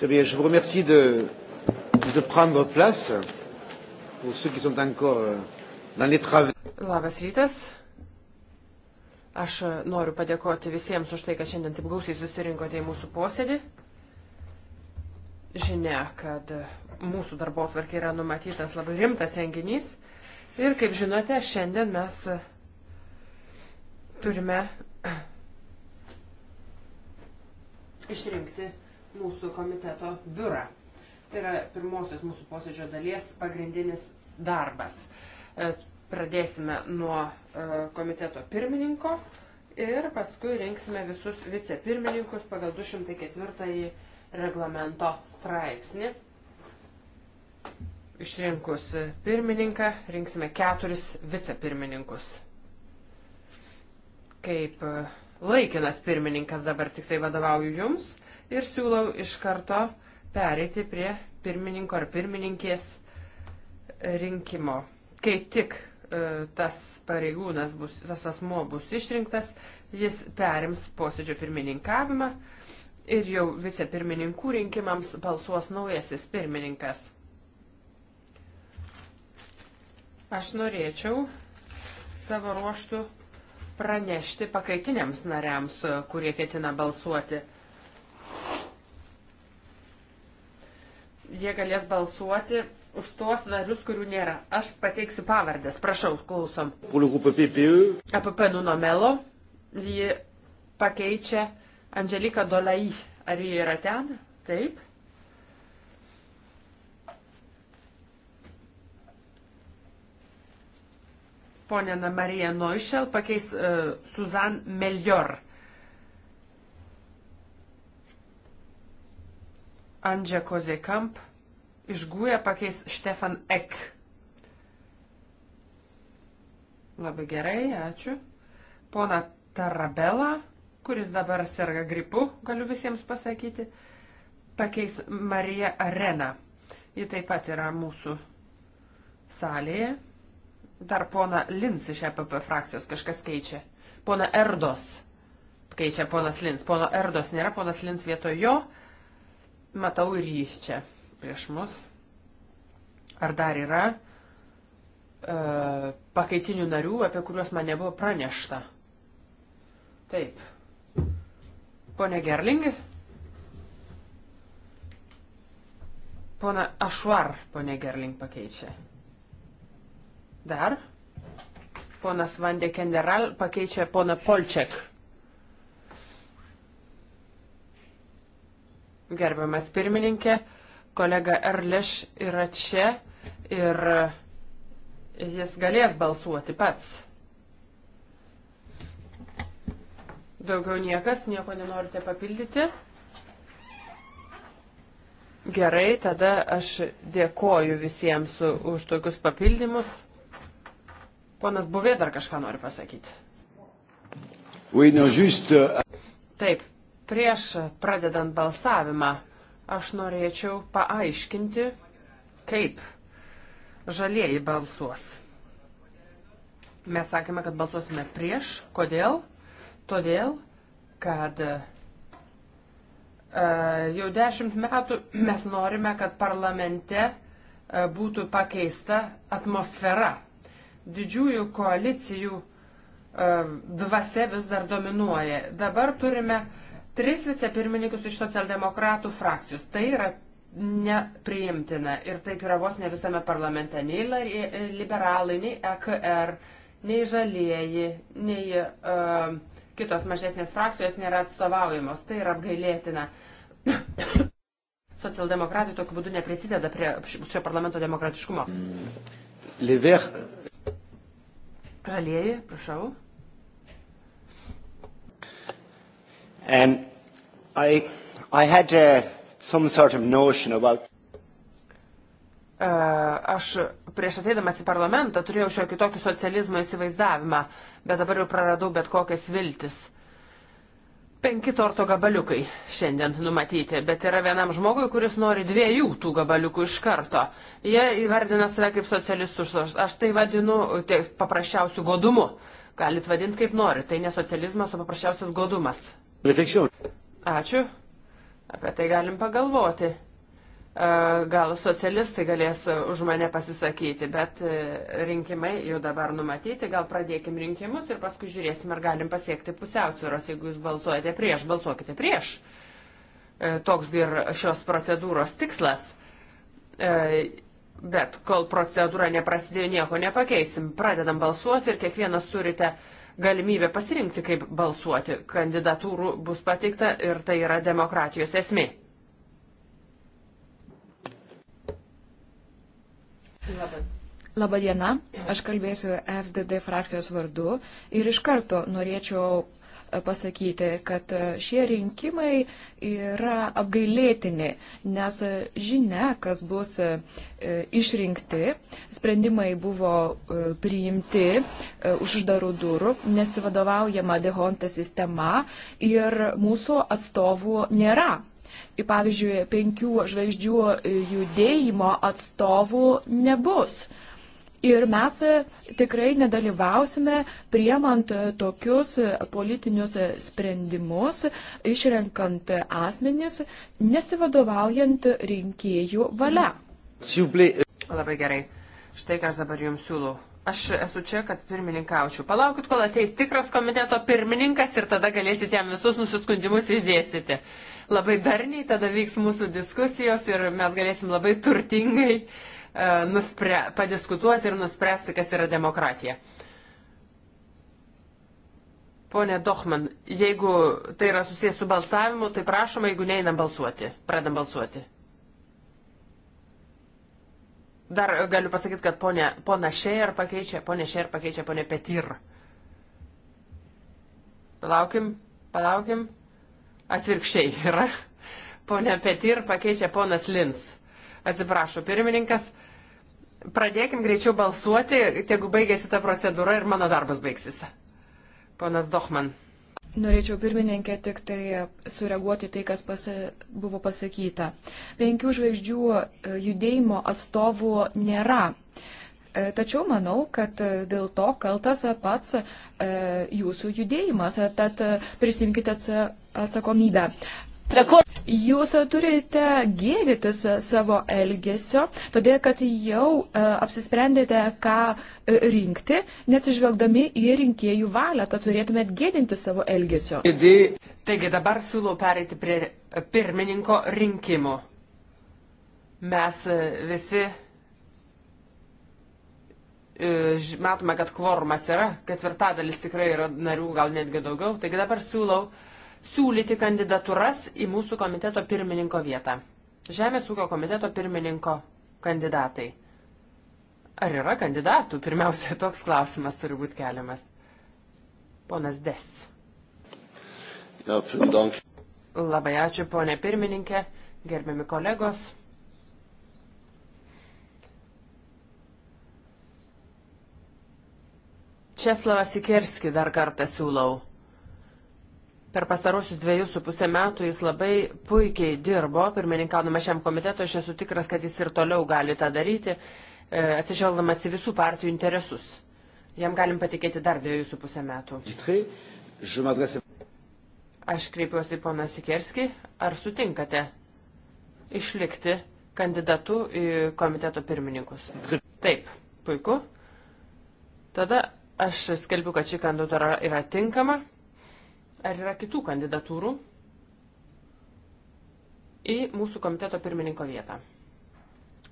Très bien, je vous remercie de, de prendre place pour ceux qui sont encore euh, dans les travaux. Labas rytas. Aš e, noriu padėkoti visiems už tai, kad šiandien taip gausiai susirinkote į mūsų posėdį. Žinia, kad e, mūsų darbo tvarkė yra numatytas labai rimtas renginys. Ir kaip žinote, šiandien mes e, turime išrinkti mūsų komiteto biurą. Tai yra pirmosios mūsų posėdžio dalies pagrindinis darbas. E, pradėsime nuo e, komiteto pirmininko ir paskui rinksime visus vicepirmininkus pagal 204 reglamento straipsnį. Išrinkus pirmininką, rinksime keturis vicepirmininkus. Kaip e, laikinas pirmininkas dabar tik tai vadovauju jums ir siūlau iš karto pereiti prie pirmininko ar pirmininkės rinkimo. Kai tik e, tas pareigūnas bus, tas asmuo bus išrinktas, jis perims posėdžio pirmininkavimą ir jau vicepirmininkų rinkimams balsuos naujasis pirmininkas. Aš norėčiau savo ruoštų pranešti pakaitiniams nariams, kurie ketina balsuoti. jie galės balsuoti už tuos narius, kurių nėra. Aš pateiksiu pavardės. Prašau, klausom. E. APP Nunomelo. Ji pakeičia Angelika Dolai. Ar ji yra ten? Taip. Ponė Marija Noišel pakeis uh, Suzan Melior. Andžia Kozekamp iš Gūja pakeis Štefan Ek. Labai gerai, ačiū. Pona Tarabela, kuris dabar serga gripu, galiu visiems pasakyti, pakeis Marija Arena. Ji taip pat yra mūsų salėje. Dar pona Lins iš EPP frakcijos kažkas keičia. Pona Erdos keičia ponas Lins. Pono Erdos nėra, ponas Lins vietoj jo. Uh, matau ir jį čia prieš mus. Ar dar yra e, pakaitinių narių, apie kuriuos man nebuvo pranešta? Taip. Pone Gerling. Pona Ašvar, ponė Gerling pakeičia. Dar. Ponas Vandė Kenderal pakeičia poną Polčiak. Gerbiamas pirmininkė, kolega Erliš yra čia ir jis galės balsuoti pats. Daugiau niekas, nieko nenorite papildyti. Gerai, tada aš dėkoju visiems už tokius papildymus. Ponas Buvė dar kažką nori pasakyti. Oui, non, juste... Euh, Taip, Prieš pradedant balsavimą aš norėčiau paaiškinti, kaip žalieji balsuos. Mes sakėme, kad balsuosime prieš. Kodėl? Todėl, kad e, jau dešimt metų mes norime, kad parlamente e, būtų pakeista atmosfera. Didžiųjų koalicijų e, dvasia vis dar dominuoja. Dabar turime e, Tris vicepirmininkus iš socialdemokratų frakcijos. Tai yra nepriimtina. Ir taip yra vos ne visame parlamente. Nei e, e, liberalai, nei EKR, nei žalieji, nei uh, kitos mažesnės frakcijos nėra atstovaujamos. Tai yra apgailėtina. Socialdemokratai tokiu būdu neprisideda prie šio parlamento demokratiškumo. Žalieji, prašau. Um, I, I had, uh, some sort of notion about uh, aš prieš ateidamas į parlamentą turėjau šiokį tokį socializmo įsivaizdavimą, bet dabar jau praradau bet kokias viltis. Penki torto gabaliukai šiandien numatyti, bet yra vienam žmogui, kuris nori dviejų tų gabaliukų iš karto. Jie įvardina save kaip socialistus, aš tai vadinu tai paprasčiausiu godumu. Galit vadinti kaip nori, tai ne socializmas, o paprasčiausias godumas. Ačiū. Apie tai galim pagalvoti. E, gal socialistai galės už mane pasisakyti, bet e, rinkimai jau dabar numatyti, gal pradėkim rinkimus ir paskui žiūrėsim, ar galim pasiekti pusiausvėros. Jeigu jūs balsuojate prieš, balsuokite prieš. E, toks ir šios procedūros tikslas. Bet kol procedūra neprasidėjo, nieko nepakeisim. Pradedam balsuoti ir kiekvienas turite uh, galimybę pasirinkti, kaip balsuoti. Kandidatūrų bus pateikta ir tai yra demokratijos esmė. Labai. Labadiena, aš kalbėsiu FDD frakcijos vardu ir iš karto norėčiau pasakyti, kad šie rinkimai yra apgailėtini, nes žinia, kas bus e, išrinkti, sprendimai buvo e, priimti e, už uždarų durų, nesivadovaujama dehonta sistema ir mūsų atstovų nėra pavyzdžiui, penkių žvaigždžių judėjimo atstovų nebus. Ir mes e, tikrai nedalyvausime priemant e, tokius e, politinius sprendimus, išrenkant asmenis, nesivadovaujant rinkėjų valia. Labai gerai. Štai ką aš dabar jums siūlau. Aš esu čia, kad pirmininkaučiau. Palaukit, kol ateis tikras komiteto pirmininkas ir tada galėsit jam visus nusiskundimus išdėstyti. Labai darniai tada vyks mūsų diskusijos ir mes galėsim labai turtingai uh, E, nuspre, padiskutuoti ir nuspręsti, kas yra demokratija. Pone Dochman, jeigu tai yra susijęs su balsavimu, tai prašoma, jeigu neinam balsuoti, pradam balsuoti. Dar galiu pasakyti, kad ponė, pona Šeir pakeičia, ponė Šeir pakeičia ponė Petir. Palaukim, palaukim. Atvirkščiai yra. Pone Petir pakeičia ponas Lins. Atsiprašau, pirmininkas. Pradėkim greičiau balsuoti, tegu baigėsi ta procedūra ir mano darbas baigsis. Ponas Dohman. Norėčiau pirmininkė tik tai sureaguoti tai, kas pasi, buvo pasakyta. Penkių žvaigždžių e, judėjimo atstovų nėra. E, tačiau manau, kad e, dėl to kaltas pats jūsų judėjimas, tad prisimkite atsakomybę. Jūs turite gėdytis e, savo elgesio, todėl kad jau e, apsisprendėte, ką e, rinkti, neatsižvelgdami į rinkėjų valią, tad turėtumėt gėdinti savo elgesio. Taigi dabar siūlau pereiti prie pirmininko rinkimų. Mes visi matome, kad kvorumas yra, ketvirtadalis tikrai yra narių, gal netgi daugiau. Taigi dabar siūlau uh, siūlyti kandidatūras į mūsų komiteto pirmininko vietą. Žemės ūkio komiteto pirmininko kandidatai. Ar yra kandidatų? Pirmiausia, toks klausimas turi būti keliamas. Ponas Des. Ja, Labai ačiū, ponė pirmininkė, gerbiami kolegos. Česlavą Sikerskį dar kartą siūlau Per pasarosius dviejus su pusę metų jis labai puikiai dirbo, pirmininkaudama šiam komitetu, aš esu tikras, kad jis ir toliau gali tą daryti, e, atsižvelgdamas į visų partijų interesus. Jam galim patikėti dar dviejų su pusę metų. Aš kreipiuosi į poną Sikerskį, ar sutinkate išlikti kandidatu į komiteto pirmininkus? Taip, puiku. Tada aš skelbiu, kad ši kandidatūra yra tinkama. Ar yra kitų kandidatūrų į mūsų komiteto pirmininko vietą?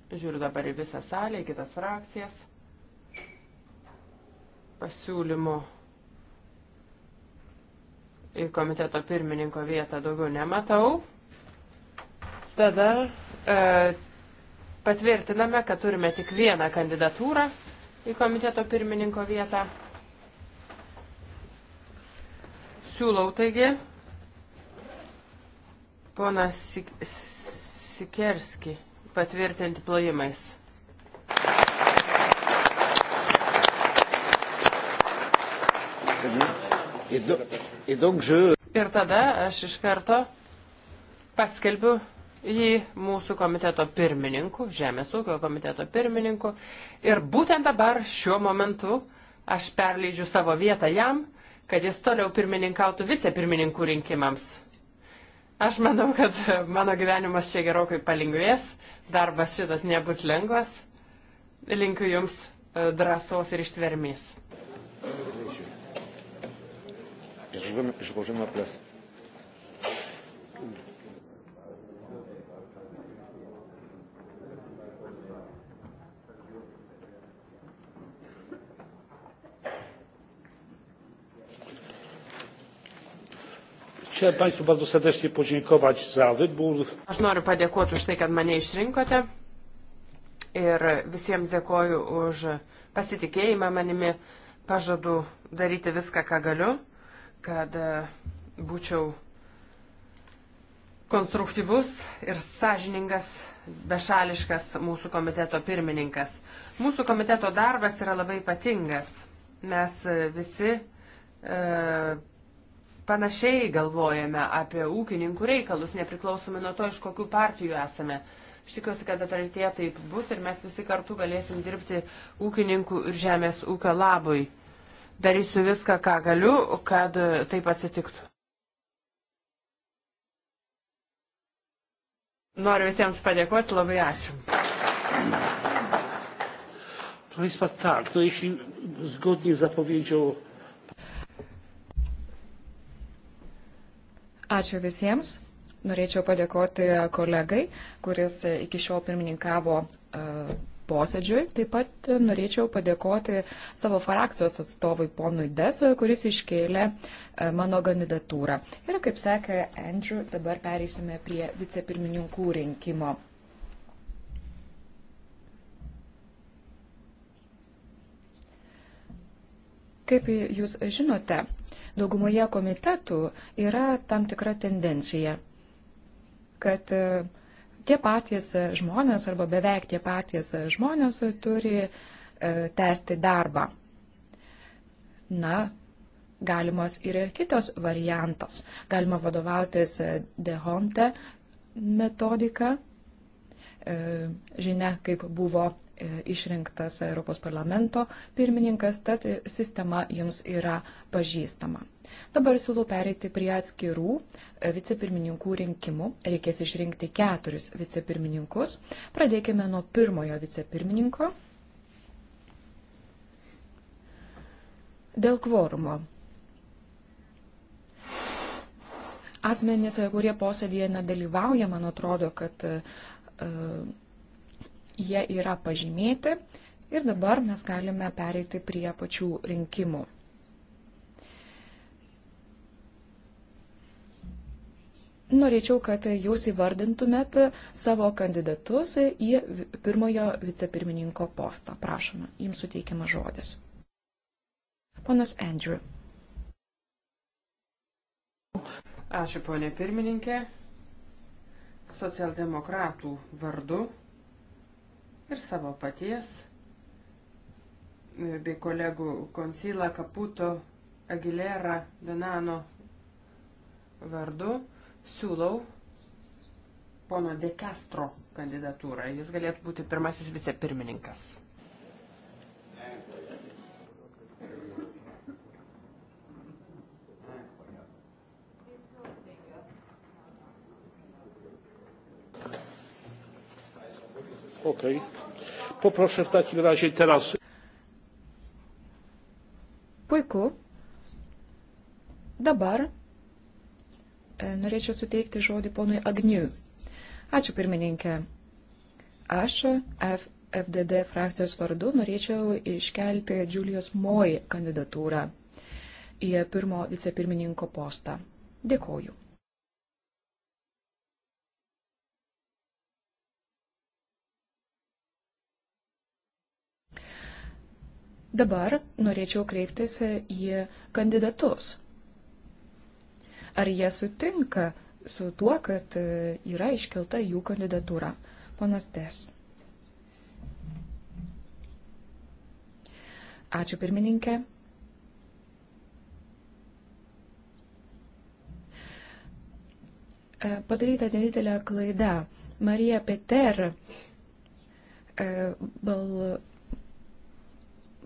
Žiūriu dabar į visą salę, į kitas frakcijas. Pasiūlymų į komiteto pirmininko vietą daugiau nematau. Tada e, patvirtiname, kad turime tik vieną kandidatūrą į komiteto pirmininko vietą. Siūlau taigi, pona Sik Sikerski, patvirtinti plojimais. Ir tada aš iš karto paskelbiu jį mūsų komiteto pirmininku, Žemės ūkio komiteto pirmininku. Ir būtent dabar, šiuo momentu, aš perleidžiu savo vietą jam kad jis toliau pirmininkautų vicepirmininkų rinkimams. Aš manau, kad mano gyvenimas čia gerokai palengvės, darbas šitas nebus lengvas. Linkiu Jums e, drąsos ir ištvermės. Je rejoins ma place. Chciałem Państwu bardzo serdecznie podziękować za wybór. Aš noriu padėkoti už tai, kad mane išrinkote ir visiems dėkoju už pasitikėjimą manimi. Pažadu daryti viską, ką galiu, kad e, būčiau konstruktyvus ir sąžiningas, bešališkas mūsų komiteto pirmininkas. Mūsų komiteto darbas yra labai ypatingas. Mes e, visi e, panašiai galvojame apie ūkininkų reikalus, nepriklausomai nuo to, iš kokių partijų esame. Aš tikiuosi, kad ateityje taip bus ir mes visi kartu galėsim dirbti ūkininkų ir žemės ūkio labui. Darysiu viską, ką galiu, kad taip atsitiktų. Noriu visiems padėkoti, labai ačiū. Proszę Państwa, tak, no jeśli zgodnie z zapowiedzią Ačiū visiems. Norėčiau padėkoti kolegai, kuris iki šiol pirmininkavo e, posėdžiui. Taip pat norėčiau padėkoti savo frakcijos atstovui ponui Desui, kuris iškėlė e, mano kandidatūrą. Ir kaip sakė Andrew, dabar pereisime prie vicepirmininkų rinkimo. Kaip jūs žinote, daugumoje komitetų yra tam tikra tendencija, kad e, tie patys žmonės arba beveik tie patys žmonės turi e, tęsti darbą. Na, galimas ir kitas variantas. Galima vadovautis Dehonte metodika, e, žinia, kaip buvo E, išrinktas Europos parlamento pirmininkas, tad sistema jums yra pažįstama. Dabar siūlau pereiti prie atskirų e, vicepirmininkų rinkimų. Reikės išrinkti keturis vicepirmininkus. Pradėkime nuo pirmojo vicepirmininko. Dėl kvorumo. Asmenys, kurie posėdėje nedalyvauja, man atrodo, kad uh, jie yra pažymėti ir dabar mes galime pereiti prie pačių rinkimų. Norėčiau, kad jūs įvardintumėt savo kandidatus į pirmojo vicepirmininko postą. Prašome, jums suteikiama žodis. Ponas Andrew. Ačiū, ponė pirmininkė. Socialdemokratų vardu ir savo paties bei kolegų Konsila Kaputo, Aguilera, Donano vardu siūlau pono De Castro kandidatūrą. Jis galėtų būti pirmasis vicepirmininkas. Okay. Poproszę w takim razie teraz. Puiku. Dabar e, norėčiau suteikti žodį ponui Agniu. Ačiū pirmininkė. Aš F FDD frakcijos vardu norėčiau iškelti Julijos Moji kandidatūrą į pirmo vicepirmininko postą. Dėkoju. Dabar norėčiau kreiptis į kandidatus. Ar jie sutinka su tuo, kad yra iškelta jų kandidatūra? Ponas Des. Ačiū pirmininkė. E, padaryta nedidelė klaida. Marija Peter e, bal,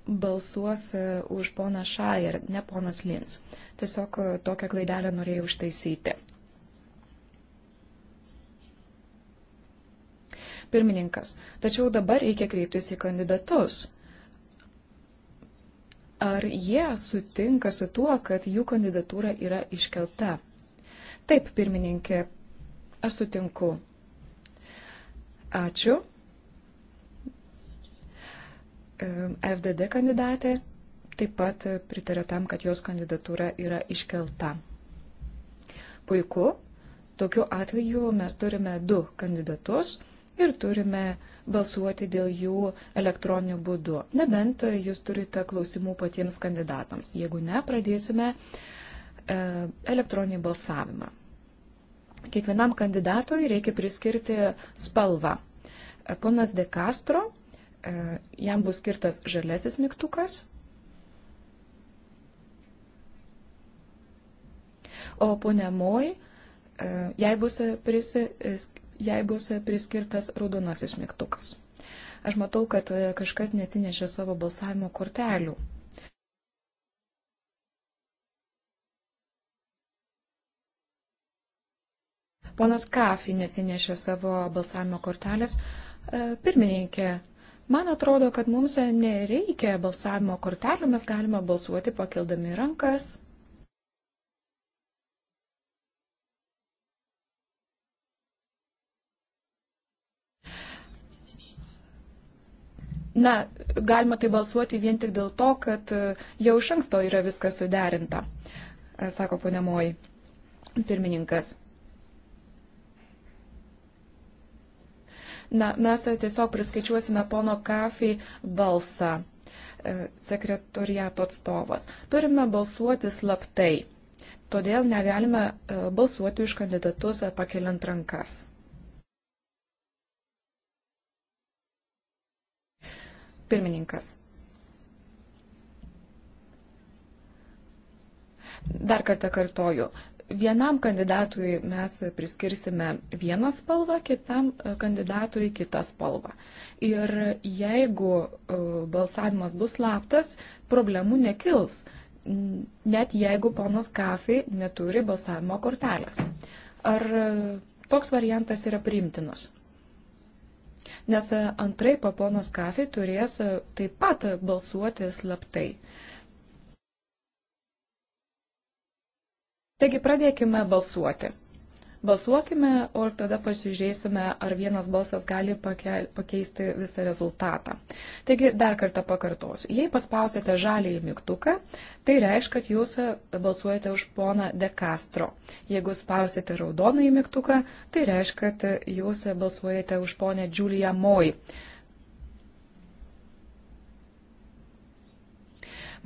balsuos e, už poną Šajer, ne ponas Lins. Tiesiog e, tokią klaidelę norėjau užtaisyti. Pirmininkas, tačiau dabar reikia kreiptis į kandidatus. Ar jie sutinka su tuo, kad jų kandidatūra yra iškelta? Taip, pirmininkė, aš sutinku. Ačiū. FDD kandidatė taip pat pritarė tam, kad jos kandidatūra yra iškelta. Puiku, tokiu atveju mes turime du kandidatus ir turime balsuoti dėl jų elektroniniu būdu. Nebent jūs turite klausimų patiems kandidatams. Jeigu ne, pradėsime e, elektroninį balsavimą. Kiekvienam kandidatui reikia priskirti spalvą. Ponas De Castro E, jam bus skirtas žalesis mygtukas. O ponemoj, e, jai bus, e, prisi, jai bus priskirtas raudonasis mygtukas. Aš matau, kad kažkas neatsinešė savo balsavimo kortelių. Ponas Kafi neatsinešė savo balsavimo kortelės. Pirmininkė, Man atrodo, kad mums nereikia balsavimo kortelių, mes galime balsuoti pakeldami rankas. Na, galima tai balsuoti vien tik dėl to, kad jau iš anksto yra viskas suderinta, sako ponemoji pirmininkas. Na, mes tiesiog priskaičiuosime pono Kafį balsą, e, sekretoriato atstovas. Turime balsuoti slaptai, todėl negalime e, balsuoti už kandidatus e, pakeliant rankas. Pirmininkas. Dar kartą kartoju, vienam kandidatui mes priskirsime vieną spalvą, kitam e, kandidatui kitą spalvą. Ir jeigu e, balsavimas bus slaptas, problemų nekils, net jeigu ponas Kafi neturi balsavimo kortelės. Ar e, toks variantas yra priimtinas? Nes antrai paponos Kafi turės taip pat balsuoti slaptai. Uh, Taigi pradėkime balsuoti. Balsuokime, o tada pasižiūrėsime, ar vienas balsas gali pakeisti visą rezultatą. Taigi, dar kartą pakartosiu. Jei paspausite žalį mygtuką, tai reiškia, kad jūs balsuojate už poną De Castro. Jeigu spausite raudoną į mygtuką, tai reiškia, kad jūs balsuojate už ponę Juliją Moj.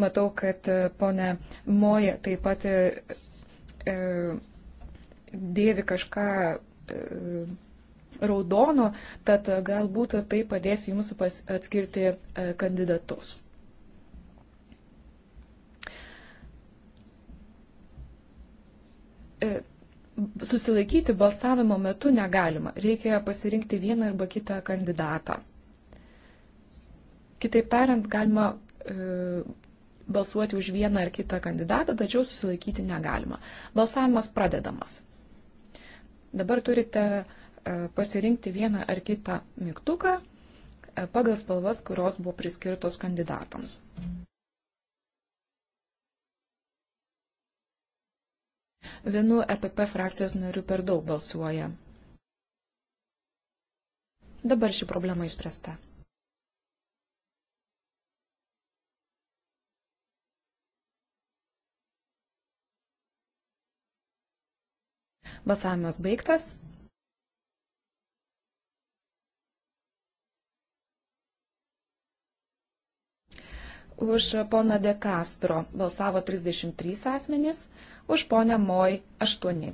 Matau, kad ponė Moja taip pat E, dėvi kažką e, raudono, tad galbūt tai padės jums atskirti e, kandidatus. Susilaikyti balsavimo metu negalima. Reikia pasirinkti vieną arba kitą kandidatą. Kitaip tariant, galima balsuoti už vieną ar kitą kandidatą, tačiau susilaikyti negalima. Balsavimas pradedamas. Dabar turite e, pasirinkti vieną ar kitą mygtuką e, pagal spalvas, kurios buvo priskirtos kandidatams. Vienu EPP frakcijos nariu per daug balsuoja. Dabar ši problema įspręsta. Balsavimas baigtas. Už poną De Castro balsavo 33 asmenys, už ponę Moj 8.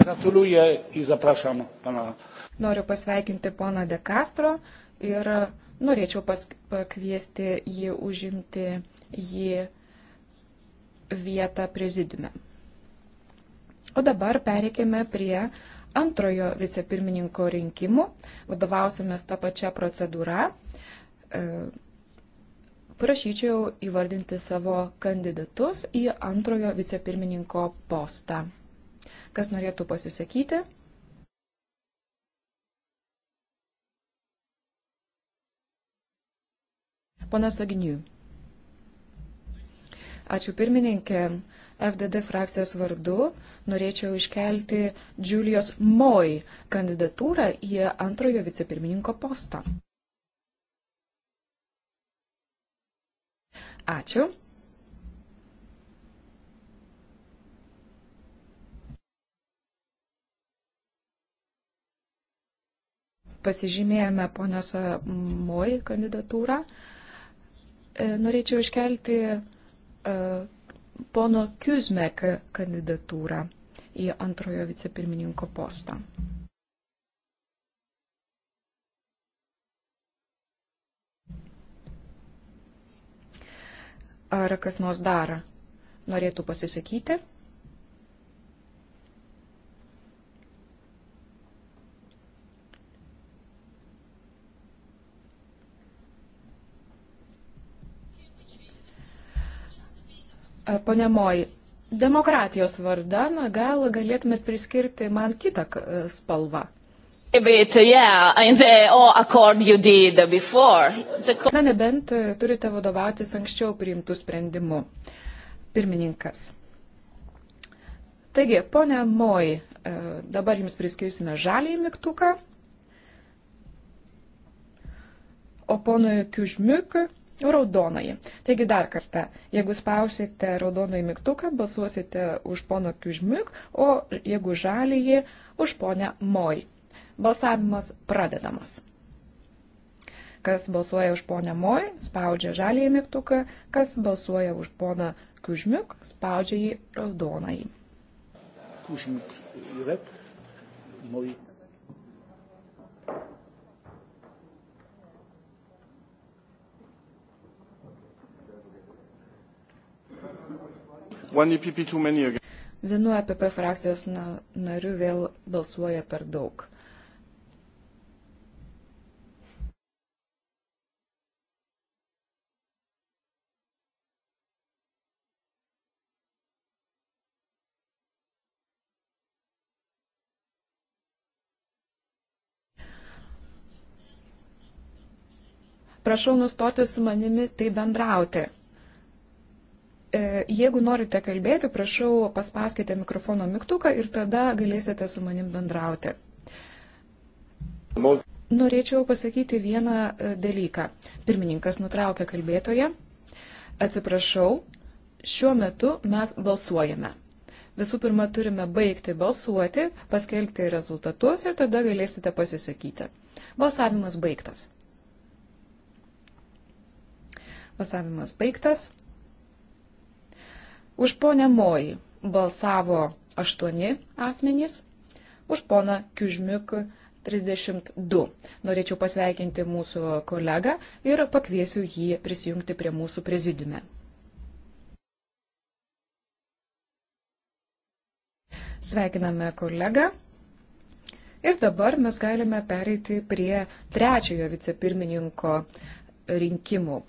Gratuluję i zapraszam pana. Noriu pasveikinti poną De Castro ir norėčiau pakviesti jį užimti jį vietą prezidiume. O dabar pereikime prie antrojo vicepirmininko rinkimų. Vadovausiamės tą pačią procedūrą. E, prašyčiau įvardinti savo kandidatus į antrojo vicepirmininko postą. Kas norėtų pasisakyti? Ponas Agniu. Ačiū pirmininkė. FDD frakcijos vardu norėčiau iškelti Julius Moy kandidatūrą į antrojo vicepirmininko postą. Ačiū. Pasižymėjome ponios Moy kandidatūrą. E, norėčiau iškelti E, pono Kiuzmek kandidatūrą į antrojo vicepirmininko postą. Ar kas nors dar norėtų pasisakyti? Pone Moj, demokratijos vardan gal galėtumėt priskirti man kitą e, spalvą. Bit, yeah, the... Oh, Na nebent e, turite vadovautis anksčiau priimtų sprendimų. Pirmininkas. Taigi, ponia Moj, e, dabar jums priskirsime žalį mygtuką, o ponui Kiužmiukui raudonoji. Taigi dar kartą, jeigu spausite raudonoji mygtuką, balsuosite už pono Kiužmiuk, o jeigu žalįjį, už ponę Moj. Balsavimas pradedamas. Kas balsuoja už ponę Moj, spaudžia žalįjį mygtuką, kas balsuoja už poną Kiužmiuk, spaudžia jį raudonąjį. Kužmiuk yra Moj. E Vienu EPP frakcijos nariu vėl balsuoja per daug. Prašau nustoti su manimi tai bendrauti. E, jeigu norite kalbėti, prašau paspauskite mikrofono mygtuką ir tada galėsite su manim bendrauti. Norėčiau pasakyti vieną e, dalyką. Pirmininkas nutraukė kalbėtoje. Atsiprašau, šiuo metu mes balsuojame. Visų pirma, turime baigti balsuoti, paskelbti rezultatus ir tada galėsite pasisakyti. Balsavimas baigtas. Balsavimas baigtas. Už ponę Moj balsavo 8 asmenys, už poną Kiužmiuk 32. Norėčiau pasveikinti mūsų kolegą ir pakviesiu jį prisijungti prie mūsų prezidiume. Sveikiname kolegą. Ir dabar mes galime pereiti prie trečiojo vicepirmininko rinkimų.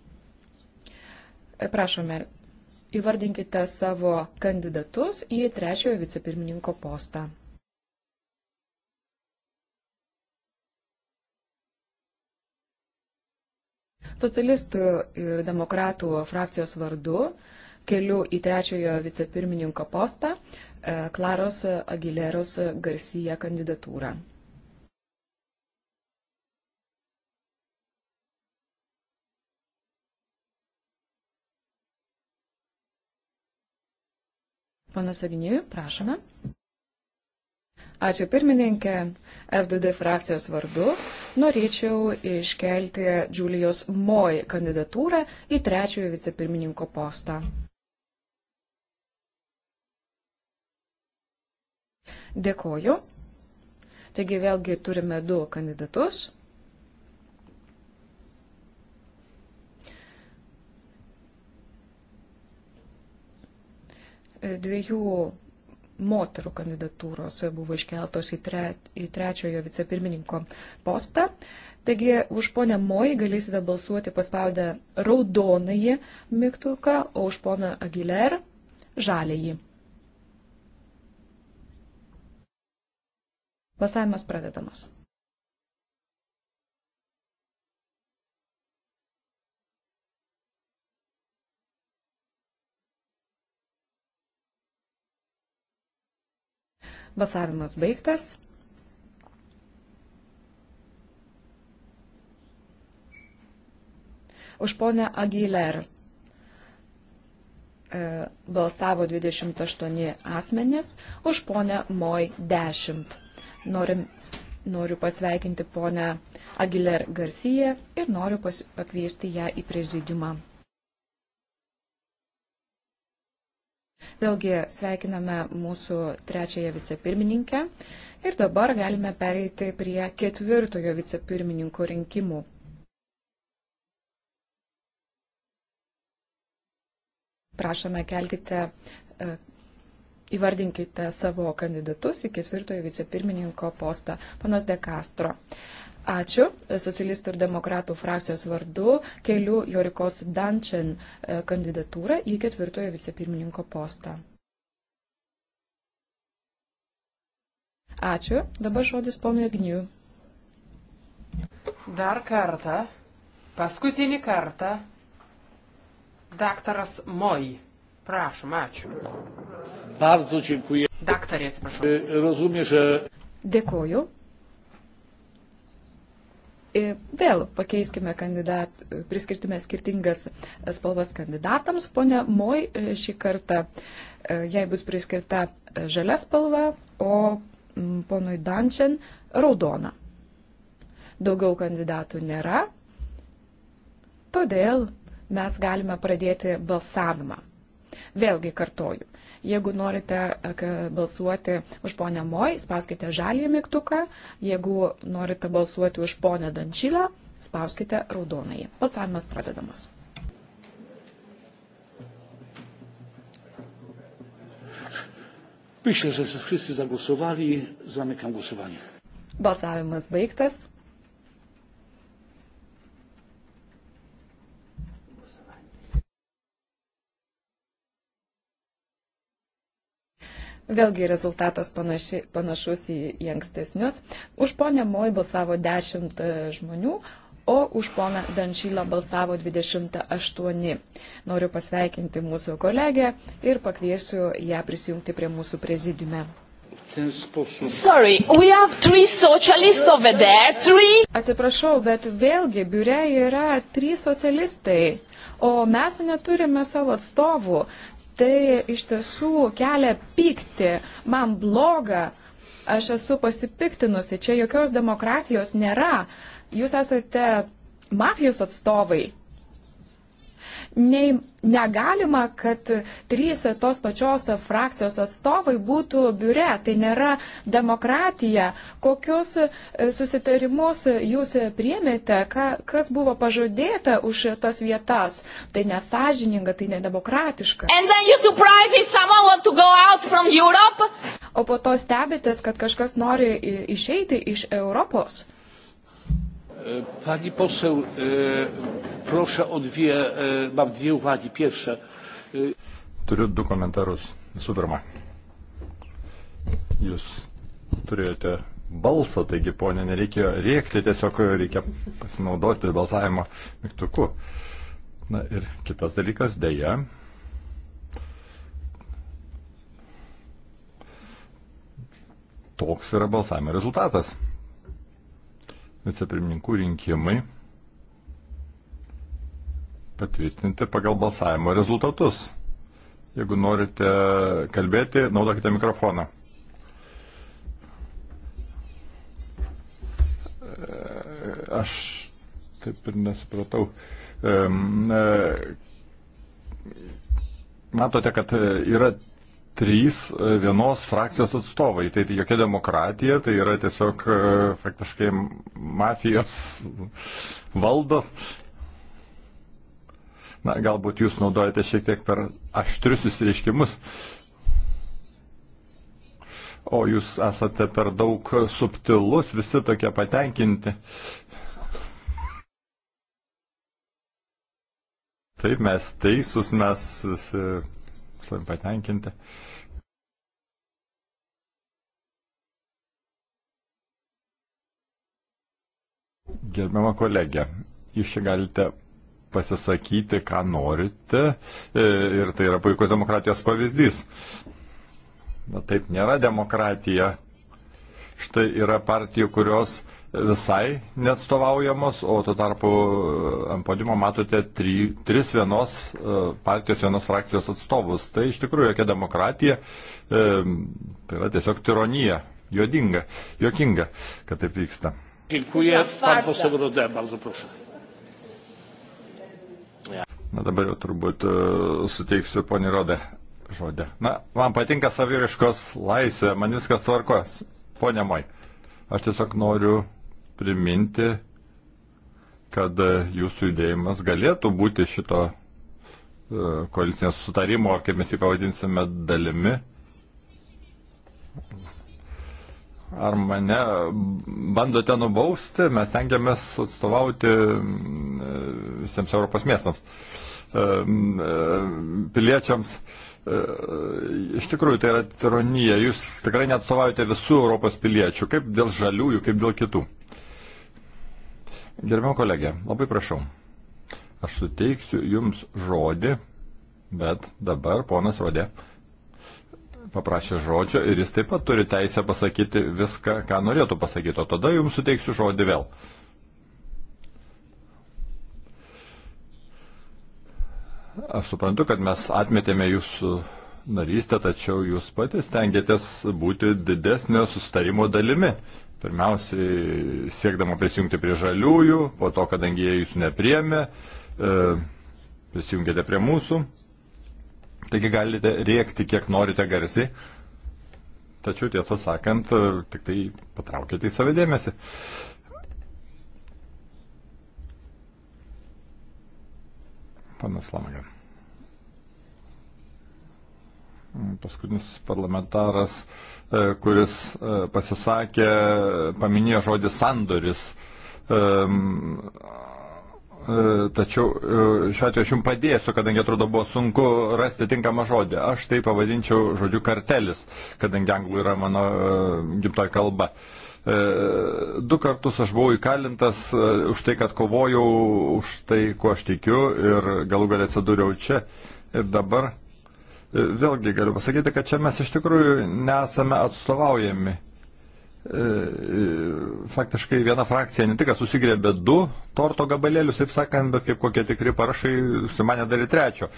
Prašome įvardinkite savo kandidatus į trečiojo vicepirmininko postą. Socialistų ir demokratų frakcijos vardu keliu į trečiojo vicepirmininko postą e, Klaros Agileros Garcia kandidatūrą. Panas Agniui, prašome. Ačiū pirmininkė. FDD frakcijos vardu norėčiau iškelti Džiulijos Moj kandidatūrą į trečiojo vicepirmininko postą. Dėkoju. Taigi vėlgi turime du kandidatus. E, dviejų moterų kandidatūros buvo iškeltos į, tre, į trečiojo vicepirmininko postą. Taigi už ponę Moj galėsite balsuoti paspaudę raudonąjį mygtuką, o už poną Aguiler žalėjį. Balsavimas pradedamas. Balsavimas baigtas. Už ponę Aguiler e, balsavo 28 asmenys, už ponę Moj 10. Norim, noriu pasveikinti ponę Aguiler Garciją ir noriu pakviesti ją į prezidiumą. Vėlgi sveikiname mūsų trečiąją vicepirmininkę ir dabar galime pereiti prie ketvirtojo vicepirmininko rinkimų. Prašome kelkite, e, įvardinkite savo kandidatus į ketvirtojo vicepirmininko postą, panas De Castro. Ačiū socialistų ir demokratų frakcijos vardu keliu Jorikos Dančen e, kandidatūrą į ketvirtojo vicepirmininko postą. Ačiū. Dabar žodis ponui Agniu. Dar kartą, paskutinį kartą, daktaras Moj. Prašom, ačiū. Bardzo dziękuję. Daktarė, atsiprašau. E, Rozumie, że... Dėkoju. E, vėl pakeiskime kandidat, priskirtume skirtingas spalvas kandidatams. Pone Moj e, šį kartą, e, jai bus priskirta žalia spalva, o ponui Dančian raudona. Daugiau kandidatų nėra, todėl mes galime pradėti balsavimą. Vėlgi kartoju, Jeigu norite e, balsuoti už ponę Moj, spauskite žalį mygtuką. Jeigu norite balsuoti už ponę Dančilę, spauskite raudonąjį. Balsavimas pradedamas. Myślę, że wszyscy zagłosowali. Zamykam głosowanie. Balsavimas baigtas. Vėlgi rezultatas panaši, panašus į, į ankstesnius. Už ponę Moj balsavo 10 e, žmonių, o už poną Dančylą balsavo 28. Noriu pasveikinti mūsų kolegę ir pakviesiu ją prisijungti prie mūsų prezidiume. Sorry, we have three socialists over there, three. Atsiprašau, bet vėlgi biure yra trys socialistai, o mes neturime savo atstovų tai iš tiesų kelia pykti, man bloga, aš esu pasipiktinusi, čia jokios demokratijos nėra, jūs esate mafijos atstovai nei, negalima, kad trys tos pačios frakcijos atstovai būtų biure. Tai nėra demokratija. Kokius e, susitarimus jūs priemėte, ka, kas buvo pažadėta už tas vietas? Tai nesažininga, tai nedemokratiška. O po to stebitės, kad kažkas nori išeiti iš Europos. E, pani poseł, e, proszę o dwie, e, mam dwie uwagi. Pierwsze. Turiu du komentarus. Visų pirma, jūs turėjote balsą, taigi ponė, nereikėjo rėkti, tiesiog reikia pasinaudoti balsavimo mygtuku. Na ir kitas dalykas, dėja, toks yra balsavimo rezultatas vicepirmininkų rinkimai patvirtinti pagal balsavimo rezultatus. Jeigu norite kalbėti, naudokite mikrofoną. E, aš taip ir nesupratau. E, matote, kad yra trys e, vienos frakcijos atstovai. Tai, tai jokia demokratija, tai yra tiesiog e, faktiškai mafijos valdos. Na, galbūt jūs naudojate šiek tiek per aštrius įsireiškimus, o jūs esate per daug subtilus, visi tokie patenkinti. Taip, mes teisūs, mes visi savim patenkinti. Gerbiama kolegė, jūs čia galite pasisakyti, ką norite e, ir tai yra puikus demokratijos pavyzdys. Na taip nėra demokratija. Štai yra partijų, kurios visai neatstovaujamos, o tuo tarpu e, ant podimo matote tri, tris vienos e, partijos, vienos frakcijos atstovus. Tai iš tikrųjų jokia demokratija, e, tai yra tiesiog tironija, juodinga, jokinga, kad taip vyksta. Dziękuję. Pan poseł Rodem, bardzo proszę. Na dabar jau turbūt e, suteiksiu poni Rodę žodį. Na, man patinka saviriškos laisvė, man viskas tvarkos. Pone Moj, aš tiesiog noriu priminti, kad e, jūsų judėjimas galėtų būti šito e, koalicinio sutarimo, ar kaip mes jį pavadinsime, dalimi. Ar mane bandote nubausti, mes tengiamės atstovauti e, visiems Europos miestams, piliečiams. Iš tikrųjų, tai yra tironija. Jūs tikrai neatstovaujate visų Europos piliečių, kaip dėl žaliųjų, kaip dėl kitų. Gerbiam kolegė, labai prašau. Aš suteiksiu Jums žodį, bet dabar ponas Rodė paprašė žodžio ir jis taip pat turi teisę pasakyti viską, ką norėtų pasakyti, o tada Jums suteiksiu žodį vėl. Aš suprantu, kad mes atmetėme jūsų narystę, tačiau jūs patys tengiatės būti didesnio sustarimo dalimi. Pirmiausiai siekdama prisijungti prie žaliųjų, po to, kadangi jie jūsų nepriemė, e, prisijungėte prie mūsų. Taigi galite rėkti, kiek norite garsiai. Tačiau tiesą sakant, e, tik tai patraukite į save dėmesį. Panas Lamaga. Paskutinis parlamentaras. Uh, E, kuris e, pasisakė, paminėjo žodį sandoris. E, tačiau šiuo atveju aš jums padėsiu, kadangi atrodo buvo sunku rasti tinkamą žodį. Aš tai pavadinčiau žodžiu kartelis, kadangi anglų yra mano gimtoji kalba. Du kartus aš buvau įkalintas už tai, kad kovojau už tai, kuo aš tikiu ir galų galę atsidūriau čia. Ir dabar E, vėlgi galiu pasakyti, kad čia mes iš tikrųjų nesame atstovaujami. E, e, faktiškai viena frakcija ne tik susigrėbė du torto gabalėlius, taip sakant, bet kaip kokie tikri parašai, sumanė dar ir trečio.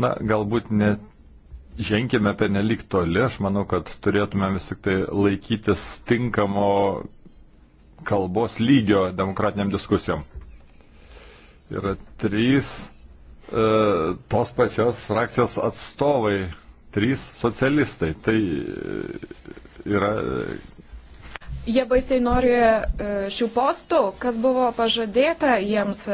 Na, galbūt ne ženkime per nelik toli, aš manau, kad turėtume vis tik tai laikytis tinkamo kalbos lygio demokratiniam diskusijom yra trys e, tos pačios frakcijos atstovai, trys socialistai. Tai e, yra. E, jie baisiai nori e, šių postų, kas buvo pažadėta jiems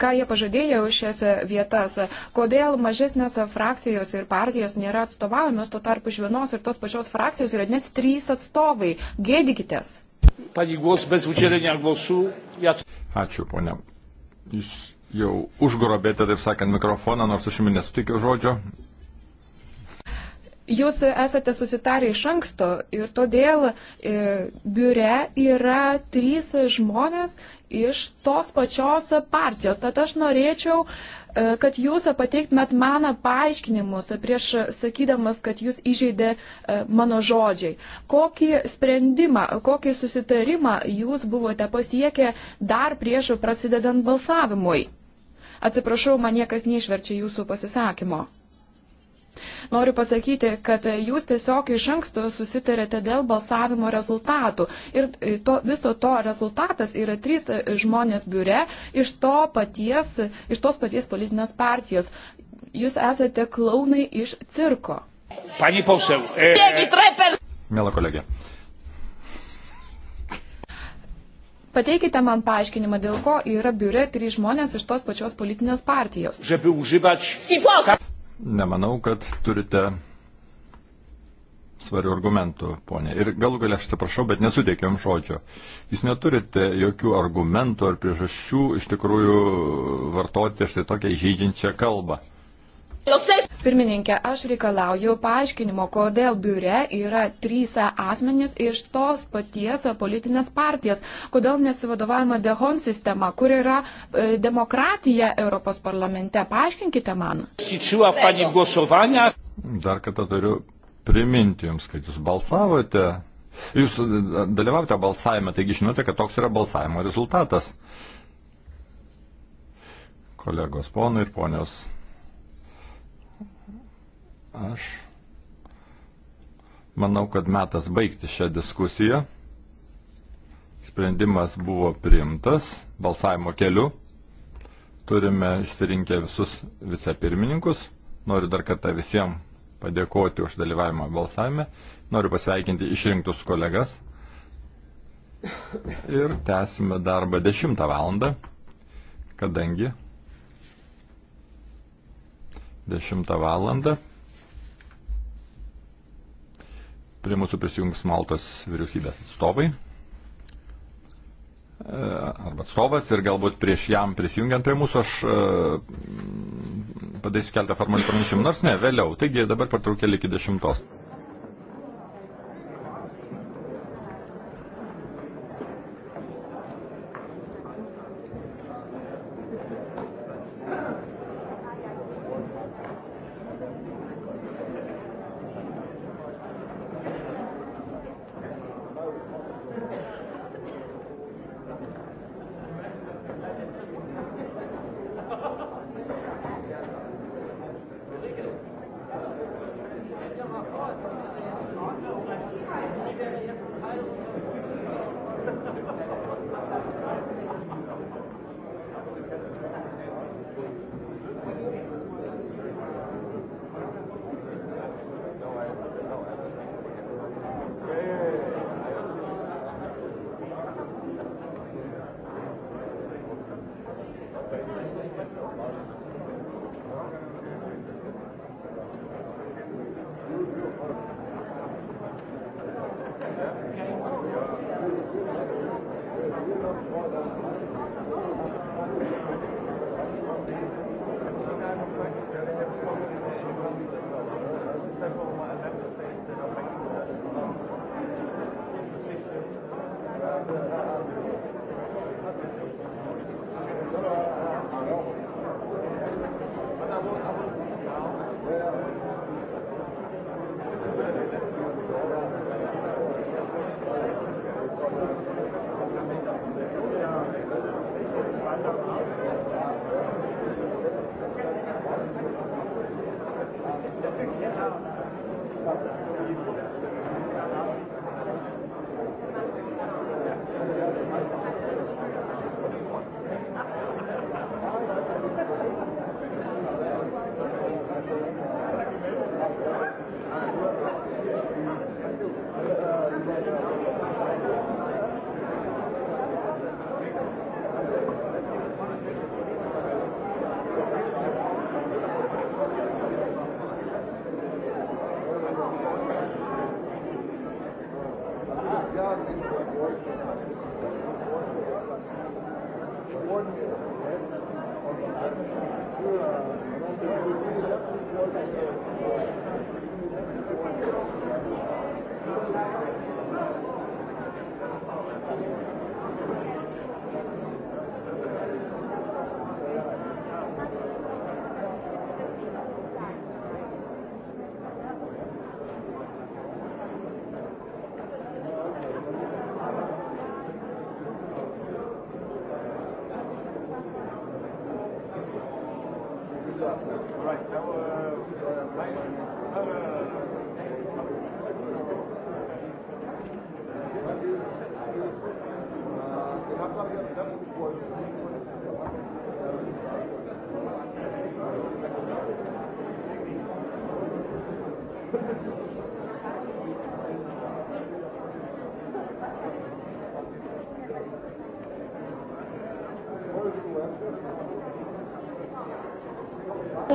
ką jie pažadėjo už šias vietas, kodėl mažesnės frakcijos ir partijos nėra atstovavimas, tuo tarpu iš vienos ir tos pačios frakcijos yra net trys atstovai. Gėdykitės. Ačiū, ponia Jūs jau užgrobėte, taip sakant, mikrofoną, nors aš jums nesutikiu žodžio. Jūs esate susitarę iš anksto ir todėl e, biure yra trys žmonės iš tos pačios partijos. Tad aš norėčiau e, E, kad jūs pateiktumėt man paaiškinimus prieš sakydamas, kad jūs įžeidė e, mano žodžiai. Kokį sprendimą, kokį susitarimą jūs buvote pasiekę dar prieš prasidedant balsavimui? Atsiprašau, man niekas neišverčia jūsų pasisakymo. Noriu pasakyti, kad jūs tiesiog iš anksto susitarėte dėl balsavimo rezultatų. Ir e, to, viso to rezultatas yra trys e, žmonės biure iš, to paties, iš tos paties politinės partijos. Jūs esate klaunai iš cirko. Pani posel. E... Mėla kolegė. Pateikite man paaiškinimą, dėl ko yra biure trys žmonės iš tos pačios politinės partijos nemanau, kad turite svarių argumentų, ponė. Ir galų galia aš atsiprašau, bet nesuteikiu jums žodžio. Jūs neturite jokių argumentų ar priežasčių iš tikrųjų vartoti štai tokią įžeidžiančią kalbą. Pirmininkė, aš reikalauju paaiškinimo, kodėl biure yra trys asmenys iš tos paties politinės partijas, kodėl nesivadovavimo dehon sistema, kur yra e, demokratija Europos parlamente. Paaiškinkite man. Dar kartą turiu priminti jums, kad jūs balsavote, jūs dalyvavote balsavime, taigi žinote, kad toks yra balsavimo rezultatas. Kolegos, ponai ir ponios. Aš manau, kad metas baigti šią diskusiją. Sprendimas buvo priimtas balsavimo keliu. Turime išsirinkę visus vicepirmininkus. Noriu dar kartą visiems padėkoti už dalyvavimą balsavime. Noriu pasveikinti išrinktus kolegas. Ir tęsime darbą 10 valandą, kadangi 10 valandą Prie mūsų prisijungs Maltos vyriausybės atstovai e, arba atstovas ir galbūt prieš jam prisijungiant prie mūsų aš e, padarysiu keletą formalių pranešimų, nors ne, vėliau. Taigi dabar pertraukėlė iki dešimtos.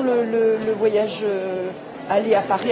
le, le, le voyage euh, aller à Paris.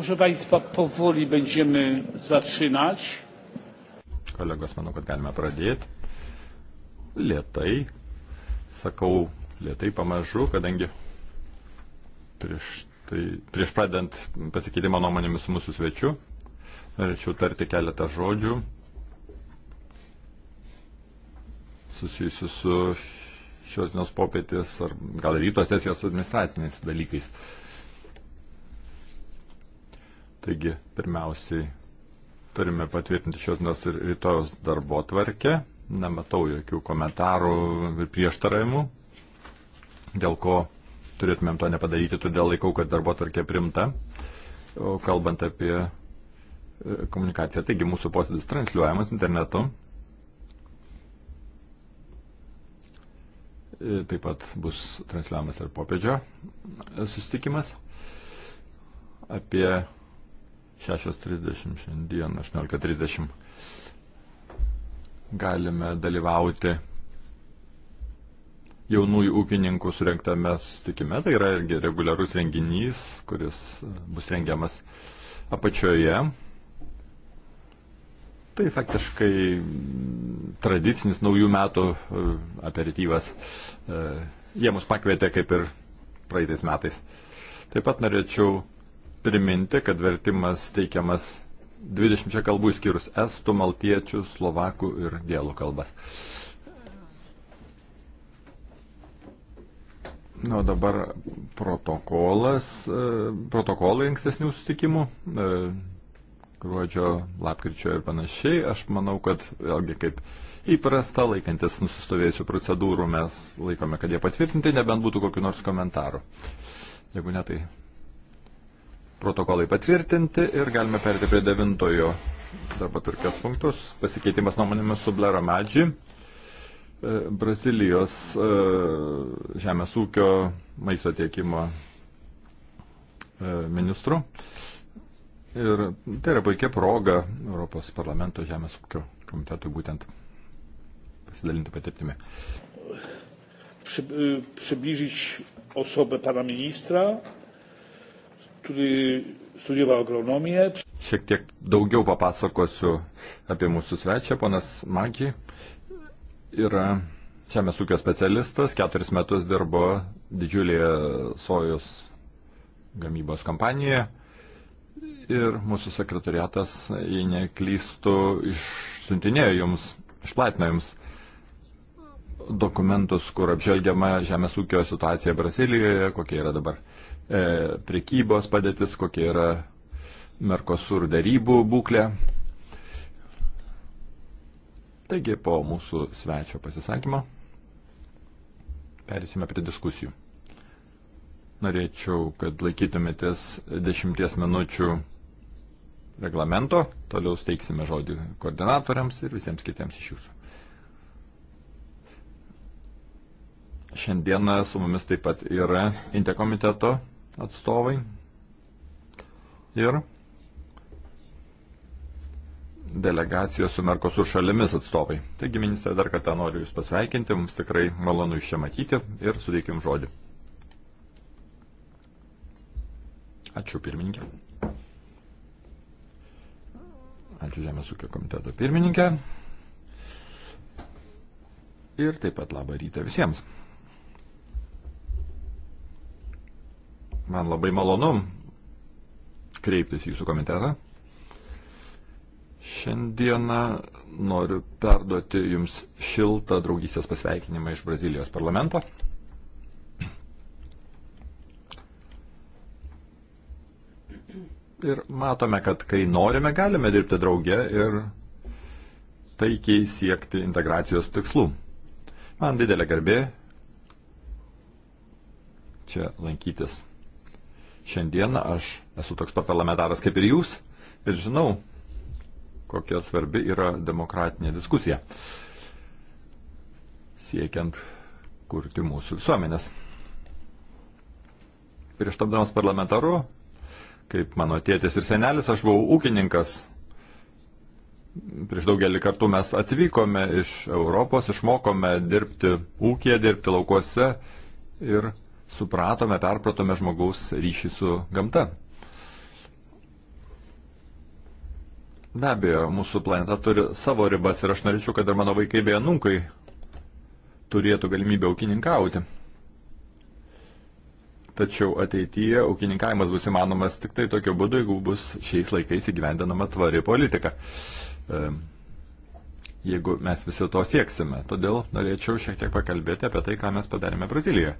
Proszę Państwa, powoli będziemy zaczynać. Kolegos, manau, kad galime pradėti. Lietai, sakau, lietai pamažu, kadangi prieš, tai, prieš pradant pasikeitimą nuomonėmis su mūsų svečiu, norėčiau tarti keletą žodžių susijusių su šios dienos popietės ar gal ryto sesijos administraciniais dalykais. Uh, Taigi, pirmiausiai turime patvirtinti šios dienos ir rytojus darbo tvarkę. Nematau jokių komentarų ir prieštaravimų, dėl ko turėtumėm to nepadaryti, todėl laikau, kad darbo tvarkė primta. O kalbant apie e, komunikaciją, taigi mūsų posėdis transliuojamas internetu. E, taip pat bus transliuojamas ir popėdžio susitikimas apie 6.30 šiandien, 18.30 galime dalyvauti jaunųjų ūkininkų surinktame sustikime. Tai yra irgi reguliarus renginys, kuris e, bus rengiamas apačioje. Tai faktiškai tradicinis naujų metų e, aperityvas. E, jie mus pakvietė kaip ir praeitais metais. Taip pat norėčiau priminti, kad vertimas teikiamas 20 kalbų išskyrus estų, maltiečių, slovakų ir gėlų kalbas. Na, nu, dabar protokolas, protokolai ankstesnių susitikimų, e, gruodžio, lapkričio ir panašiai. Aš manau, kad vėlgi kaip įprasta, laikantis nusistovėjusių procedūrų, mes laikome, kad jie patvirtinti, nebent būtų kokiu nors komentaru. Jeigu ne, tai protokolai patvirtinti ir galime perėti prie devintojo darbo turkės punktus. Pasikeitimas nuomonėmis su Blero Medži, e, Brazilijos e, žemės ūkio maisto tiekimo e, ministru. Ir tai yra puikia proga Europos parlamento žemės ūkio komitetui būtent pasidalinti patirtimi. Przy, przybliżyć osobę pana ministra który studijavo agronomiją. Šiek tiek daugiau papasakosiu apie mūsų svečią. Ponas Magi yra žemės ūkio specialistas, keturis metus dirbo didžiulėje sojos gamybos kompanijoje. Ir mūsų sekretariatas, jei neklystų, išsiuntinėjo jums, išplatino jums dokumentus, kur apžvelgiama žemės ūkio situacija Brazilijoje, kokia yra dabar E, prekybos padėtis, kokia yra Merkosur darybų būklė. Taigi po mūsų svečio pasisakymo perėsime prie diskusijų. Norėčiau, kad laikytumėtės dešimties minučių reglamento, toliau steiksime žodį koordinatoriams ir visiems kitiems iš jūsų. Šiandieną su mumis taip pat yra Intekomiteto atstovai ir delegacijos su Merkosur šalimis atstovai. Taigi, ministrė, dar kartą noriu Jūs pasveikinti, mums tikrai malonu Jūs čia matyti ir sudėkim žodį. Ačiū pirmininkė. Ačiū Žemės ūkio komiteto pirmininkė. Ir taip pat labą rytą visiems. Man labai malonu kreiptis į jūsų komitetą. Šiandieną noriu perduoti jums šiltą draugystės pasveikinimą iš Brazilijos parlamento. Ir matome, kad kai norime, galime dirbti drauge ir taikiai siekti integracijos tikslų. Man didelė garbė čia lankytis. Šiandieną aš esu toks pat parlamentaras kaip ir jūs ir žinau, kokia svarbi yra demokratinė diskusija siekiant kurti mūsų visuomenės. Prieš tapdamas parlamentaru, kaip mano tėtis ir senelis, aš buvau ūkininkas. Prieš daugelį kartų mes atvykome iš Europos, išmokome dirbti ūkiją, dirbti laukuose ir supratome, perpratome žmogaus ryšį su gamta. Be abejo, mūsų planeta turi savo ribas ir aš norėčiau, kad ir mano vaikai bei anunkai turėtų galimybę ūkininkauti. Tačiau ateityje ūkininkavimas bus įmanomas tik tai tokiu būdu, jeigu bus šiais laikais įgyvendinama tvari politika. E, jeigu mes visi to sieksime. Todėl norėčiau šiek tiek pakalbėti apie tai, ką mes padarėme Brazilijoje.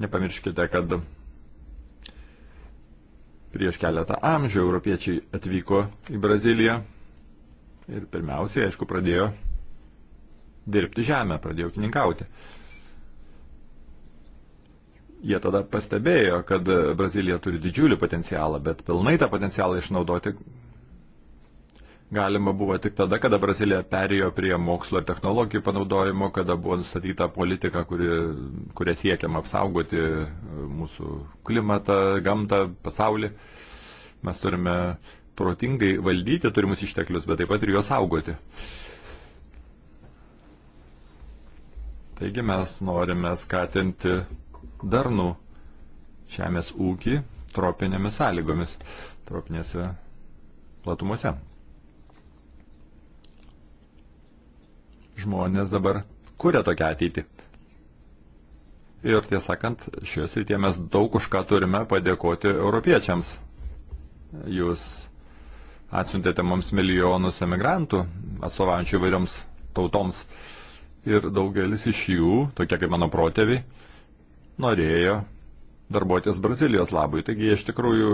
Nepamirškite, kad prieš keletą amžių europiečiai atvyko į Braziliją ir pirmiausiai, aišku, pradėjo dirbti žemę, pradėjo kininkauti. Jie tada pastebėjo, kad Brazilija turi didžiulį potencialą, bet pilnai tą potencialą išnaudoti galima buvo tik tada, kada Brazilija perėjo prie mokslo ir technologijų panaudojimo, kada buvo nustatyta politika, kuri, kuria siekiam apsaugoti e, mūsų klimatą, gamtą, pasaulį. Mes turime protingai valdyti turimus išteklius, bet taip pat ir juos saugoti. Taigi mes norime skatinti darnų žemės ūkį tropinėmis sąlygomis, tropinėse platumose. žmonės dabar kuria tokią ateitį. Ir tiesąkant, šioje srityje mes daug už ką turime padėkoti europiečiams. Jūs atsiuntėte mums milijonus emigrantų, atstovaujančių įvairioms tautoms. Ir daugelis iš jų, tokie kaip mano protėviai, norėjo darbuotis Brazilijos labui. Taigi jie iš tikrųjų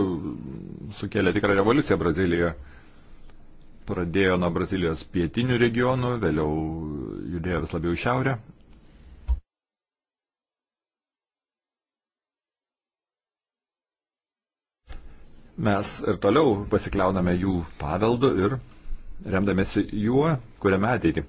sukėlė tikrą revoliuciją Brazilijoje pradėjo nuo Brazilijos pietinių regionų, vėliau judėjo vis labiau į šiaurę. Mes ir toliau pasikliauname jų paveldu ir remdamėsi juo, kuriame ateitį.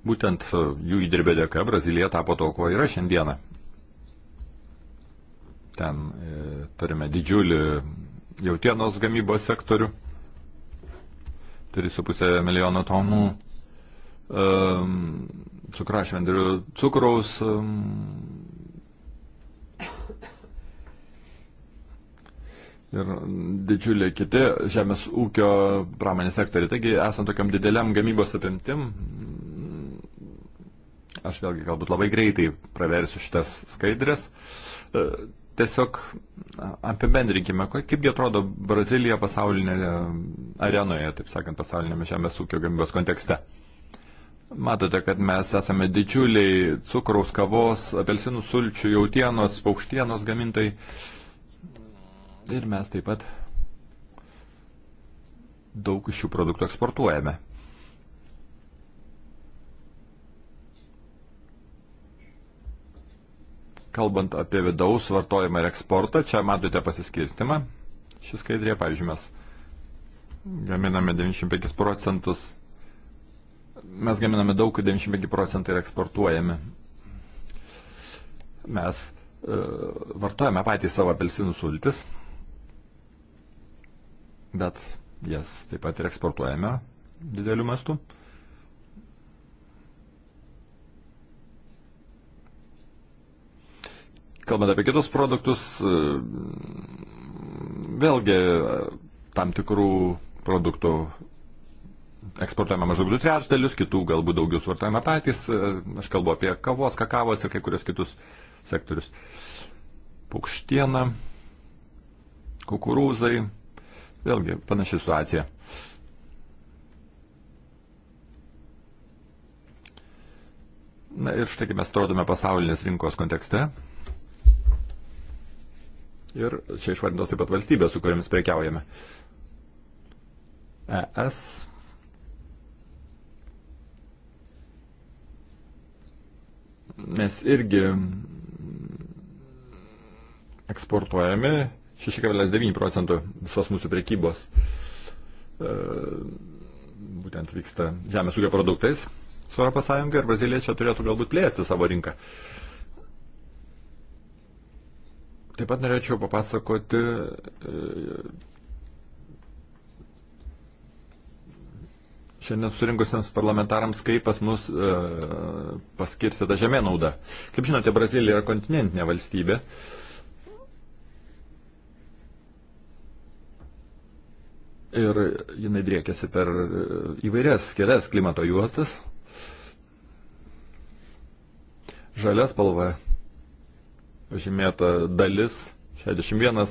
Būtent jų įdirbė dėka Brazilija tapo to, ko yra šiandieną. Ten e, turime didžiulį jautienos gamybos sektorių, 3,5 milijono tonų um, cukrašvendrių cukraus. Um, ir didžiulė kiti žemės ūkio pramonės sektoriai. Taigi, esant tokiam dideliam gamybos apimtim, aš vėlgi galbūt labai greitai praversiu šitas skaidrės. E, tiesiog apibendrinkime, kaipgi atrodo Brazilija pasaulinėje arenoje, taip sakant, pasaulinėme žemės ūkio gamybos kontekste. Matote, kad mes esame didžiuliai cukraus, kavos, apelsinų sulčių, jautienos, paukštienos gamintojai. Ir mes taip pat daug šių produktų eksportuojame. Kalbant apie vidaus vartojimą ir eksportą, čia matote pasiskirstimą. Šį skaidrė, pavyzdžiui, mes gaminame 95 procentus, mes gaminame daug, 95 procentai yra eksportuojami. Mes e, vartojame patys savo apelsinų sultis, bet jas taip pat ir eksportuojame dideliu mastu. Kalbant apie kitus produktus, e, vėlgi e, tam tikrų produktų eksportuojame maždaug du trečdalius, kitų galbūt daugiau suvartojame patys. E, aš kalbu apie kavos, kakavos ir kai kurios kitus sektorius. Paukštiena, kukurūzai, vėlgi panaši situacija. Na ir štai kaip mes atrodome pasaulinės rinkos kontekste. Ir čia išvardintos taip pat valstybės, su kuriamis prekiaujame. ES mes irgi eksportuojame 6,9 procentų visos mūsų prekybos. E, būtent vyksta žemės ūkio produktais su ES ir braziliečiai turėtų galbūt plėsti savo rinką. Uh, Taip pat norėčiau papasakoti e, šiandien surinkusiems parlamentarams, kaip pas mus e, paskirstyta žemė nauda. Kaip žinote, Brazilija yra kontinentinė valstybė. Ir jinai driekiasi per e, įvairias kelias klimato juostas. Žalia spalva pažymėta dalis, 61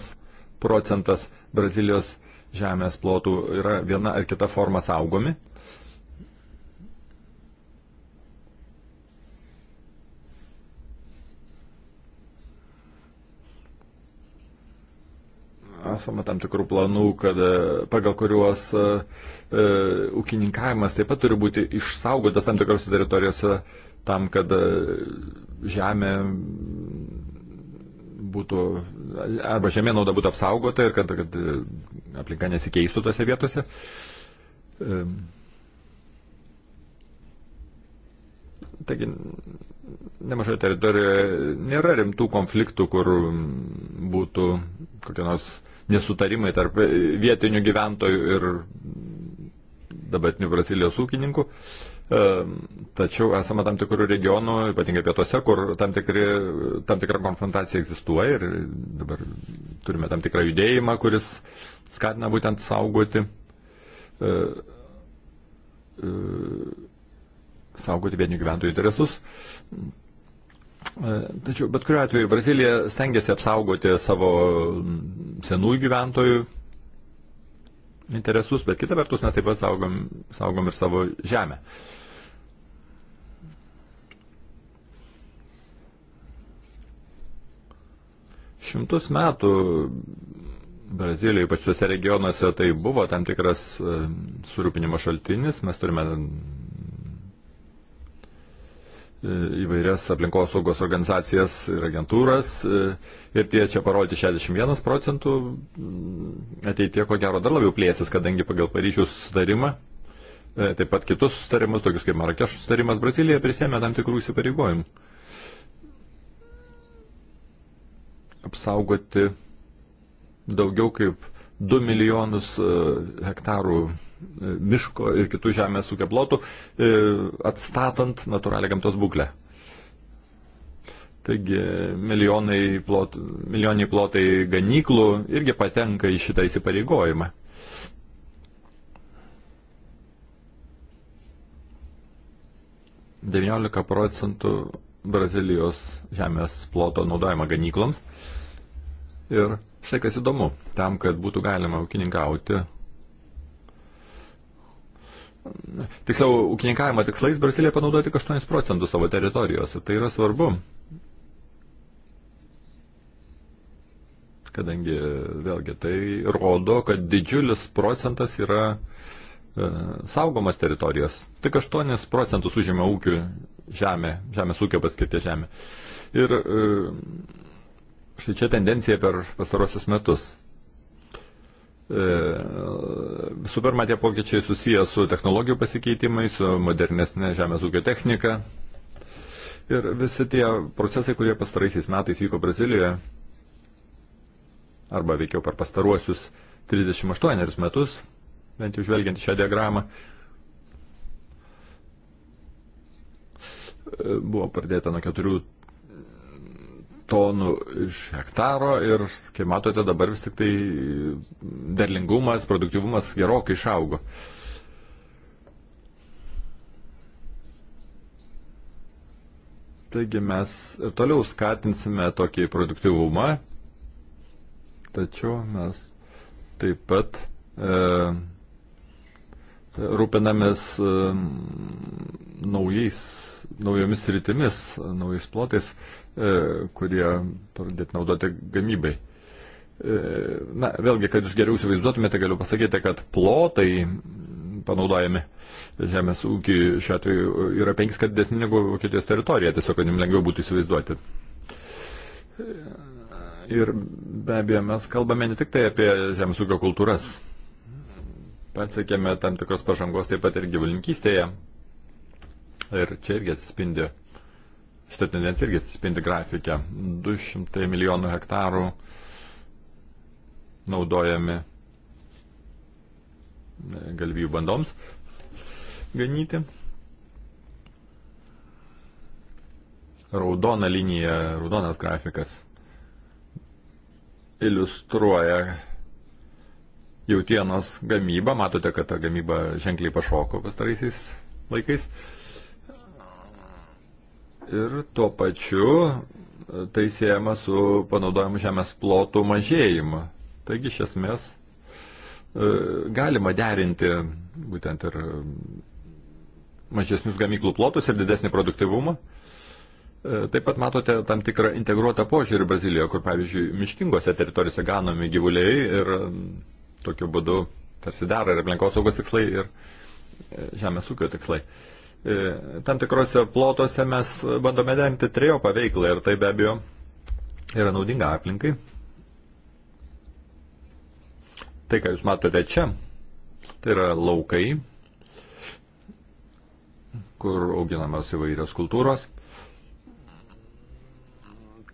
procentas Brazilijos žemės plotų yra viena ar kita forma saugomi. esama tam tikrų planų, kad e, pagal kuriuos e, e, ūkininkavimas taip pat turi būti išsaugotas tam tikrose teritorijose tam, kad e, žemė būtų, arba žemė nauda būtų apsaugota ir kad, kad e, aplinka nesikeistų tose vietose. Taigi, nemažai teritorijoje nėra rimtų konfliktų, kur būtų kokie nors nesutarimai tarp vietinių gyventojų ir dabartinių Brazilijos ūkininkų. Uh, Tačiau esame tam tikrų regionų, ypatingai pietuose, kur tam, tikri, tam tikra konfrontacija egzistuoja ir dabar turime tam tikrą judėjimą, kuris skatina būtent saugoti, e, e, saugoti vietinių gyventojų interesus. E, tačiau bet kuriuo atveju Brazilija stengiasi apsaugoti savo senųjų gyventojų interesus, bet kita vertus mes taip pat saugom, saugom ir savo žemę. Uh, Šimtus metų Brazilijoje, ypač tuose regionuose, tai buvo tam tikras e, surūpinimo šaltinis. Mes turime e, įvairias aplinkos saugos organizacijas ir agentūras. E, ir tie čia parodyti 61 procentų mm, ateitie, ko gero, dar labiau plėsis, kadangi pagal Paryžiaus sustarimą, taip pat kitus sustarimus, tokius kaip Marakešų sustarimas, Brazilija prisėmė tam tikrų įsipareigojimų. apsaugoti daugiau kaip 2 milijonus e, hektarų e, miško ir kitų žemės ūkio plotų, e, atstatant natūralią gamtos būklę. Taigi milijonai, plot, milijonai plotai ganyklų irgi patenka į šitą įsipareigojimą. Devyniolika procentų Brazilijos žemės ploto naudojama ganykloms. Ir štai kas įdomu, tam, kad būtų galima ūkininkauti. Tiksliau, ūkininkavimo tikslais Brazilija panaudoja tik 8 procentų savo teritorijos. Ir tai yra svarbu, kadangi vėlgi tai rodo, kad didžiulis procentas yra e, saugomas teritorijas. Tik 8 procentus užima ūkių žemė, žemės ūkio paskirtė žemė. Ir e, Štai čia tendencija per pastarosius metus. E, visų pirma, tie pokyčiai susiję su technologijų pasikeitimais, su modernesnė žemės ūkio technika. Ir visi tie procesai, kurie pastaraisiais metais vyko Brazilijoje, arba veikiau per pastaruosius 38 metus, bent jau žvelgiant šią diagramą, buvo pradėta nuo 4 tonų iš hektaro ir, kaip matote, dabar vis tik tai derlingumas, produktivumas gerokai išaugo. Taigi mes toliau skatinsime tokį produktivumą, tačiau mes taip pat e, rūpinamės e, naujais, naujomis rytimis, naujais plotais. E, E, kurie pradėti naudoti gamybai. E, na, vėlgi, kad jūs geriau įsivaizduotumėte, galiu pasakyti, kad plotai panaudojami žemės ūkiui šiuo atveju yra penkis kart desni negu Vokietijos teritorija, tiesiog, kad jums lengviau būtų įsivaizduoti. Ir be abejo, mes kalbame ne tik tai apie žemės ūkio kultūras. Pasiekėme tam tikros pažangos taip pat ir gyvulinkystėje. Ir čia irgi atsispindi Šitą tendenciją irgi atsispindi grafikę. 200 milijonų hektarų naudojami e, galvijų bandoms ganyti. Raudona linija, raudonas grafikas iliustruoja jautienos gamybą. Matote, kad ta gamyba ženkliai pašoko pastaraisiais laikais ir tuo pačiu e, tai siejama su panaudojimu žemės plotų mažėjimu. Taigi iš esmės e, galima derinti būtent ir mažesnius gamyklų plotus ir didesnį produktivumą. E, taip pat matote tam tikrą integruotą požiūrį Brazilijoje, kur pavyzdžiui miškingose teritorijose ganomi gyvuliai ir tokiu būdu tarsi dera ir aplinkosaugos tikslai ir žemės ūkio tikslai. Uh, E, tam tikrose plotuose mes bandome derinti trejopą veiklą ir tai be abejo yra naudinga aplinkai. Tai, ką jūs matote čia, tai yra laukai, kur auginamos įvairios kultūros.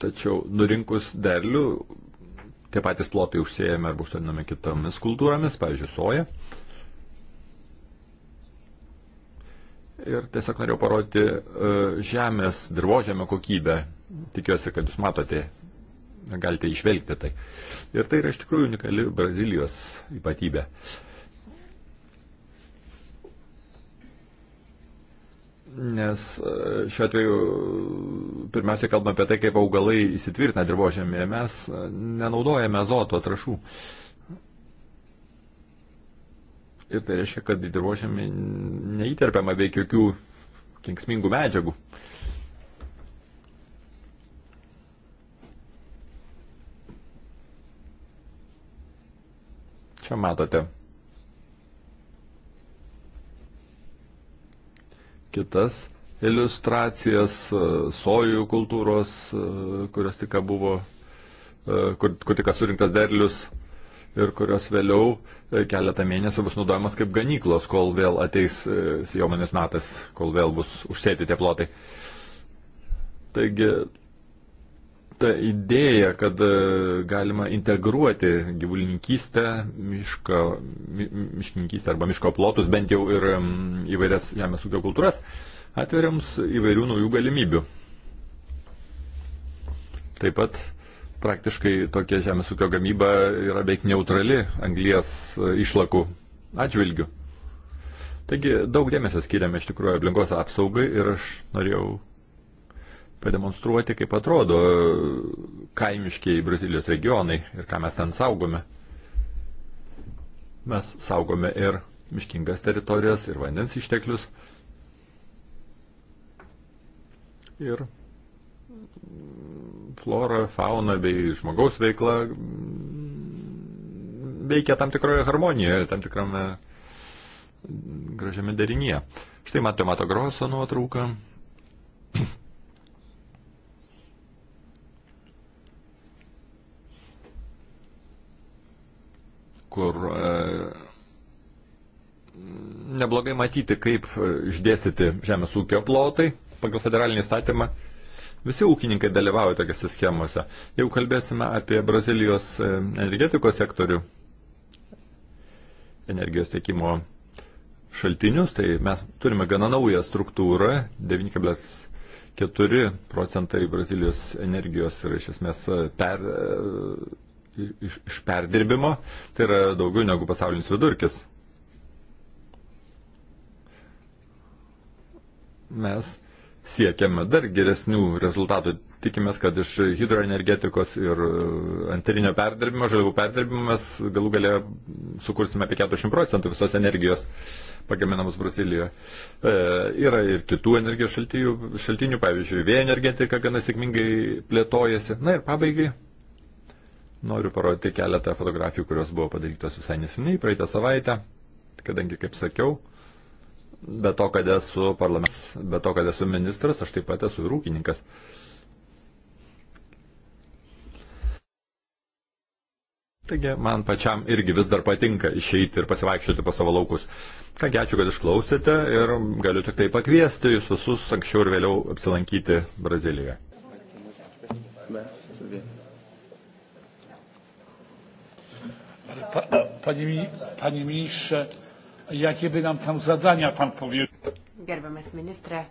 Tačiau nurinkus derlių, tie patys plotai užsėjami arba užsėdinami kitomis kultūromis, pavyzdžiui, soja. Ir tiesiog norėjau parodyti e, žemės, dirbožėmio kokybę. Tikiuosi, kad jūs matote, galite išvelgti tai. Ir tai yra iš tikrųjų unikali Brazilijos ypatybė. Nes e, šiuo atveju pirmiausia kalbame apie tai, kaip augalai įsitvirtina dirbožėmėje. Mes e, nenaudojame azoto trašų. Uh, Ir tai reiškia, kad į dirbožėmį neįterpiama beveik jokių kenksmingų medžiagų. Čia matote kitas iliustracijas e, sojų kultūros, e, kurios tik buvo, e, kur, kur tik surinktas derlius ir kurios vėliau e, keletą mėnesių bus naudojamas kaip ganyklos, kol vėl ateis e, sijomanis metas, kol vėl bus užsėti tie plotai. Taigi ta idėja, kad e, galima integruoti gyvulininkystę, miško, mi, miškininkystę arba miško plotus, bent jau ir įvairias žemės ūkio kultūras, atveria mums įvairių naujų galimybių. Taip pat praktiškai tokia žemės ūkio gamyba yra beveik neutrali anglijas e, išlakų atžvilgių. Taigi daug dėmesio skiriame iš tikrųjų aplinkos apsaugai ir aš norėjau pademonstruoti, kaip atrodo kaimiškiai Brazilijos regionai ir ką mes ten saugome. Mes saugome ir miškingas teritorijas, ir vandens išteklius. Ir flora, fauna bei žmogaus veikla veikia tam tikroje harmonijoje, tam tikrame gražiame derinyje. Štai matome Mato Groso nuotrauką. kur e, neblogai matyti, kaip e, išdėstyti žemės ūkio plotai pagal federalinį statymą Visi ūkininkai dalyvauja tokiuose schemose. Jeigu kalbėsime apie Brazilijos e, energetikos sektorių, energijos tiekimo šaltinius, tai mes turime gana naują struktūrą, 9,4 procentai Brazilijos energijos yra iš esmės e, per, e, iš, iš perdirbimo, tai yra daugiau negu pasaulinis vidurkis. Mes siekiame dar geresnių rezultatų. Tikimės, kad iš hidroenergetikos ir e, antrinio perdirbimo, žaliavų perdirbimo mes galų galę sukursime apie 40 procentų visos energijos pagaminamos Brazilijoje. E, yra ir kitų energijos šaltinių, šaltinių pavyzdžiui, vėjo energetika gana sėkmingai plėtojasi. Na ir pabaigai noriu parodyti keletą fotografijų, kurios buvo padarytos visai neseniai, praeitą savaitę, kadangi, kaip sakiau, Be to, kad esu parlamentas, be to, kad esu ministras, aš taip pat esu ir ūkininkas. Taigi man pačiam irgi vis dar patinka išeiti ir pasivaikščioti po savo laukus. Kągi ačiū, kad išklausėte ir galiu tik tai pakviesti jūs visus anksčiau ir vėliau apsilankyti Brazilijoje. Panie ministrze, jakie by nam tam zadania pan powierzył. Gerbiamas ministrė,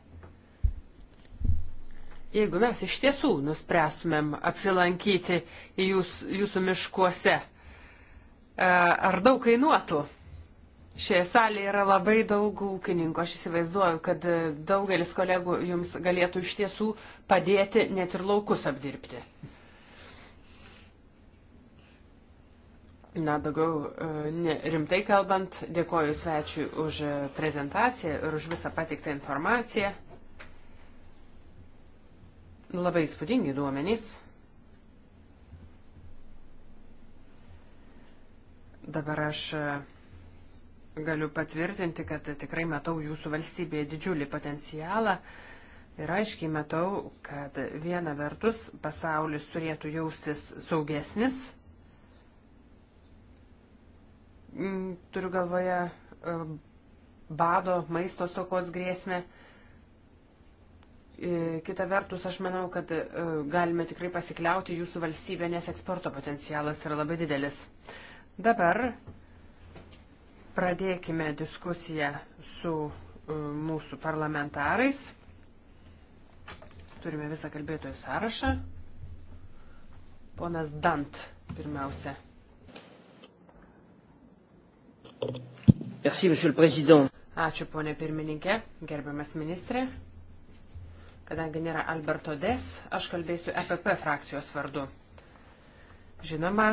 jeigu mes iš tiesų nuspręstumėm apsilankyti jūs, jūsų miškuose, e, ar daug kainuotų? Šioje salėje yra labai daug ūkininkų. Aš įsivaizduoju, kad daugelis kolegų jums galėtų iš tiesų padėti net ir laukus apdirbti. Na, daugiau e, ne, rimtai kalbant, dėkoju svečiui už e, prezentaciją ir už visą patiktą informaciją. Labai įspūdingi duomenys. Dabar aš e, galiu patvirtinti, kad tikrai matau jūsų valstybėje didžiulį potencialą ir aiškiai matau, kad viena vertus pasaulis turėtų jaustis saugesnis Mm, turiu galvoje e, bado, maisto stokos grėsmę. E, kita vertus, aš manau, kad e, galime tikrai pasikliauti jūsų valstybė, nes eksporto potencialas yra labai didelis. Dabar pradėkime diskusiją su mūsų parlamentarais. Turime visą kalbėtojų sąrašą. Ponas Dant pirmiausia. Merci, monsieur le président. Ačiū, ponė pirmininkė, gerbiamas ministrė. Kadangi nėra Alberto Des, aš kalbėsiu EPP frakcijos vardu. Žinoma,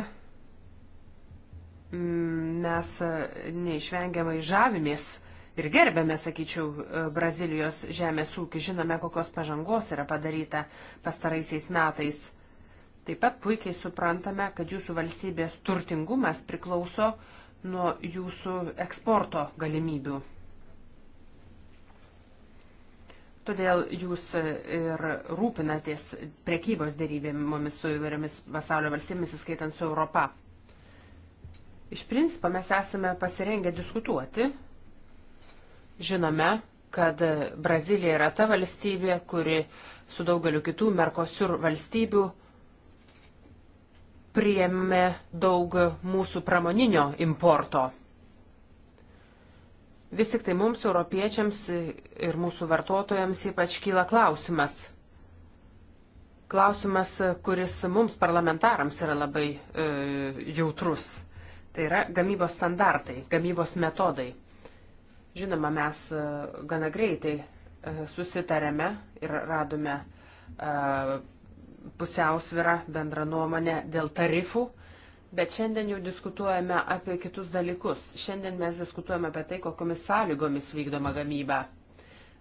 mes neišvengiamai žavimės ir gerbėme, sakyčiau, Brazilijos žemės ūkį, žinome, kokios pažangos yra padaryta pastaraisiais metais. Taip pat puikiai suprantame, kad jūsų valstybės turtingumas priklauso uh, nuo jūsų eksporto galimybių. Todėl jūs ir rūpinatės prekybos dėrybėmomis su įvairiomis pasaulio valstybėmis, įskaitant su Europa. Iš principo mes esame pasirengę diskutuoti. Žinome, kad Brazilija yra ta valstybė, kuri su daugeliu kitų Merkosur valstybių uh, priėmė daug mūsų pramoninio importo. Vis tik tai mums, europiečiams ir mūsų vartotojams ypač kyla klausimas. Klausimas, kuris mums parlamentarams yra labai e, jautrus. Tai yra gamybos standartai, gamybos metodai. Žinoma, mes e, gana greitai e, susitarėme ir radome e, pusiausvirą, bendrą nuomonę dėl tarifų, bet šiandien jau diskutuojame apie kitus dalykus. Šiandien mes diskutuojame apie tai, kokiamis sąlygomis vykdoma gamyba.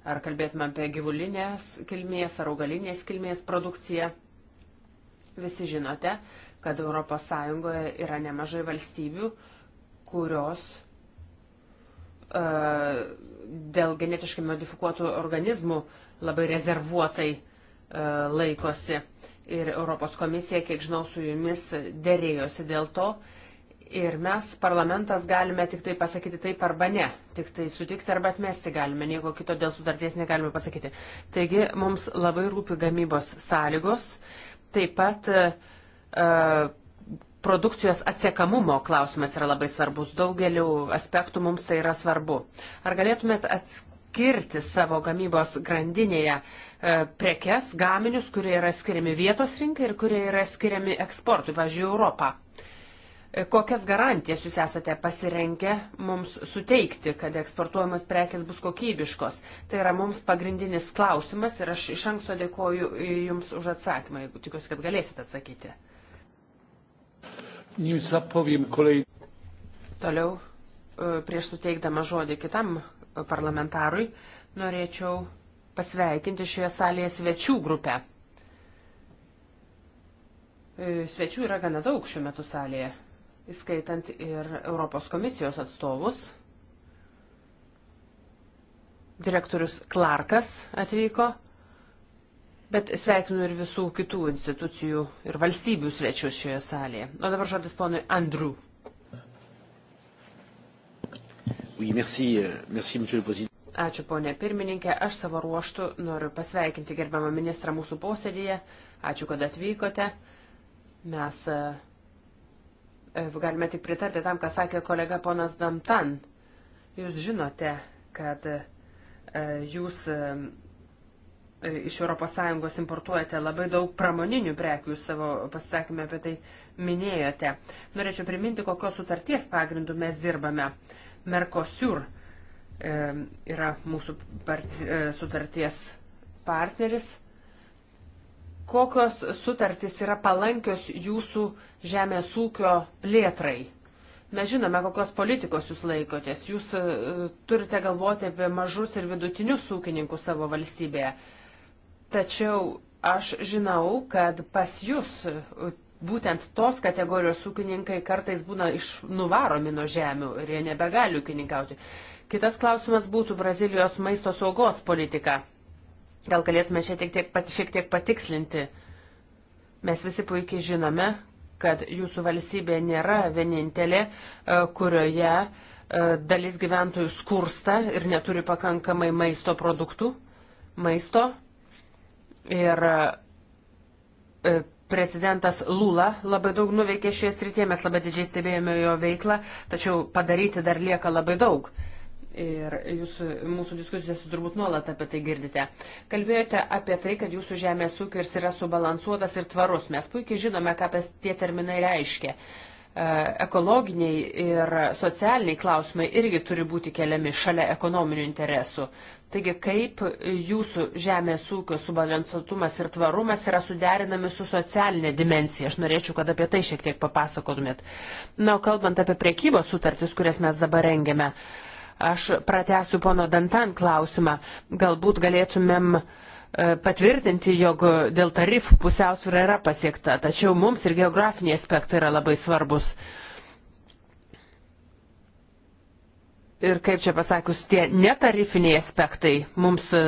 Ar kalbėtume apie gyvulinės kilmės ar augalinės kilmės produkciją. Visi žinote, kad ES yra nemažai valstybių, kurios uh, dėl genetiškai modifikuotų organizmų labai rezervuotai uh, laikosi ir Europos komisija, kiek žinau, su jumis dėrėjosi dėl to. Ir mes, parlamentas, galime tik tai pasakyti taip arba ne, tik tai sutikti arba atmesti galime, nieko kito dėl sutarties negalime pasakyti. Taigi mums labai rūpi gamybos sąlygos, taip pat e, produkcijos atsiekamumo klausimas yra labai svarbus, daugeliu aspektų mums tai yra svarbu. Ar galėtumėt atskirti? skirti savo gamybos grandinėje e, prekes, gaminius, kurie yra skiriami vietos rinkai ir kurie yra skiriami eksportui, važiuoju, Europą. E, kokias garantijas jūs esate pasirengę mums suteikti, kad eksportuojamos prekes bus kokybiškos? Tai yra mums pagrindinis klausimas ir aš iš anksto dėkoju Jums už atsakymą, jeigu tikiuosi, kad galėsite atsakyti. Toliau, e, prieš suteikdama žodį kitam parlamentarui, norėčiau pasveikinti šioje salėje svečių grupę. E, svečių yra gana daug šiuo metu salėje, įskaitant ir Europos komisijos atstovus. Direktorius Klarkas atvyko, bet sveikinu ir visų kitų institucijų ir valstybių svečius šioje salėje. O dabar žodis ponui Andrew. Oui, merci, euh, merci, monsieur le président. Ačiū, ponė pirmininkė. Aš savo ruoštų noriu pasveikinti gerbiamą ministrą mūsų posėdėje. Ačiū, kad atvykote. Mes e, e, galime tik pritarti tam, ką sakė kolega ponas Damtan. Jūs žinote, kad e, jūs iš ES importuojate labai daug pramoninių prekių, jūs savo pasisakymę apie tai minėjote. Norėčiau priminti, kokios sutarties pagrindų mes dirbame. Mercosur e, yra mūsų part, e, sutarties partneris. Kokios sutartys yra palankios jūsų žemės ūkio plėtrai? Mes žinome, kokios politikos jūs laikotės. Jūs e, turite galvoti apie mažus ir vidutinius ūkininkus savo valstybėje. Tačiau aš žinau, kad pas jūs būtent tos kategorijos ūkininkai kartais būna iš nuvaromi nuo žemių ir jie nebegali ūkininkauti. Kitas klausimas būtų Brazilijos maisto saugos politika. Gal galėtume šiek tiek, šiek tiek patikslinti. Mes visi puikiai žinome, kad jūsų valstybė nėra vienintelė, e, kurioje e, dalis gyventojų skursta ir neturi pakankamai maisto produktų, maisto. Ir e, Prezidentas Lula labai daug nuveikė šioje srityje, mes labai didžiai stebėjome jo veiklą, tačiau padaryti dar lieka labai daug. Ir jūs mūsų diskusijose turbūt nuolat apie tai girdite. Kalbėjote apie tai, kad jūsų žemės ūkis yra subalansuotas ir tvarus. Mes puikiai žinome, ką tas tie terminai reiškia. E, ekologiniai ir socialiniai klausimai irgi turi būti keliami šalia ekonominių interesų. Taigi, kaip jūsų žemės ūkio subalansuotumas ir tvarumas yra suderinami su socialinė dimensija? Aš norėčiau, kad apie tai šiek tiek papasakotumėt. Na, o kalbant apie priekybos sutartis, kurias mes dabar rengiame, aš pratęsiu pono Dantan klausimą. Galbūt galėtumėm uh, E, patvirtinti, jog dėl tarifų pusiausvyrą yra pasiekta, tačiau mums ir geografiniai aspektai yra labai svarbus. Ir kaip čia pasakius, tie netarifiniai aspektai mums e,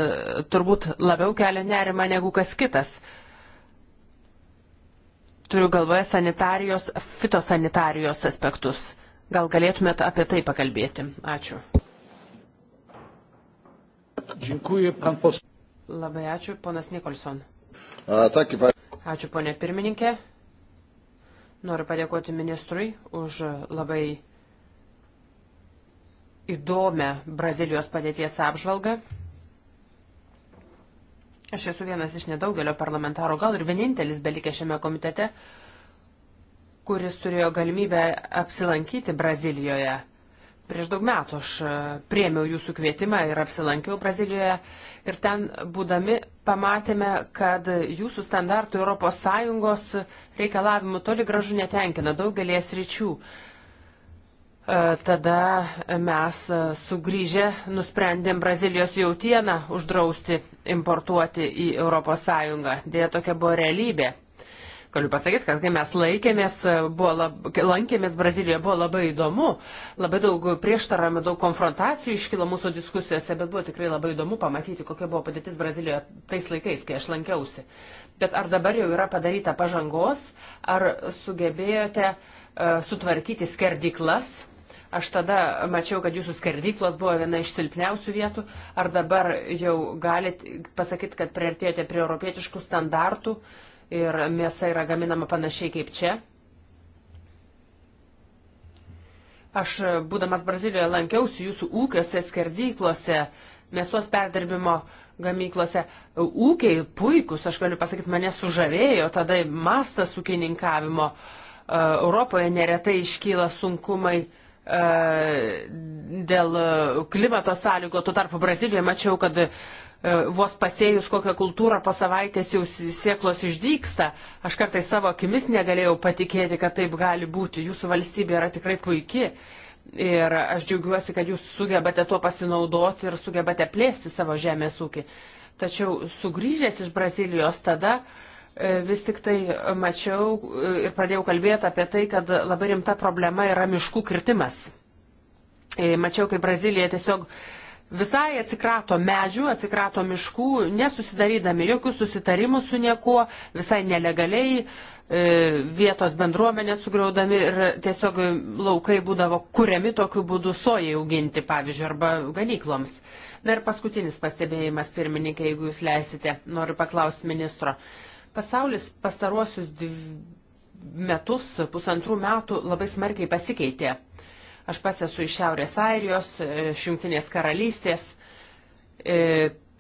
turbūt labiau kelia nerima negu kas kitas. Turiu galvoje sanitarijos, fitosanitarijos aspektus. Gal galėtumėt apie tai pakalbėti? Ačiū. Dziękuję, pan poseł. Labai ačiū, ponas Nikolson. Uh, ačiū, ponė pirmininkė. Noriu padėkoti ministrui už labai įdomią Brazilijos padėties apžvalgą. Aš esu vienas iš nedaugelio parlamentarų, gal ir vienintelis belikė šiame komitete, kuris turėjo galimybę apsilankyti Brazilijoje Prieš daug metų aš e, priemiau jūsų kvietimą ir apsilankiau Brazilijoje ir ten būdami pamatėme, kad jūsų standartų ES reikalavimų toli gražu netenkina daugelės ryčių. E, tada mes e, sugrįžę nusprendėm Brazilijos jautieną uždrausti importuoti į ES. Dėja tokia buvo realybė. Galiu pasakyti, kad kai mes laikėmės, e, lab, lankėmės Brazilijoje, buvo labai įdomu, labai daug prieštaravimų, daug konfrontacijų iškilo mūsų diskusijose, bet buvo tikrai labai įdomu pamatyti, kokia buvo padėtis Brazilijoje tais laikais, kai aš lankiausi. Bet ar dabar jau yra padaryta pažangos, ar sugebėjote uh, sutvarkyti skerdiklas, Aš tada mačiau, kad jūsų skerdyklos buvo viena iš silpniausių vietų. Ar dabar jau galit pasakyti, kad priartėjote prie europietiškų standartų ir mėsa yra gaminama panašiai kaip čia. Aš, būdamas Brazilijoje, lankiausi jūsų ūkiuose, skerdyklose, mėsos perdirbimo gamyklose. Ūkiai puikus, aš galiu pasakyti, mane sužavėjo, tada mastas ūkininkavimo. E, Europoje neretai iškyla sunkumai e, dėl klimato sąlygo. Tuo tarpu Brazilijoje mačiau, kad E, vos pasėjus kokią kultūrą po savaitės jau sieklos išdyksta. Aš kartai savo akimis negalėjau patikėti, kad taip gali būti. Jūsų valstybė yra tikrai puikiai. Ir aš džiaugiuosi, kad jūs sugebate tuo pasinaudoti ir sugebate plėsti savo žemės ūkį. Tačiau sugrįžęs iš Brazilijos tada e, vis tik tai mačiau e, ir pradėjau kalbėti apie tai, kad labai rimta problema yra miškų kirtimas. Mačiau, kaip Brazilija tiesiog uh, visai atsikrato medžių, atsikrato miškų, nesusidarydami jokių susitarimų su niekuo, visai nelegaliai e, vietos bendruomenės sugriaudami ir tiesiog laukai būdavo kuriami tokiu būdu sojai auginti, pavyzdžiui, arba ganykloms. Na ir paskutinis pastebėjimas, pirmininkai, jeigu jūs leisite, noriu paklausti ministro. Pasaulis pastaruosius metus, pusantrų metų labai smarkiai pasikeitė Aš pats esu iš Šiaurės Airijos, iš Junktinės karalystės. E,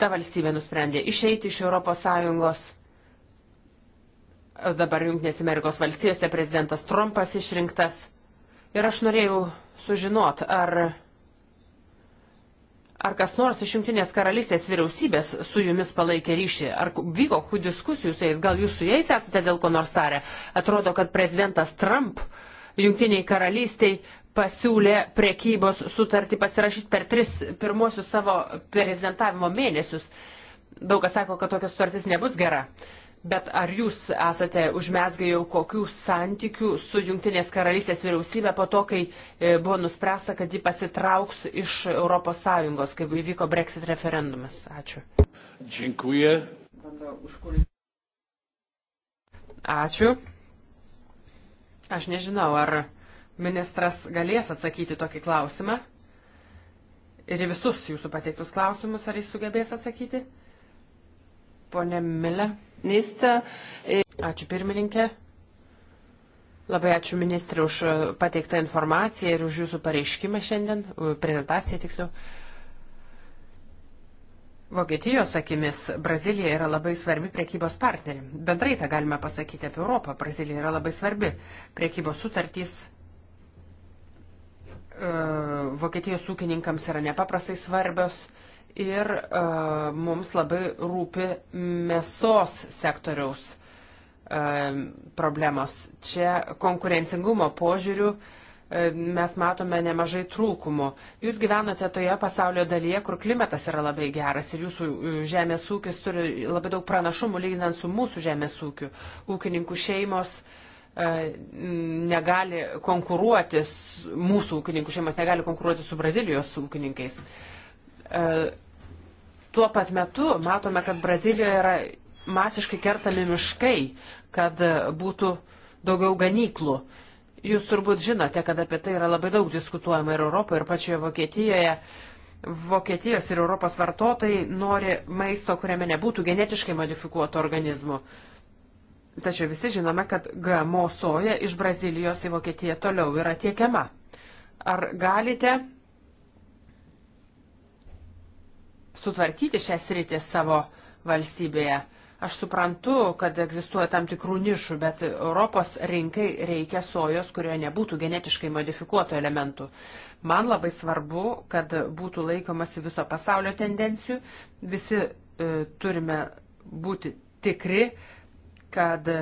ta valstybė nusprendė išeiti iš ES. Dabar Junktinės Amerikos valstijose prezidentas Trumpas išrinktas. Ir aš norėjau sužinot, ar, ar kas nors iš Junktinės karalystės vyriausybės su jumis palaikė ryšį, ar vyko kokių diskusijų su jais, gal jūs su jais esate dėl ko nors tarę. Atrodo, kad prezidentas Trump Junktiniai karalystiai pasiūlė prekybos sutartį pasirašyti per tris pirmuosius savo prezidentavimo mėnesius. Daug kas sako, kad tokios sutartis nebus gera. Bet ar jūs esate užmesgę jau kokių santykių su Junktinės karalystės vyriausybė po to, kai e, buvo nuspręsta, kad ji pasitrauks iš ES, kai įvyko Brexit referendumas? Ačiū. Dziękuję. Ačiū. Aš nežinau, ar Ministras galės atsakyti tokį klausimą ir į visus jūsų pateiktus klausimus, ar jis sugebės atsakyti. Pone Mile. Nista. E- ačiū pirmininkė. Labai ačiū ministrė už pateiktą informaciją ir už jūsų pareiškimą šiandien, prezentaciją tiksliau. Vokietijos akimis Brazilija yra labai svarbi priekybos partneri. Bendrai tą galime pasakyti apie Europą. Brazilija yra labai svarbi. Priekybos sutartys E, Vokietijos ūkininkams yra nepaprastai svarbios ir e, mums labai rūpi mėsos sektoriaus e, problemos. Čia konkurencingumo požiūrių mes matome nemažai trūkumų. Jūs gyvenate toje pasaulio dalyje, kur klimatas yra labai geras ir jūsų žemės ūkis turi labai daug pranašumų lyginant su mūsų žemės ūkiu. Ūkininkų šeimos uh, E, negali konkuruoti, mūsų ūkininkų šeimas negali konkuruoti su Brazilijos ūkininkais. E, tuo pat metu matome, kad Brazilijoje yra masiškai kertami miškai, kad būtų daugiau ganyklų. Jūs turbūt žinote, kad apie tai yra labai daug diskutuojama ir Europoje, ir pačioje Vokietijoje. Vokietijos ir Europos vartotojai nori maisto, kuriame nebūtų genetiškai modifikuotų organizmų. Uh, Tačiau visi žinome, kad GMO soja iš Brazilijos į Vokietiją toliau yra tiekiama. Ar galite sutvarkyti šią sritį savo valstybėje? Aš suprantu, kad egzistuoja tam tikrų nišų, bet Europos rinkai reikia sojos, kurioje nebūtų genetiškai modifikuotų elementų. Man labai svarbu, kad būtų laikomasi viso pasaulio tendencijų. Visi e, turime būti tikri, kad e,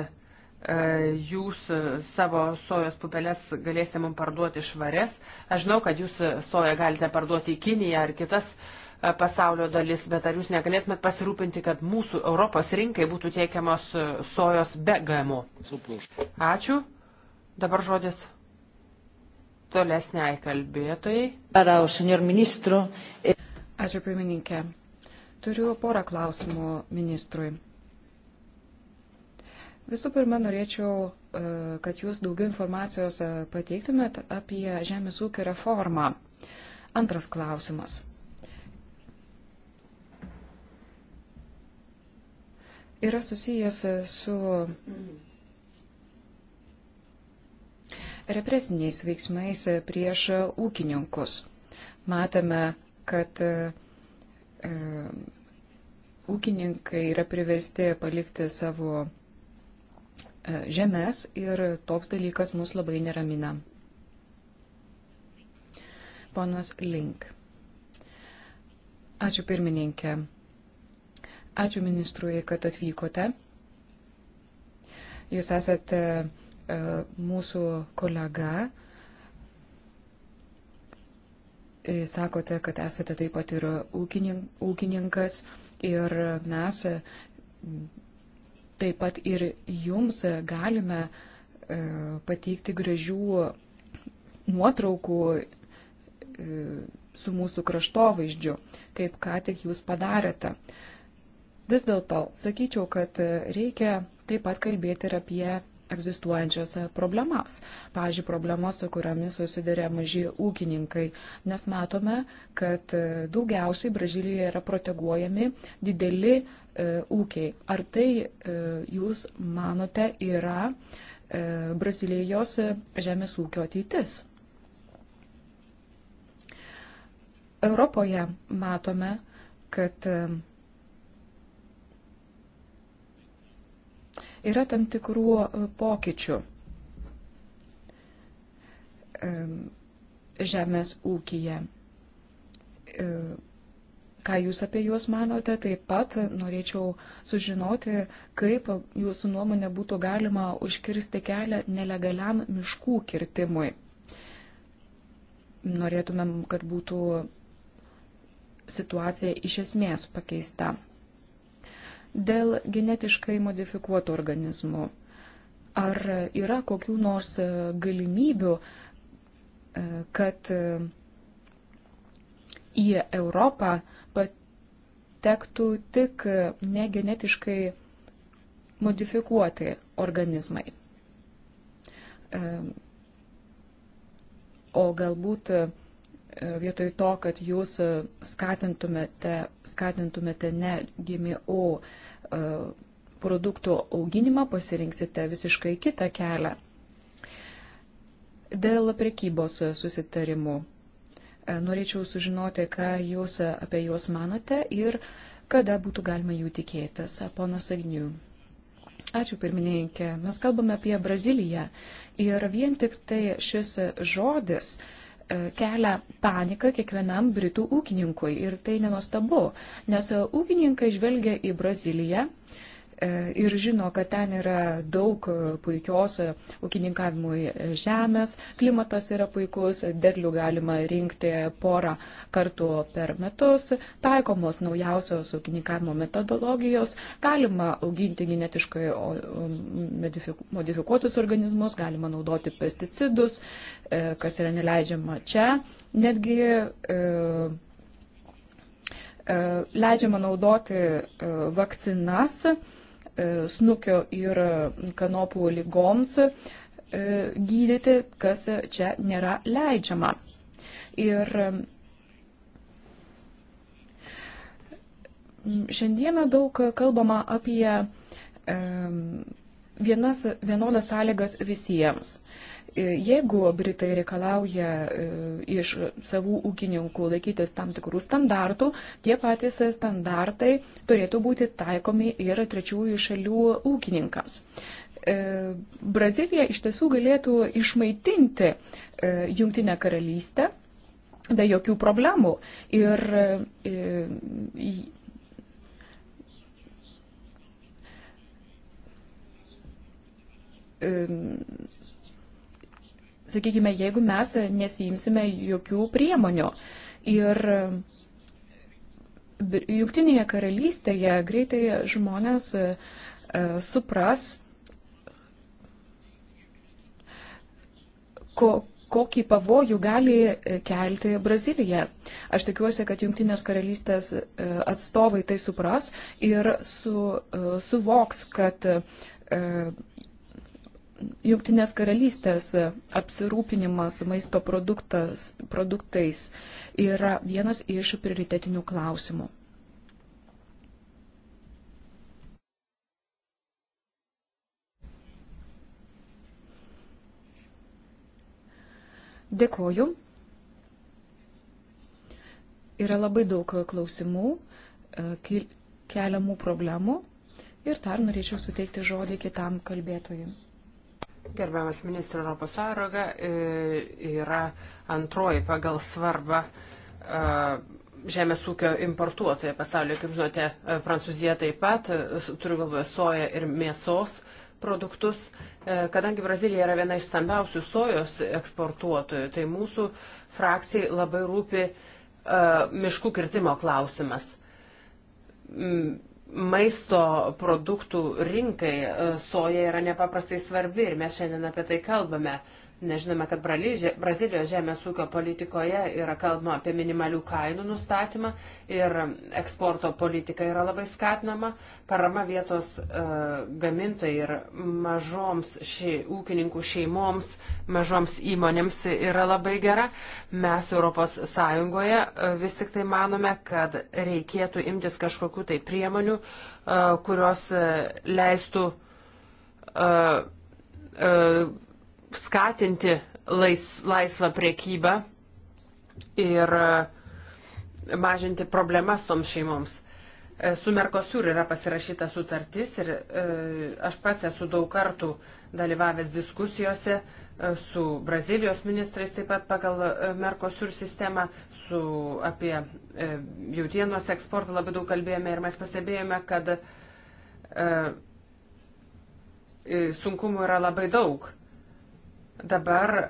jūs savo sojos pupelės galėsite mums parduoti švarias. Aš žinau, kad jūs soją galite parduoti į Kiniją ar kitas e, pasaulio dalis, bet ar jūs negalėtumėt pasirūpinti, kad mūsų Europos rinkai būtų tiekiamos e, sojos be GMO? Ačiū. Dabar žodis tolesniai kalbėtojai. Ačiū, pirmininkė. Turiu porą klausimų ministrui. Visų pirma, norėčiau, e, kad jūs daugiau informacijos e, pateiktumėt apie žemės ūkio reformą. Antras klausimas. Yra susijęs e, su represiniais veiksmais prieš ūkininkus. Matome, kad ūkininkai yra priversti palikti savo E, žemės ir toks dalykas mus labai neramina. Ponas Link. Ačiū pirmininkė. Ačiū ministrui, kad atvykote. Jūs esate e, mūsų kolega. E, sakote, kad esate taip pat ir ūkininkas ir mes Taip pat ir jums galime e, pateikti gražių nuotraukų e, su mūsų kraštovaizdžiu, kaip ką tik jūs padarėte. Vis dėlto, sakyčiau, kad reikia taip pat kalbėti ir apie egzistuojančias e, problemas. Pavyzdžiui, problemas, su kuriamis susiduria maži ūkininkai, nes matome, kad e, daugiausiai Brazilijoje yra proteguojami dideli e, ūkiai. Ar tai e, jūs manote yra e, Brazilijos e, žemės ūkio ateitis? Europoje matome, kad e, yra tam tikrų e, pokyčių. Žemės ūkija. E, ką Jūs apie juos manote, taip pat norėčiau sužinoti, kaip Jūsų nuomonė būtų galima užkirsti kelią nelegaliam miškų kirtimui. Norėtumėm, kad būtų situacija iš esmės pakeista. Dėl genetiškai modifikuotų organizmų. Ar yra kokių nors e, galimybių, e, kad e, į Europą patektų tik negenetiškai modifikuoti organizmai? O galbūt vietoj to, kad jūs e, skatintumėte, skatintumėte ne GMO e, produktų auginimą, pasirinksite visiškai kitą kelią. Dėl prekybos susitarimų e, norėčiau sužinoti, ką jūs apie juos manote ir kada būtų galima jų tikėtis. Ponas Agnių. Ačiū pirmininkė. Mes kalbame apie Braziliją ir vien tik tai šis žodis uh, E, kelia paniką kiekvienam britų ūkininkui ir tai nenostabu, nes e, ūkininkai žvelgia į Braziliją E, ir žino, kad ten yra daug puikios ūkininkavimui žemės, klimatas yra puikus, derlių galima rinkti porą kartų per metus, taikomos naujausios ūkininkavimo metodologijos, galima auginti genetiškai modifikuotus organizmus, galima naudoti pesticidus, e, kas yra neleidžiama čia. Netgi e, leidžiama naudoti vakcinas E, snukio ir kanopų lygoms e, gydyti, kas čia nėra leidžiama. Ir mm, šiandieną daug kalbama apie vienas, vienodas sąlygas visiems. E, E, jeigu Britai reikalauja e, iš savų ūkininkų laikytis tam tikrų standartų, tie patys standartai turėtų būti taikomi ir trečiųjų šalių ūkininkams. E, Brazilija iš tiesų galėtų išmaitinti Jungtinę karalystę be jokių problemų. Ir sakykime, jeigu mes nesijimsime jokių priemonių. Ir e, Jungtinėje karalystėje greitai žmonės e, supras, ko, kokį pavojų gali e, kelti Brazilija. Aš tikiuosi, kad Junktinės karalystės atstovai tai supras ir su, suvoks, kad Junktinės karalystės apsirūpinimas maisto produktais yra vienas iš prioritetinių klausimų. Dėkoju. Yra labai daug klausimų, e, keliamų problemų ir dar norėčiau suteikti žodį kitam kalbėtojui. Gerbiamas ministro Europos sąraga e, yra antroji pagal svarbą e, žemės ūkio importuotoja pasaulyje. Kaip žinote, e, Prancūzija taip pat, turiu galvoje, soja ir mėsos produktus. Kadangi Brazilija yra viena iš stambiausių sojos eksportuotojų, tai mūsų frakcijai labai rūpi miškų kirtimo klausimas maisto produktų rinkai e, soja yra nepaprastai svarbi ir mes šiandien apie tai kalbame. Nežinome, kad Brazilijos žemės ūkio politikoje yra kalbama apie minimalių kainų nustatymą ir eksporto politika yra labai skatinama. Parama vietos e, gamintojai ir mažoms ši, ūkininkų šeimoms, mažoms įmonėms yra labai gera. Mes ES e, vis tik tai manome, kad reikėtų imtis kažkokių tai priemonių, e, kurios e, leistų. E, e, skatinti lais, laisvą priekybą ir e, mažinti problemas toms šeimoms. E, su Merkosiur yra pasirašyta sutartis ir e, aš pats esu daug kartų dalyvavęs diskusijose e, su Brazilijos ministrais taip pat pagal e, Merkosiur sistemą, su apie e, jautienos eksportą labai daug kalbėjome ir mes pastebėjome, kad e, e sunkumų yra labai daug. Dabar e,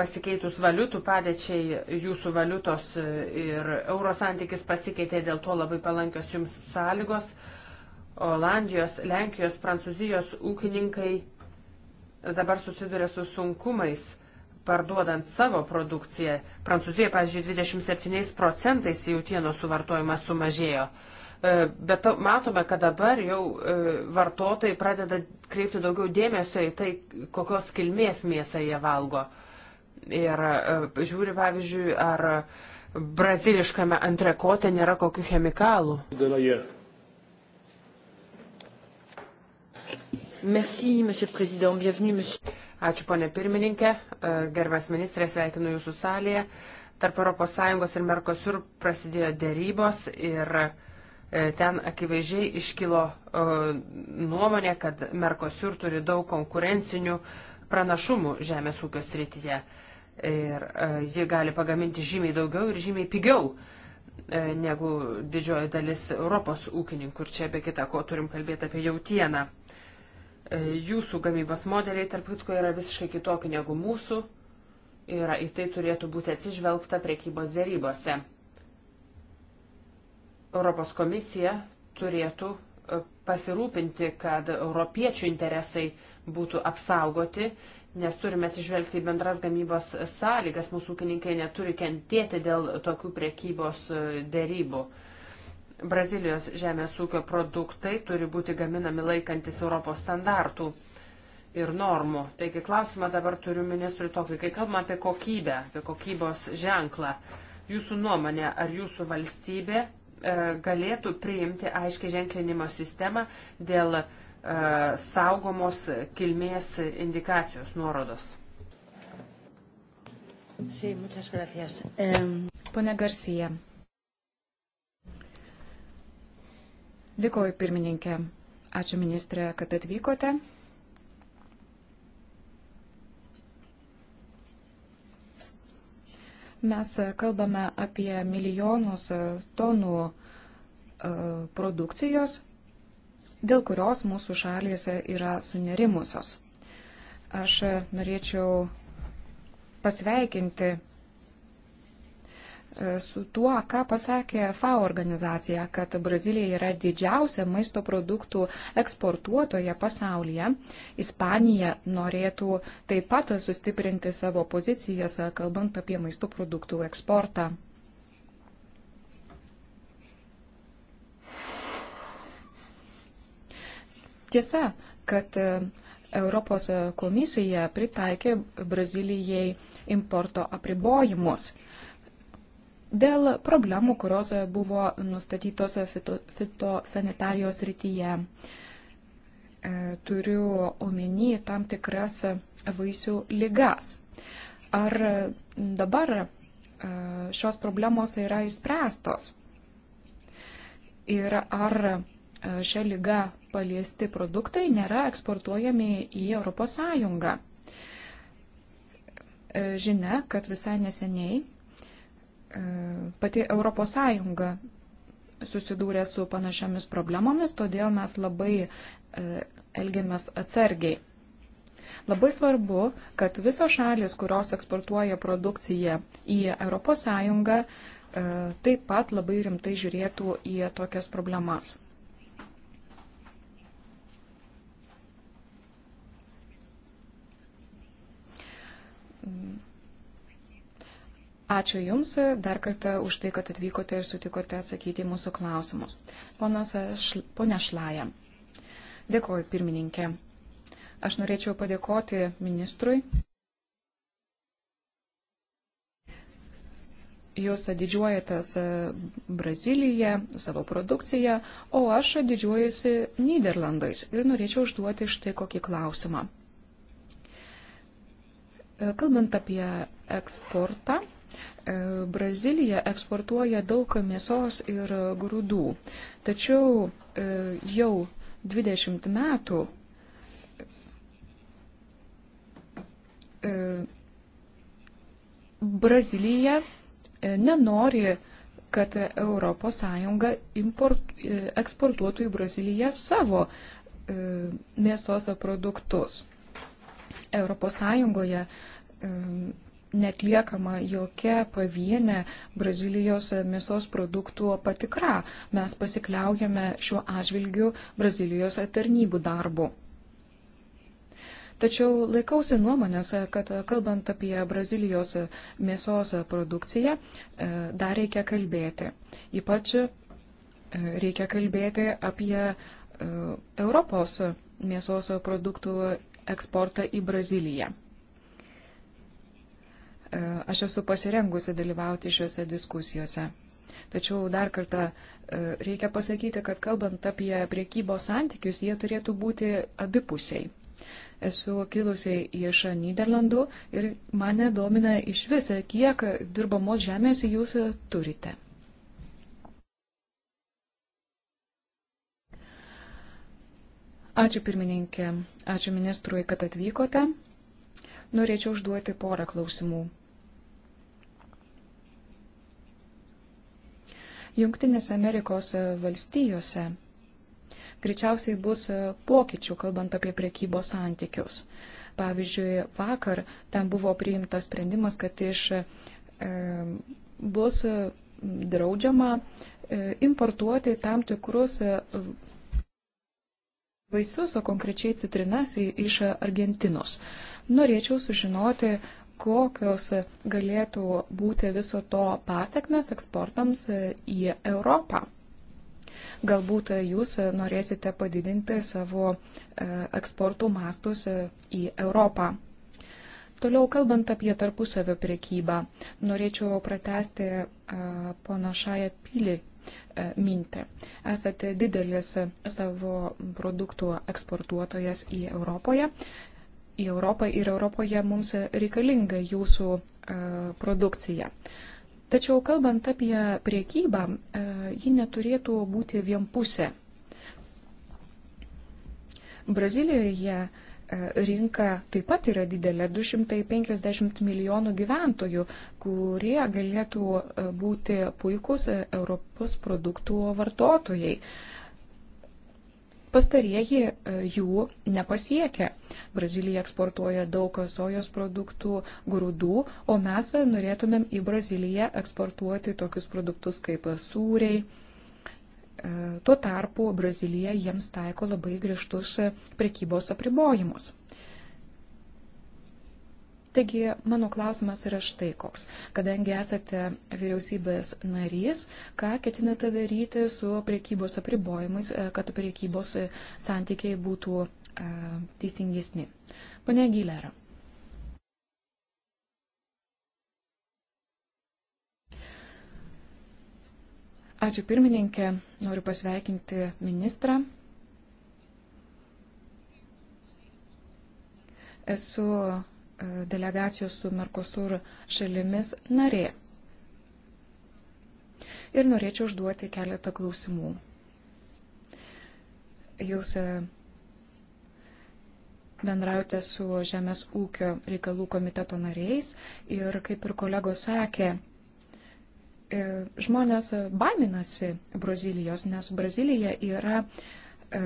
pasikeitus valiutų padėčiai, jūsų valiutos e, ir euro santykis pasikeitė, dėl to labai palankios jums sąlygos. Olandijos, Lenkijos, Prancūzijos ūkininkai dabar susiduria su sunkumais parduodant savo produkciją. Prancūzija, pavyzdžiui, 27 procentais jautienos suvartojimas sumažėjo. Uh, E, bet matome, kad dabar jau e, vartotojai pradeda kreipti daugiau dėmesio į tai, kokios kilmės mėsą jie valgo. Ir e, žiūri, pavyzdžiui, ar braziliškame antrekote nėra kokių chemikalų. Merci, monsieur le président. Bienvenue, monsieur. Ačiū, ponė pirmininkė. Gerbės ministrė, sveikinu jūsų salėje. Tarp ES ir Merkosur prasidėjo dėrybos ir uh, E, ten akivaizdžiai iškilo e, nuomonė, kad Merkosur turi daug konkurencinių pranašumų žemės ūkio srityje. Ir e, ji gali pagaminti žymiai daugiau ir žymiai pigiau negu didžioji dalis Europos ūkininkų. Ir čia be kita ko turim kalbėti apie jautieną. Jūsų gamybos modeliai, tarp kitko, yra visiškai kitokie negu mūsų. Ir į tai turėtų būti atsižvelgta prekybos dėrybose. Europos komisija turėtų e, pasirūpinti, kad europiečių interesai būtų apsaugoti, nes turime atsižvelgti į bendras gamybos sąlygas, mūsų ūkininkai neturi kentėti dėl tokių priekybos e, dėrybų. Brazilijos žemės ūkio produktai turi būti gaminami laikantis Europos standartų ir normų. Taigi klausimą dabar turiu ministrui tokį, kai kalbame apie kokybę, apie kokybos ženklą. Jūsų nuomonė, ar jūsų valstybė E, galėtų priimti aiškiai ženklinimo sistemą dėl e, saugomos kilmės indikacijos nuorodos. Sí, muchas gracias. Um... Pone Garcija. Dėkoju pirmininkė. Ačiū ministrė, kad atvykote. mes kalbame apie milijonus e, tonų e, produkcijos, dėl kurios mūsų šalys yra sunerimusios. Aš norėčiau pasveikinti su tuo, ką pasakė FAO organizacija, kad Brazilija yra didžiausia maisto produktų eksportuotoja pasaulyje. Ispanija norėtų taip pat sustiprinti savo pozicijas, kalbant apie maisto produktų eksportą. Tiesa, kad e, Europos komisija pritaikė Brazilijai importo apribojimus dėl problemų, kurios buvo nustatytos fito, fitosanitarijos rytyje. E, turiu omeny tam tikras vaisių lygas. Ar dabar e, šios problemos yra išspręstos? Ir ar e, šią lygą paliesti produktai nėra eksportuojami į ES? Žinia, kad visai neseniai E, pati Europos Sąjunga susidūrė su panašiamis problemomis, todėl mes labai e, elgiamės atsargiai. Labai svarbu, kad visos šalis, kurios eksportuoja produkciją į ES, e, taip pat labai rimtai žiūrėtų į tokias problemas. Ačiū Jums dar kartą už tai, kad atvykote ir sutikote atsakyti į mūsų klausimus. Ponas, e, šl, ponia Šlaja, dėkoju pirmininkė. Aš norėčiau padėkoti ministrui. Jūs didžiuojatės e, Brazilyje savo produkciją, o aš didžiuojasi Niderlandais ir norėčiau užduoti štai kokį klausimą. E, kalbant apie eksportą, E, Brazilija eksportuoja daug mėsos ir grūdų, tačiau e, jau 20 metų e, Brazilija nenori, kad ES import, eksportuotų į Braziliją savo mėsos produktus. ES netliekama jokia pavienė Brazilijos mėsos produktų patikra. Mes pasikliaujame šiuo atžvilgiu Brazilijos tarnybų darbu. Tačiau laikausi nuomonės, kad kalbant apie Brazilijos mėsos produkciją, e, dar reikia kalbėti. Ypač e, reikia kalbėti apie e, Europos mėsos produktų eksportą į Braziliją. E, aš esu pasirengusi dalyvauti šiuose diskusijose. Tačiau dar kartą e, reikia pasakyti, kad kalbant apie priekybos santykius, jie turėtų būti abipusiai. Esu kilusi iš Niderlandų ir mane domina iš viso, kiek dirbamos žemės jūs turite. Ačiū pirmininkė, ačiū ministrui, kad atvykote. Norėčiau užduoti porą klausimų. Junktinės Amerikos e, valstijose greičiausiai bus e, pokyčių, kalbant apie priekybos santykius. Pavyzdžiui, vakar ten buvo priimtas sprendimas, kad iš e, bus e, draudžiama e, importuoti tam tikrus vaisius, o konkrečiai citrinas iš Argentinos. Norėčiau sužinoti, kokios galėtų būti viso to pasiekmes eksportams į Europą. Galbūt jūs norėsite padidinti savo e, eksportų mastus į Europą. Toliau kalbant apie tarpusavio priekybą, norėčiau pratesti e, pono Šaja Pilį e, mintį. Esate didelis savo produktų eksportuotojas į Europoje, į Europą ir Europoje mums reikalinga jūsų e, produkcija. Tačiau kalbant apie priekybą, e, ji neturėtų būti vienpusė. Brazilijoje e, rinka taip pat yra didelė - 250 milijonų gyventojų, kurie galėtų būti puikus Europos produktų vartotojai. Pastarieji e, jų nepasiekia. Brazilija eksportuoja daug sojos produktų, grūdų, o mes norėtumėm į Braziliją eksportuoti tokius produktus kaip sūriai. E, tuo tarpu Brazilija jiems taiko labai griežtus prekybos apribojimus. Taigi mano klausimas yra štai koks. Kadangi esate vyriausybės narys, ką ketinate daryti su priekybos apribojimais, e, kad priekybos e, santykiai būtų e, teisingesni? Pane Gilera. Ačiū pirmininkė, noriu pasveikinti ministrą. Esu delegacijos su Merkosur šalimis narė. Ir norėčiau užduoti keletą klausimų. Jūs e, bendraujate su Žemės ūkio reikalų komiteto nariais ir, kaip ir kolegos sakė, e, žmonės baiminasi Brazilijos, nes Brazilija yra e,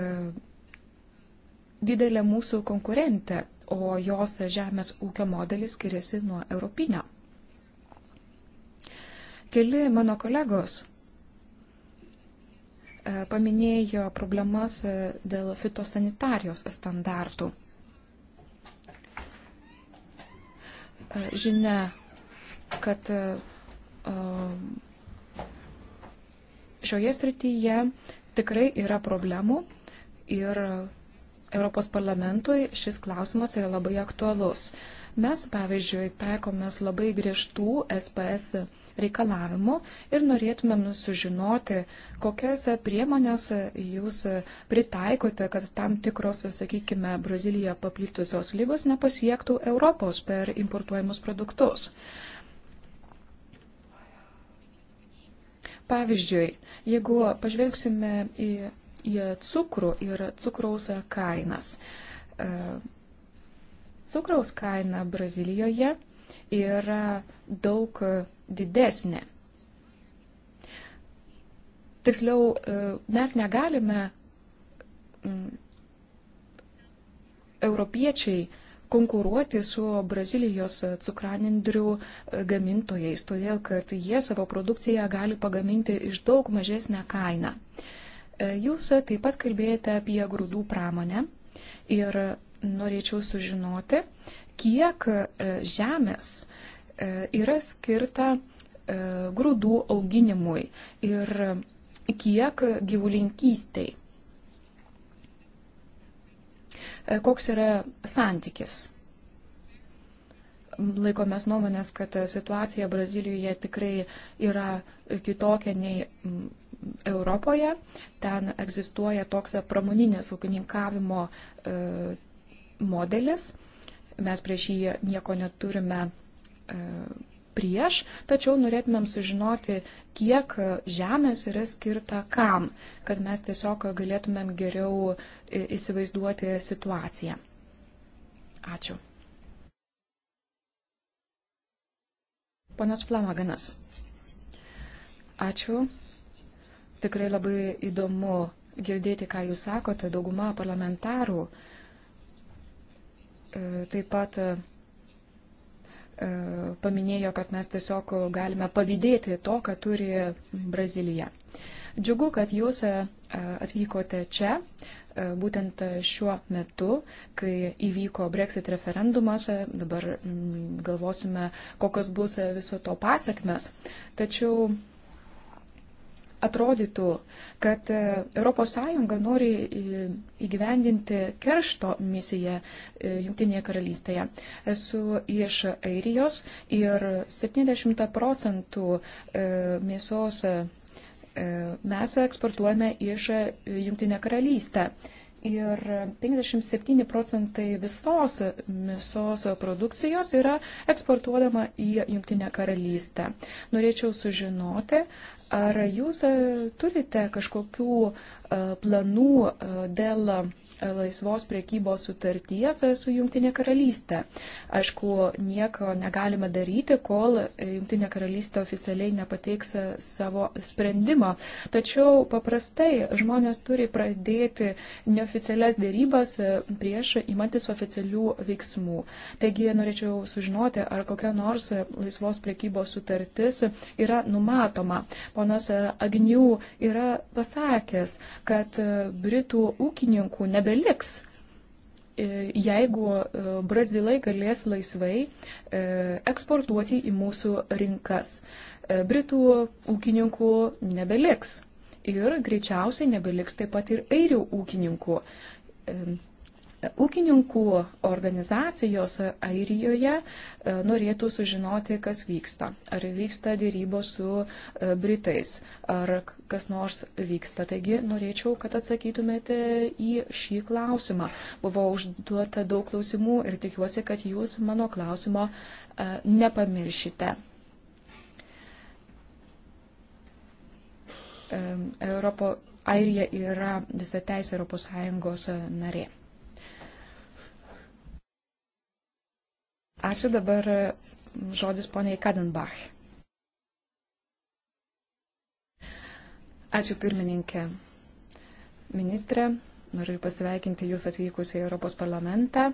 didelė mūsų konkurentė o jos žemės ūkio modelis skiriasi nuo europinio. Keli mano kolegos e, paminėjo problemas e, dėl fitosanitarijos standartų. E, žinia, kad šioje srityje tikrai yra problemų ir Europos parlamentui šis klausimas yra labai aktualus. Mes, pavyzdžiui, taikomės labai griežtų SPS reikalavimų ir norėtumėm nu sužinoti, kokias priemonės jūs pritaikote, kad tam tikros, sakykime, Brazilyje paplitusios lygos nepasiektų Europos per importuojamus produktus. Pavyzdžiui, jeigu pažvelgsime į cukrų ir cukraus kainas. E, cukraus kaina Brazilijoje yra daug didesnė. Tiksliau, e, mes negalime, europiečiai, konkuruoti su Brazilijos cukranendrių e, gamintojais, todėl kad jie savo produkciją gali pagaminti iš daug mažesnę kainą. Uh, Jūs taip pat kalbėjote apie grūdų pramonę ir norėčiau sužinoti, kiek e, žemės e, yra skirta e, grūdų auginimui ir kiek gyvulinkystiai. Koks yra santykis? Laikomės nuomonės, kad situacija Brazilijoje tikrai yra kitokia nei Europoje. Ten egzistuoja toks pramoninės ūkininkavimo e, modelis. Mes prieš jį nieko neturime e, prieš, tačiau norėtumėm sužinoti, kiek žemės yra skirta kam, kad mes tiesiog galėtumėm geriau e, įsivaizduoti situaciją. Ačiū. Ponas Flamaganas. Ačiū. Tikrai labai įdomu girdėti, ką jūs sakote, dauguma parlamentarų e, taip pat e, e, paminėjo, kad mes tiesiog galime pavydėti to, ką turi Brazilija. Džiugu, kad jūs atvykote čia būtent šiuo metu, kai įvyko Brexit referendumas, dabar galvosime, kokios bus viso to pasiekmes. Tačiau atrodytų, kad ES nori e, įgyvendinti keršto misiją e, Junktinėje karalystėje. Esu iš Airijos ir 70 procentų e, mėsos mes eksportuojame iš Junktinę karalystę. Ir 57 procentai visos mėsos produkcijos yra eksportuodama į Junktinę karalystę. Norėčiau sužinoti, ar jūs e, turite kažkokių e, planų e, dėl laisvos priekybos sutarties su Junktinė karalystė. Aišku, nieko negalime daryti, kol Junktinė karalystė oficialiai nepateiks savo sprendimo. Tačiau paprastai žmonės turi pradėti neoficialias dėrybas prieš imantis oficialių veiksmų. Taigi norėčiau sužinoti, ar kokia nors laisvos priekybos sutartis yra numatoma. Ponas Agnių yra pasakęs, kad Britų ūkininkų nebe nebeliks. E, jeigu e, brazilai galės laisvai e, eksportuoti į mūsų rinkas, britų ūkininkų nebeliks ir greičiausiai nebeliks taip pat ir airių ūkininkų. Ūkininkų organizacijos Airijoje e, norėtų sužinoti, kas vyksta. Ar vyksta dėrybos su e, Britais, ar kas nors vyksta. Taigi norėčiau, kad atsakytumėte į šį klausimą. Buvo užduota daug klausimų ir tikiuosi, kad jūs mano klausimo e, nepamiršite. Europo, Airija yra visą teisę Europos Sąjungos narė. Ačiū dabar mm, žodis poniai Kadenbach. Ačiū pirmininkė. Ministrė, noriu pasveikinti Jūs atvykus į Europos parlamentą.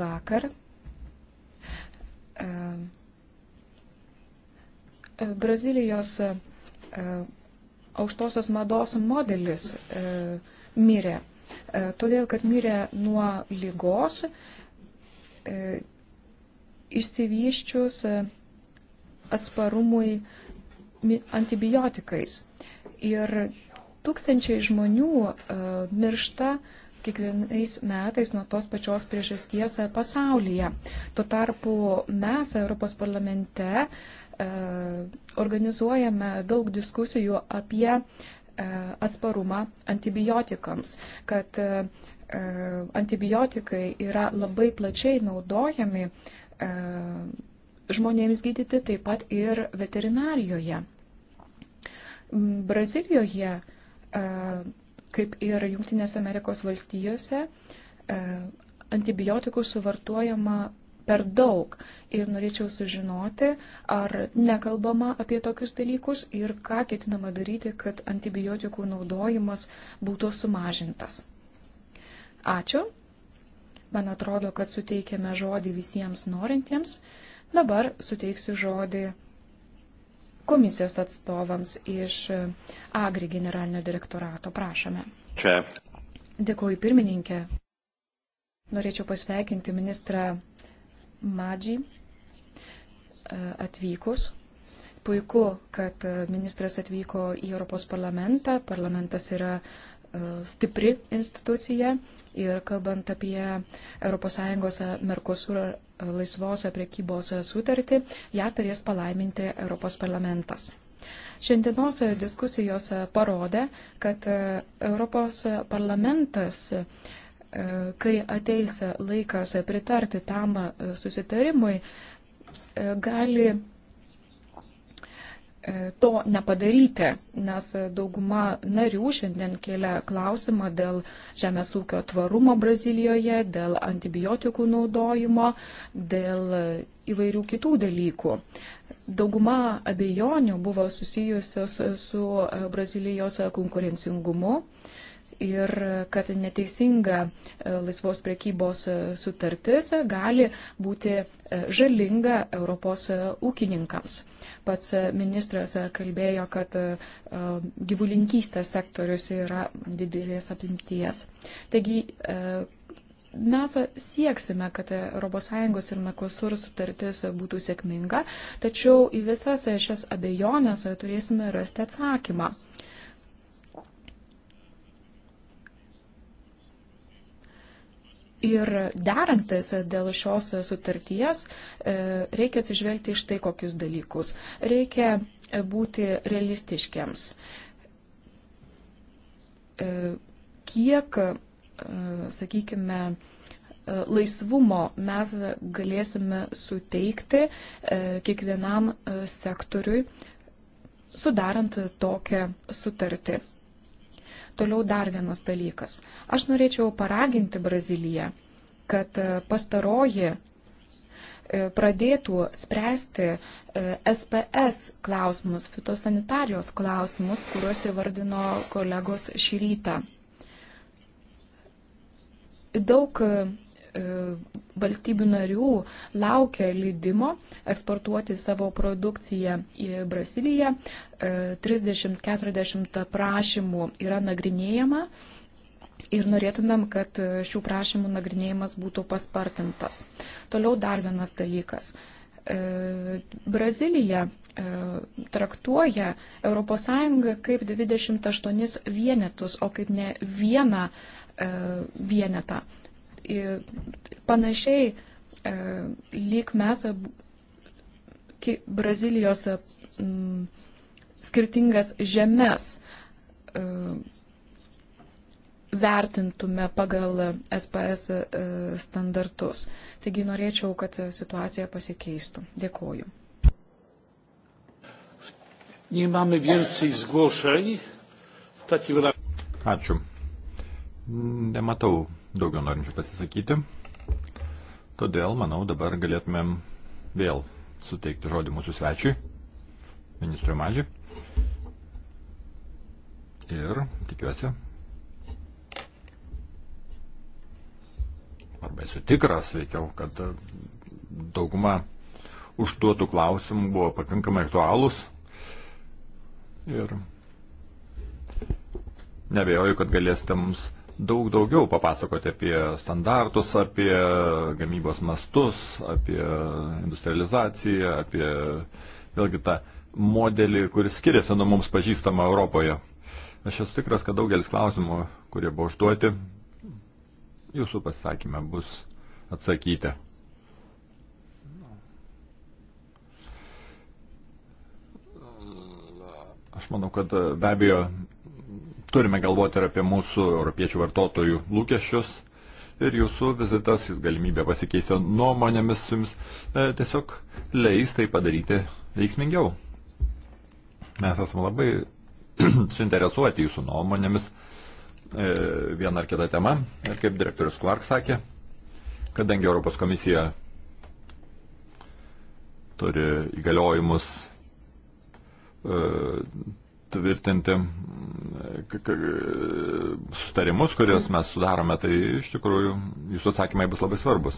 Vakar e, Brazilijos e, aukštosios mados modelis e, mirė E, todėl kad mirė nuo lygos e, išsivyščius e, atsparumui antibiotikais. Ir tūkstančiai žmonių miršta kiekvienais metais nuo tos pačios priežasties pasaulyje. Tuo tarpu mes Europos parlamente organizuojame daug diskusijų apie E, atsparumą antibiotikams, kad e, e, antibiotikai yra labai plačiai naudojami žmonėms gydyti taip pat ir veterinarijoje. Brazilijoje, kaip ir Junktinės Amerikos valstijose, antibiotikų suvartojama per daug. Ir norėčiau sužinoti, ar nekalbama apie tokius dalykus ir ką ketinama daryti, kad antibiotikų naudojimas būtų sumažintas. Ačiū. Man atrodo, kad suteikėme žodį visiems norintiems. Dabar suteiksiu žodį komisijos atstovams iš Agri generalinio direktorato. Prašome. Čia. Dėkuoju pirmininkė. Norėčiau pasveikinti ministrą Madži e, atvykus. Puiku, kad e, ministras atvyko į Europos parlamentą. Parlamentas yra e, stipri institucija ir kalbant apie ES Merkosur laisvos prekybos sutartį, ją turės palaiminti Europos parlamentas. Šiandienos diskusijos parodė, kad Europos parlamentas kai ateis laikas pritarti tam e, susitarimui, e, gali e, to nepadaryti, nes dauguma narių šiandien kėlė klausimą dėl žemės ūkio tvarumo Brazilijoje, dėl antibiotikų naudojimo, dėl įvairių kitų dalykų. Dauguma abejonių buvo susijusios su Brazilijos konkurencingumu. Uh, ir kad neteisinga e, laisvos priekybos e, sutartis gali būti e, žalinga Europos ūkininkams. Pats ministras kalbėjo, kad gyvulinkystės sektorius yra didelės apimties. Taigi, mes sieksime, kad ES ir Mekosur sutartis būtų sėkminga, tačiau į visas šias abejonės turėsime rasti atsakymą. Ir derantis dėl šios sutarties e, reikia atsižvelgti iš tai kokius dalykus. Reikia būti realistiškiams. E, kiek, e, sakykime, laisvumo mes galėsime suteikti kiekvienam sektoriui, sudarant tokią sutartį. Toliau dar vienas dalykas. Aš norėčiau paraginti Braziliją, kad e, pastaroji e, pradėtų spręsti SPS e, klausimus, fitosanitarijos klausimus, kuriuos įvardino kolegos šį rytą. Daug E, valstybių narių laukia leidimo eksportuoti savo produkciją į Braziliją. 30-40 e, prašymų yra nagrinėjama ir norėtumėm, kad šių prašymų nagrinėjimas būtų paspartintas. Toliau dar vienas dalykas. E, Brazilija traktuoja ES kaip 28 vienetus, o kaip ne vieną vienetą. Panašiai e, lyg mes Brazilijos skirtingas žemės e, vertintume pagal SPS e, standartus. Taigi norėčiau, kad situacija pasikeistų. Dėkuoju. Nemame więcej zgłoszeń. Ačiū. Nematau daugiau norinčių pasisakyti. Todėl, manau, dabar galėtumėm vėl suteikti žodį mūsų svečiui, ministrui Mažiui. Ir tikiuosi, arba esu tikras, veikiau, kad dauguma užduotų klausimų buvo pakankamai aktualūs. Ir nebejoju, kad galėsite mums daug daugiau papasakoti apie standartus, apie gamybos mastus, apie industrializaciją, apie vėlgi tą modelį, kuris skiriasi nuo mums pažįstama Europoje. Aš esu tikras, kad daugelis klausimų, kurie buvo užduoti, jūsų pasakymę bus atsakyti. Aš manau, kad be abejo turime galvoti ir apie mūsų europiečių vartotojų lūkesčius. Ir jūsų vizitas, jūsų galimybė pasikeisti nuomonėmis jums e, tiesiog leis tai padaryti veiksmingiau. Mes esame labai suinteresuoti jūsų nuomonėmis e, vieną ar kitą temą. Ir kaip direktorius Clark sakė, kadangi Europos komisija turi įgaliojimus e, tvirtinti sustarimus, kuriuos mes sudarome, tai iš tikrųjų jūsų atsakymai bus labai svarbus.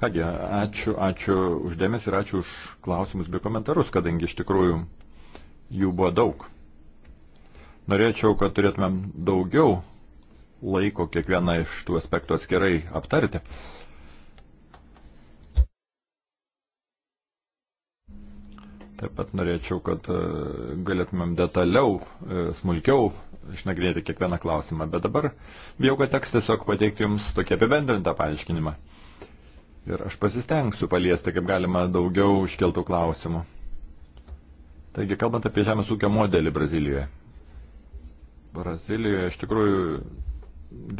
Kągi, ačiū, ačiū uždėmės ir ačiū už klausimus bei komentarus, kadangi iš tikrųjų jų buvo daug. Norėčiau, kad turėtumėm daugiau laiko kiekvieną iš tų aspektų atskirai aptarti. Uh, Taip pat norėčiau, kad e, galėtumėm detaliau, e, smulkiau išnagrinėti kiekvieną klausimą, bet dabar bijau, kad teks tiesiog pateikti Jums tokį apibendrintą paaiškinimą. Ir aš pasistengsiu paliesti, kaip galima daugiau iškeltų klausimų. Taigi, kalbant apie žemės ūkio modelį Brazilijoje. Brazilijoje iš tikrųjų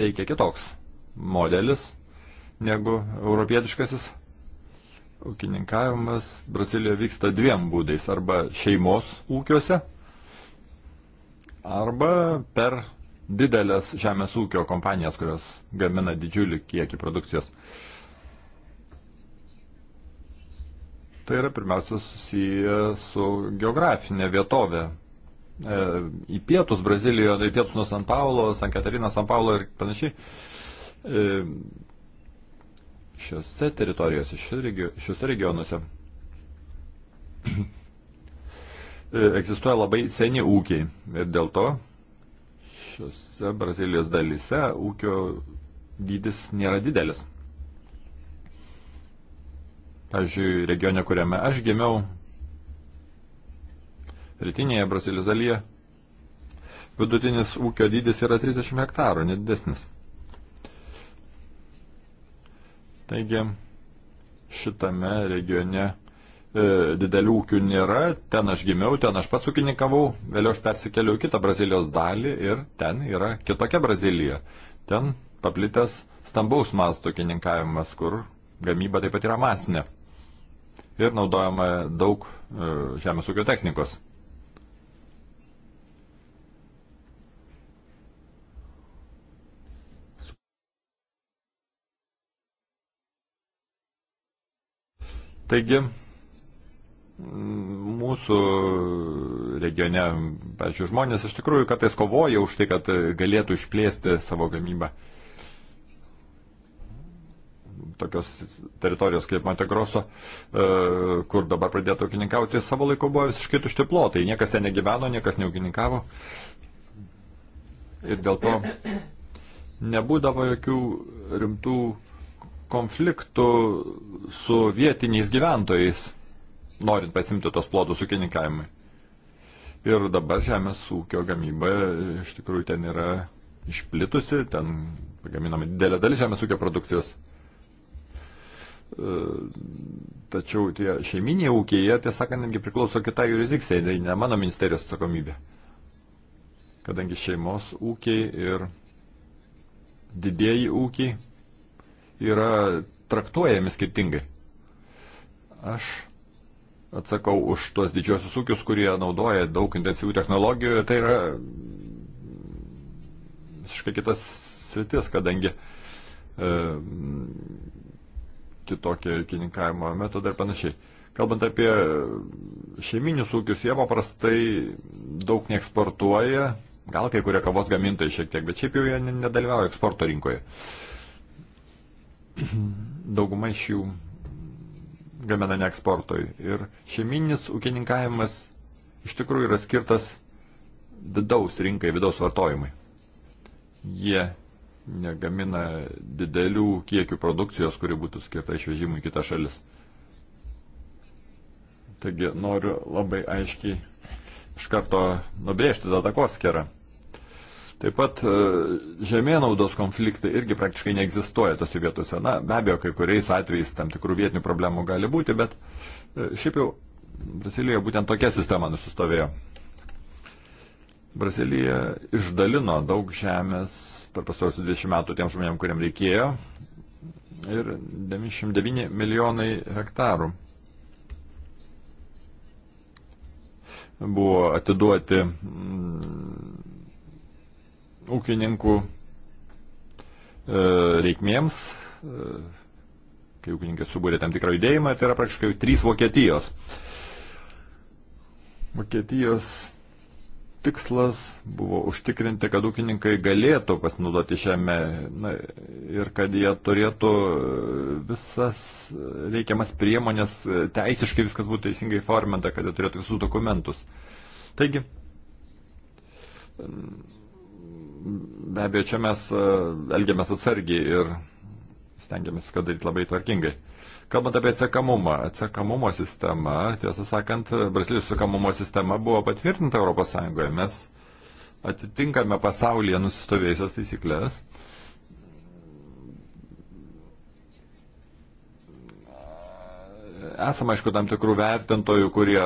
veikia kitoks modelis negu europietiškasis Ūkininkavimas Brazilijoje vyksta dviem būdais - arba šeimos ūkiuose, arba per didelės žemės ūkio kompanijas, kurios gamina didžiulį kiekį produkcijos. Tai yra pirmiausia susiję su geografinė vietovė. E, į pietus Brazilijoje, į pietus nuo San Paulo, San Katarina, San Paulo ir panašiai. E, šiuose teritorijose, šiuose regionuose e, egzistuoja labai seni ūkiai ir dėl to šiuose Brazilijos dalyse ūkio dydis nėra didelis. Pavyzdžiui, regione, kuriame aš gimiau, rytinėje Brazilijos dalyje, vidutinis ūkio dydis yra 30 hektarų, nedidesnis. Taigi šitame regione e, didelių ūkių nėra, ten aš gimiau, ten aš pats ūkininkavau, vėliau aš persikėliau į kitą Brazilijos dalį ir ten yra kitokia Brazilija. Ten paplitęs stambaus masto ūkininkavimas, kur gamyba taip pat yra masinė. Ir naudojama daug e, žemės ūkio technikos. Taigi, mūsų regione, pažiūrėjau, žmonės iš tikrųjų kartais kovoja už tai, kad galėtų išplėsti savo gamybą. Tokios teritorijos kaip Mategroso, e, kur dabar pradėtų ūkininkauti, savo laiko buvo visiškai tušti plotai. Niekas ten negyveno, niekas neūkininkavo. Ir dėl to nebūdavo jokių rimtų konfliktų su vietiniais gyventojais, norint pasimti tos plotus ūkininkavimui. Ir dabar žemės ūkio gamyba e, iš tikrųjų ten yra išplitusi, ten pagaminama didelė dalis žemės ūkio produkcijos. E, tačiau tie šeiminiai ūkiai, jie tiesą sakant, netgi priklauso kitai jurisdikcijai, tai ne mano ministerijos atsakomybė. Kadangi šeimos ūkiai ir didėjai ūkiai yra traktuojami skirtingai. Aš atsakau už tuos didžiosius ūkius, kurie naudoja daug intensyvių technologijų ir tai yra visiškai kitas sritis, kadangi e, kitokie kininkavimo metodai ir panašiai. Kalbant apie šeiminius ūkius, jie paprastai daug neeksportuoja, gal kai kurie kavos gamintojai šiek tiek, bet šiaip jau jie nedalyvauja eksporto rinkoje. E, dauguma iš jų gamina ne eksportui. Ir šeiminis ūkininkavimas iš tikrųjų yra skirtas vidaus rinkai, vidaus vartojimai. Jie negamina didelių kiekių produkcijos, kuri būtų skirta išvežimui į kitą šalis. Taigi noriu labai aiškiai iš karto nubrėžti tą takoskirą. Taip pat e, žemėnaudos konfliktai irgi praktiškai neegzistuoja tose vietose. Na, be abejo, kai kuriais atvejais tam tikrų vietinių problemų gali būti, bet e, šiaip jau Brazilijoje būtent tokia sistema nusistovėjo. Brazilija išdalino daug žemės per pastarosius 20 metų tiem žmonėm, kuriam reikėjo, ir 99 milijonai hektarų buvo atiduoti mm, ūkininkų e, reikmėms, e, kai ūkininkai subūrė tam tikrą judėjimą, tai yra praktiškai trys Vokietijos. Vokietijos tikslas buvo užtikrinti, kad ūkininkai galėtų pasinaudoti šiame na, ir kad jie turėtų e, visas reikiamas priemonės, teisiškai viskas būtų teisingai forminta, kad jie turėtų visus dokumentus. Taigi, be abejo, čia mes e, elgiamės atsargiai ir stengiamės viską daryti labai tvarkingai. Kalbant apie atsiekamumą, atsiekamumo sistema, tiesą sakant, Brazilijos atsiekamumo sistema buvo patvirtinta ES. Mes atitinkame pasaulyje nusistovėjusias taisyklės. Esame, aišku, tam tikrų vertintojų, kurie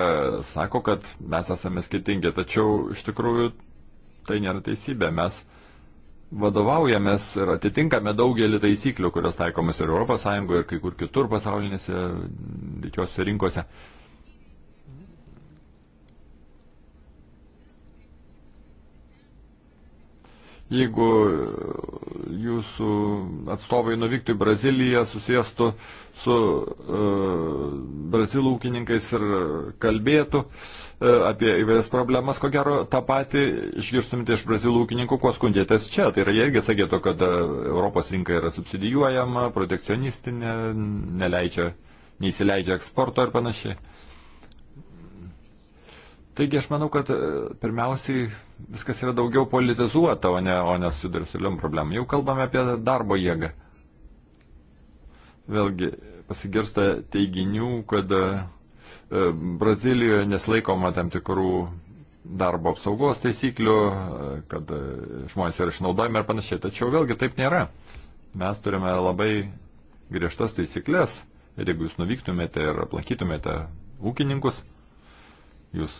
sako, kad mes esame skirtingi, tačiau iš tikrųjų tai nėra teisybė. Mes vadovaujamės ir atitinkame daugelį taisyklių, kurios taikomas ir ES, ir kai kur kitur pasaulinėse didžiosiuose rinkose. Uh, jeigu e, jūsų atstovai nuvyktų į Braziliją, susėstų su uh, brazilų ūkininkais ir kalbėtų uh, apie įvairias problemas, ko gero tą patį išgirstumėte iš brazilų ūkininkų, kuo skundėtės čia. Tai yra, jie irgi sakytų, kad Europos rinka yra subsidijuojama, protekcionistinė, neleidžia, neįsileidžia eksporto ir panašiai. Taigi aš manau, kad e, pirmiausiai viskas yra daugiau politizuota, o ne, o ne sudarsiuliom problemom. Jau kalbame apie darbo jėgą. Vėlgi pasigirsta teiginių, kad e, e, Brazilijoje neslaikoma tam tikrų darbo apsaugos taisyklių, kad žmonės yra išnaudojami ir panašiai. Tačiau vėlgi taip nėra. Mes turime labai griežtas taisyklės ir jeigu jūs nuvyktumėte ir aplankytumėte ūkininkus, jūs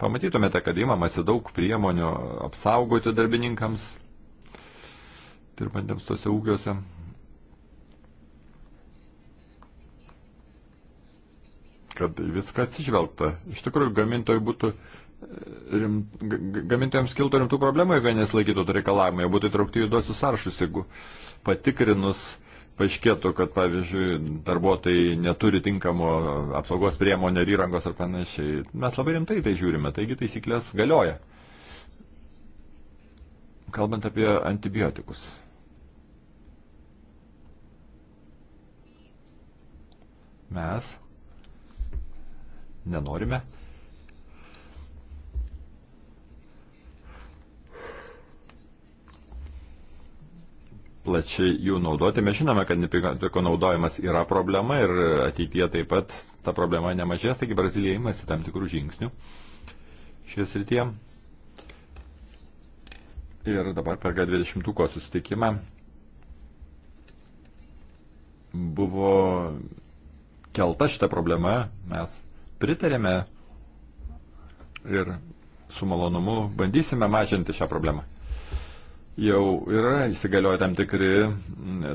pamatytumėte, kad įmamasi daug priemonių apsaugoti darbininkams, dirbantiems tose ūkiuose. Kad viską atsižvelgta. Iš tikrųjų, gamintojai būtų e, rim, gamintojams kiltų rimtų problemų, jeigu nesilaikytų to reikalavimo, jie būtų įtraukti į duosius sąrašus, jeigu patikrinus paaiškėtų, kad, pavyzdžiui, darbuotojai neturi tinkamo apsaugos priemonė ir įrangos ar panašiai. Mes labai rimtai tai žiūrime, taigi taisyklės galioja. Kalbant apie antibiotikus. Mes nenorime plačiai jų naudoti. Mes žinome, kad nepiko naudojimas yra problema ir ateityje taip pat ta problema nemažės, taigi Brazilija imasi tam tikrų žingsnių šioje srityje. Ir dabar per G20 susitikimą buvo kelta šita problema, mes pritarėme ir su malonumu bandysime mažinti šią problemą jau yra įsigalioja tam tikri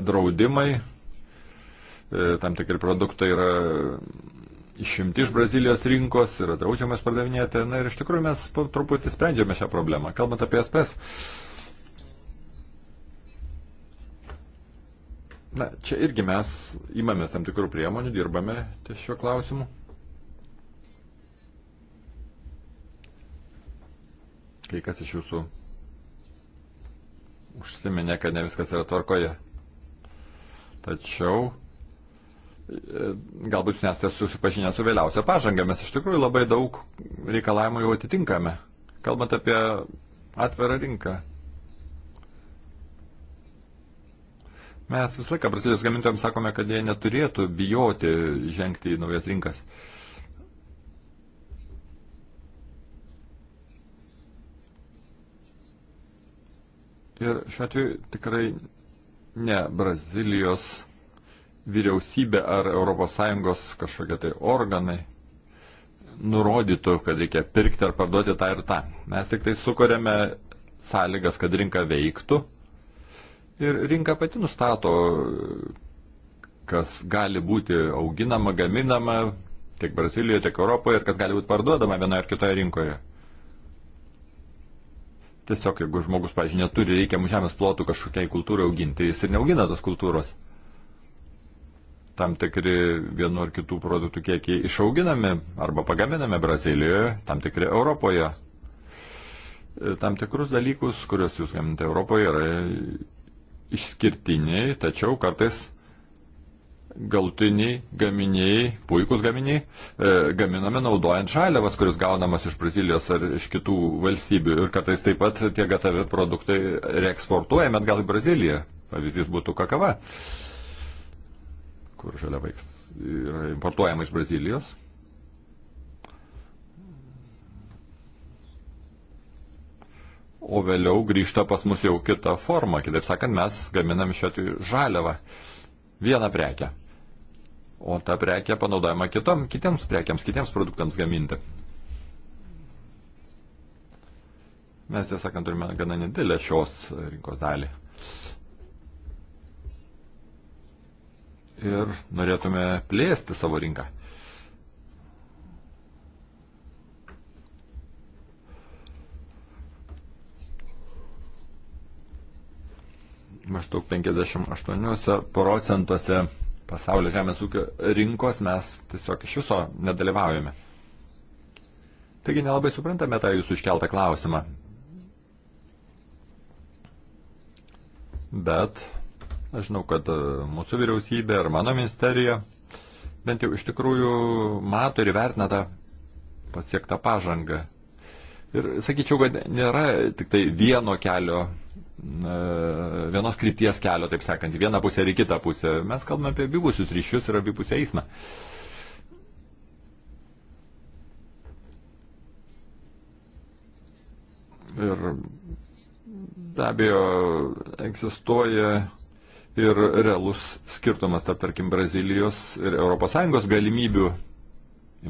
draudimai, e, tam tikri produktai yra išimti iš Brazilijos rinkos, yra draudžiamas pardavinėti. Na ir iš tikrųjų mes truputį sprendžiame šią problemą. Kalbant apie SPS. Na, čia irgi mes imamės tam tikrų priemonių, dirbame ties šiuo klausimu. Kai kas iš jūsų užsiminė, kad ne viskas yra tvarkoje. Tačiau e, galbūt nesate susipažinę su vėliausia pažanga, mes iš tikrųjų labai daug reikalavimų jau atitinkame, kalbant apie atvirą rinką. Mes visą laiką prasidėjus gamintojams sakome, kad jie neturėtų bijoti žengti į naujas rinkas. Uh, Ir šiuo atveju tikrai ne Brazilijos vyriausybė ar ES kažkokie tai organai nurodytų, kad reikia pirkti ar parduoti tą ir tą. Mes tik tai sukūrėme sąlygas, kad rinka veiktų. Ir rinka pati nustato, kas gali būti auginama, gaminama tiek Brazilijoje, tiek Europoje ir kas gali būti parduodama vienoje ar kitoje rinkoje. Tiesiog jeigu žmogus, pažiūrėjau, neturi reikiamų žemės plotų kažkokiai kultūrai auginti, jis ir neaugina tos kultūros. Tam tikri vienu ar kitų produktų kiekiai išauginami arba pagaminami Brazilijoje, tam tikri Europoje. E, tam tikrus dalykus, kuriuos jūs gaminate Europoje, yra išskirtiniai, tačiau kartais galutiniai gaminiai, puikūs gaminiai, e, gaminami naudojant žaliavas, kuris gaunamas iš Brazilijos ar iš kitų valstybių. Ir kartais taip pat tie gatavi produktai reeksportuojami atgal į Braziliją. Pavyzdys būtų kakava, kur žaliava yra importuojama iš Brazilijos. O vėliau grįžta pas mus jau kita forma. Kitaip sakant, mes gaminam šią žaliavą. Vieną prekę o ta prekė panaudojama kitom, kitiems prekiams, kitiems produktams gaminti. Mes, tiesą sakant, turime gana nedidelę šios rinkos dalį. Ir norėtume plėsti savo rinką. Maždaug 58 procentuose pasaulio žemės ūkio rinkos mes tiesiog iš viso nedalyvaujame. Taigi nelabai suprantame tą jūsų iškeltą klausimą. Bet aš žinau, kad e, mūsų vyriausybė ar mano ministerija bent jau iš tikrųjų mato ir vertina tą pasiektą pažangą. Ir sakyčiau, kad nėra tik tai vieno kelio vienos krypties kelio, taip sakant, į vieną pusę ir į kitą pusę. Mes kalbame apie abipusius ryšius ir abipusę eismą. Ir be abejo, egzistuoja ir realus skirtumas tarp, tarkim, Brazilijos ir ES galimybių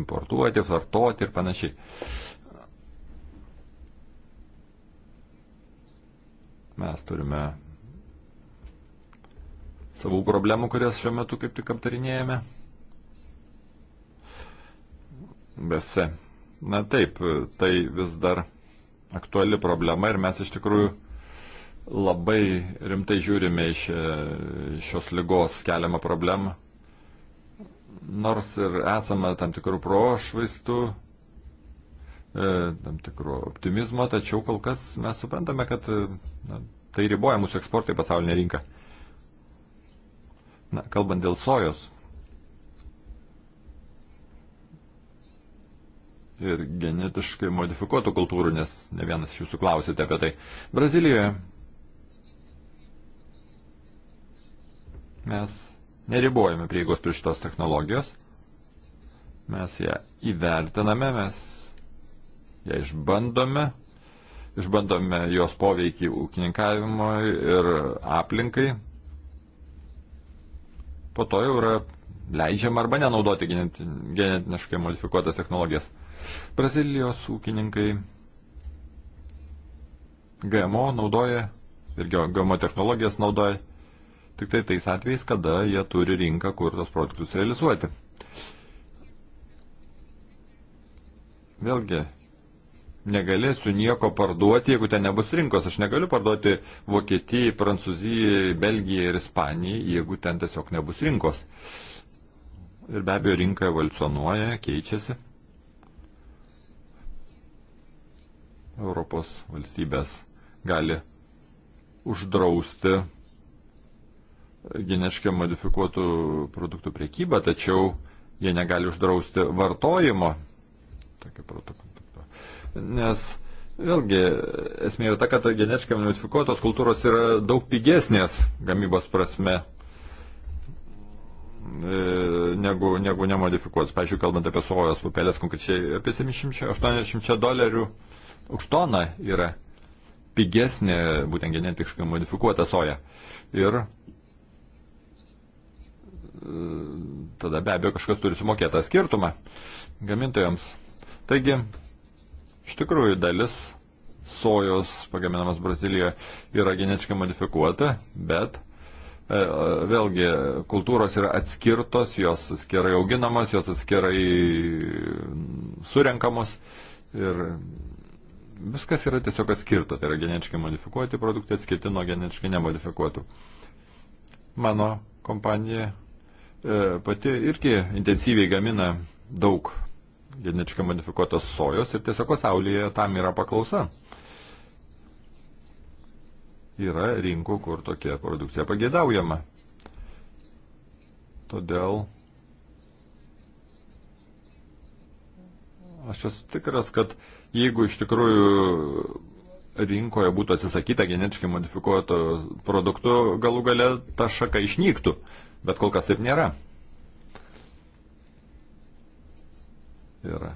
importuoti, vartoti ir panašiai. Mes turime savų problemų, kurias šiuo metu kaip tik aptarinėjame. Bese. Na taip, tai vis dar aktuali problema ir mes iš tikrųjų labai rimtai žiūrime iš šios lygos keliamą problemą. Nors ir esame tam tikrų prošvaistų, E, tam tikro optimizmo, tačiau kol kas mes suprantame, kad e, na, tai riboja mūsų eksportai pasaulinė rinka. Na, kalbant dėl sojos ir genetiškai modifikuotų kultūrų, nes ne vienas iš jūsų klausėte apie tai. Brazilijoje mes neribojame prieigos prie šitos technologijos, mes ją įvertiname, mes ją išbandome, išbandome jos poveikį ūkininkavimui ir aplinkai. Po to jau yra leidžiama arba nenaudoti genetiniškai modifikuotas technologijas. Brazilijos ūkininkai GMO naudoja ir GMO technologijas naudoja tik tai tais atvejais, kada jie turi rinką, kur tos produktus realizuoti. Vėlgi, negalėsiu nieko parduoti, jeigu ten nebus rinkos. Aš negaliu parduoti Vokietijai, Prancūzijai, Belgijai ir Ispanijai, jeigu ten tiesiog nebus rinkos. Ir be abejo, rinka evoliucionuoja, keičiasi. Europos valstybės gali uždrausti geneškai modifikuotų produktų priekybą, tačiau jie negali uždrausti vartojimo tokių produktų nes vėlgi esmė yra ta, kad genetiškai modifikuotos kultūros yra daug pigesnės gamybos prasme e, negu, negu nemodifikuotas. Pavyzdžiui, kalbant apie sojos pupelės konkrečiai, apie 780 dolerių už toną yra pigesnė būtent genetiškai modifikuota soja. Ir e, tada be abejo kažkas turi sumokėti tą skirtumą gamintojams. Taigi, Iš tikrųjų, dalis sojos pagaminamas Brazilijoje yra genetiškai modifikuota, bet e, vėlgi kultūros yra atskirtos, jos atskirai auginamos, jos atskirai mm, surenkamos ir viskas yra tiesiog atskirta, tai yra genetiškai modifikuoti produktai atskirti nuo genetiškai nemodifikuotų. Mano kompanija e, pati irgi intensyviai gamina daug genetiškai modifikuotos sojos ir tiesiog pasaulyje tam yra paklausa. Yra rinkų, kur tokia produkcija pagėdaujama. Todėl aš esu tikras, kad jeigu iš tikrųjų rinkoje būtų atsisakyta genetiškai modifikuoto produktų, galų gale ta šaka išnyktų. Bet kol kas taip nėra. yra.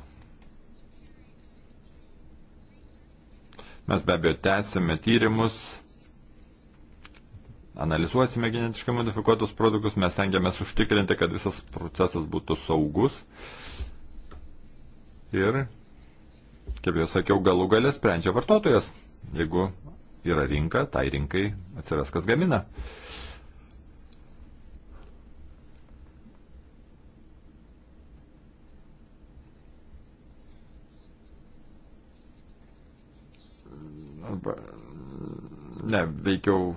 Mes be abejo tęsime tyrimus, analizuosime genetiškai modifikuotus produktus, mes tengiamės užtikrinti, kad visas procesas būtų saugus. Ir, kaip jau sakiau, galų galę sprendžia vartotojas. Jeigu yra rinka, tai rinkai atsiras kas gamina. Uh, arba, ne, veikiau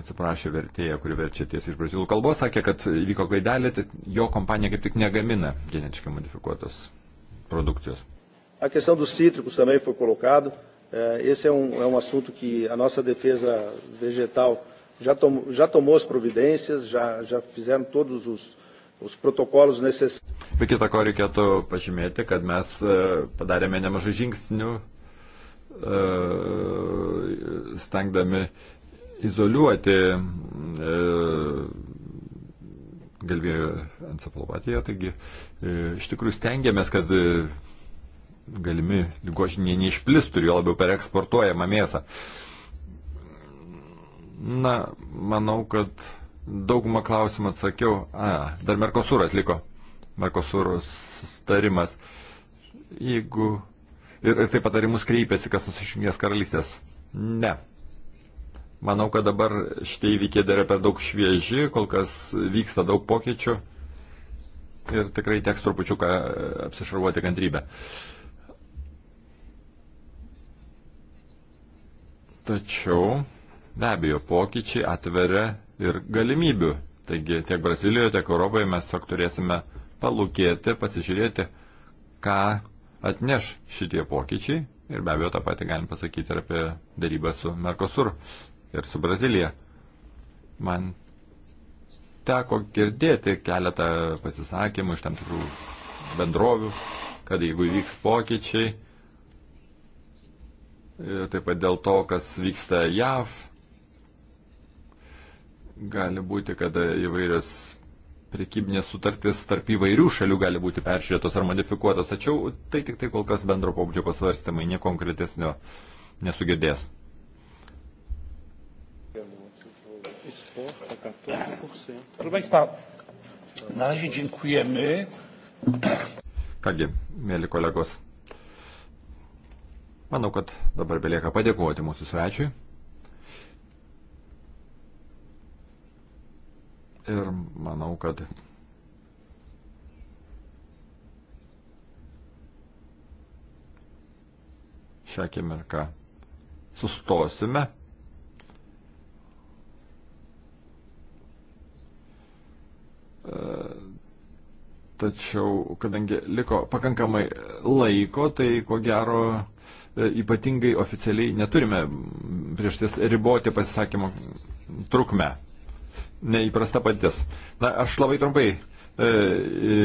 atsiprašė vertėja, kuri verčia tiesiai iš brazilų kalbos, sakė, kad įvyko klaidelė, tai jo kompanija kaip tik negamina genetiškai modifikuotos produkcijos. A questão dos cítricos também foi colocado. Esse é um, é um assunto que a nossa defesa vegetal já, tom, já tomou as providências, já, já fizeram todos os, os protocolos necessários. Be kita ko reikėtų pažymėti, kad mes e, padarėme nemažai žingsnių E, stengdami izoliuoti e, galvėjo encepalopatiją. Taigi e, iš tikrųjų stengiamės, kad galimi lygožiniai neišplistų ir jo labiau per eksportuojamą mėsą. Na, manau, kad daugumą klausimą atsakiau. A, dar Merkosūras liko. Merkosūros starimas. Jeigu ir, ir taip pat ar į mus kreipėsi, kas nors iš Junkinės karalystės. Ne. Manau, kad dabar šitie įvykiai dar per daug švieži, kol kas vyksta daug pokyčių ir tikrai teks trupučiuką e, apsišarvuoti kantrybę. Tačiau be abejo pokyčiai atveria ir galimybių. Taigi tiek Brazilijoje, tiek Europoje mes tiesiog turėsime palūkėti, pasižiūrėti, ką atneš šitie pokyčiai ir be abejo tą patį galim pasakyti ir apie darybą su Mercosur ir su Brazilija. Man teko girdėti keletą pasisakymų iš tam tikrų bendrovių, kad jeigu įvyks pokyčiai, taip pat dėl to, kas vyksta JAV, gali būti, kad įvairios prekybinės sutartys tarp įvairių šalių gali būti peržiūrėtos ar modifikuotos, tačiau tai tik tai kol kas bendro pobūdžio pasvarstymai, nieko konkretesnio nesugirdės. Kągi, mėly kolegos, manau, kad dabar belieka padėkoti mūsų svečiui. Ir manau, kad šią akimirką sustosime. E, tačiau, kadangi liko pakankamai laiko, tai ko gero e, ypatingai oficialiai neturime prieš ties riboti pasisakymo trukmę neįprasta patis. Na, aš labai trumpai e, e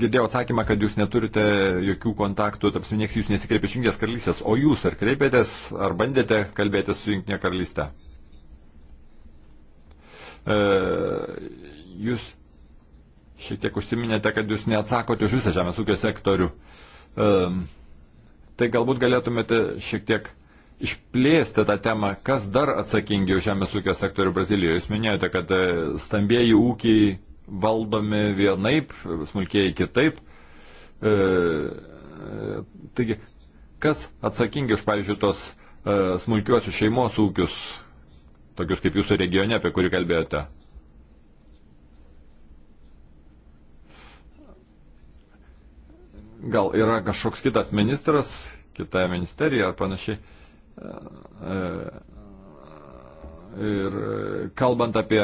girdėjau atsakymą, kad jūs neturite jokių kontaktų, taps nieks jūs nesikreipė iš Junktinės karalystės, o jūs ar kreipėtės, ar bandėte kalbėti su Junktinė karalystė? E, jūs šiek tiek užsiminėte, kad jūs neatsakote už visą žemės ūkio sektorių. E, tai galbūt galėtumėte šiek tiek išplėsti tą temą, kas dar atsakingi už žemės ūkio sektorių Brazilijoje. Jūs minėjote, kad e, stambieji ūkiai valdomi vienaip, smulkieji kitaip. E, e, taigi, kas atsakingi už, pavyzdžiui, tos e, smulkiuosius šeimos ūkius, tokius kaip jūsų regione, apie kurį kalbėjote? Gal yra kažkoks kitas ministras, kita ministerija ar panašiai? E, ir kalbant apie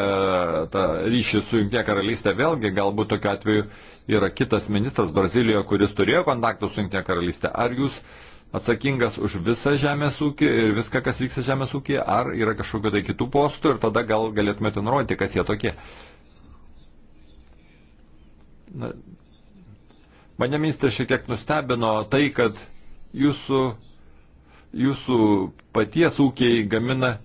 tą ryšį su Junktinė karalystė, vėlgi galbūt tokiu atveju yra kitas ministras Brazilijoje, kuris turėjo kontaktų su Junktinė karalystė. Ar jūs atsakingas už visą žemės ūkį ir viską, kas vyksta žemės ūkį, ar yra kažkokio tai kitų postų ir tada gal galėtumėte nurodyti, kas jie tokie? Na, mane ministras šiek tiek nustebino tai, kad jūsų jūsų paties ūkiai gamina e,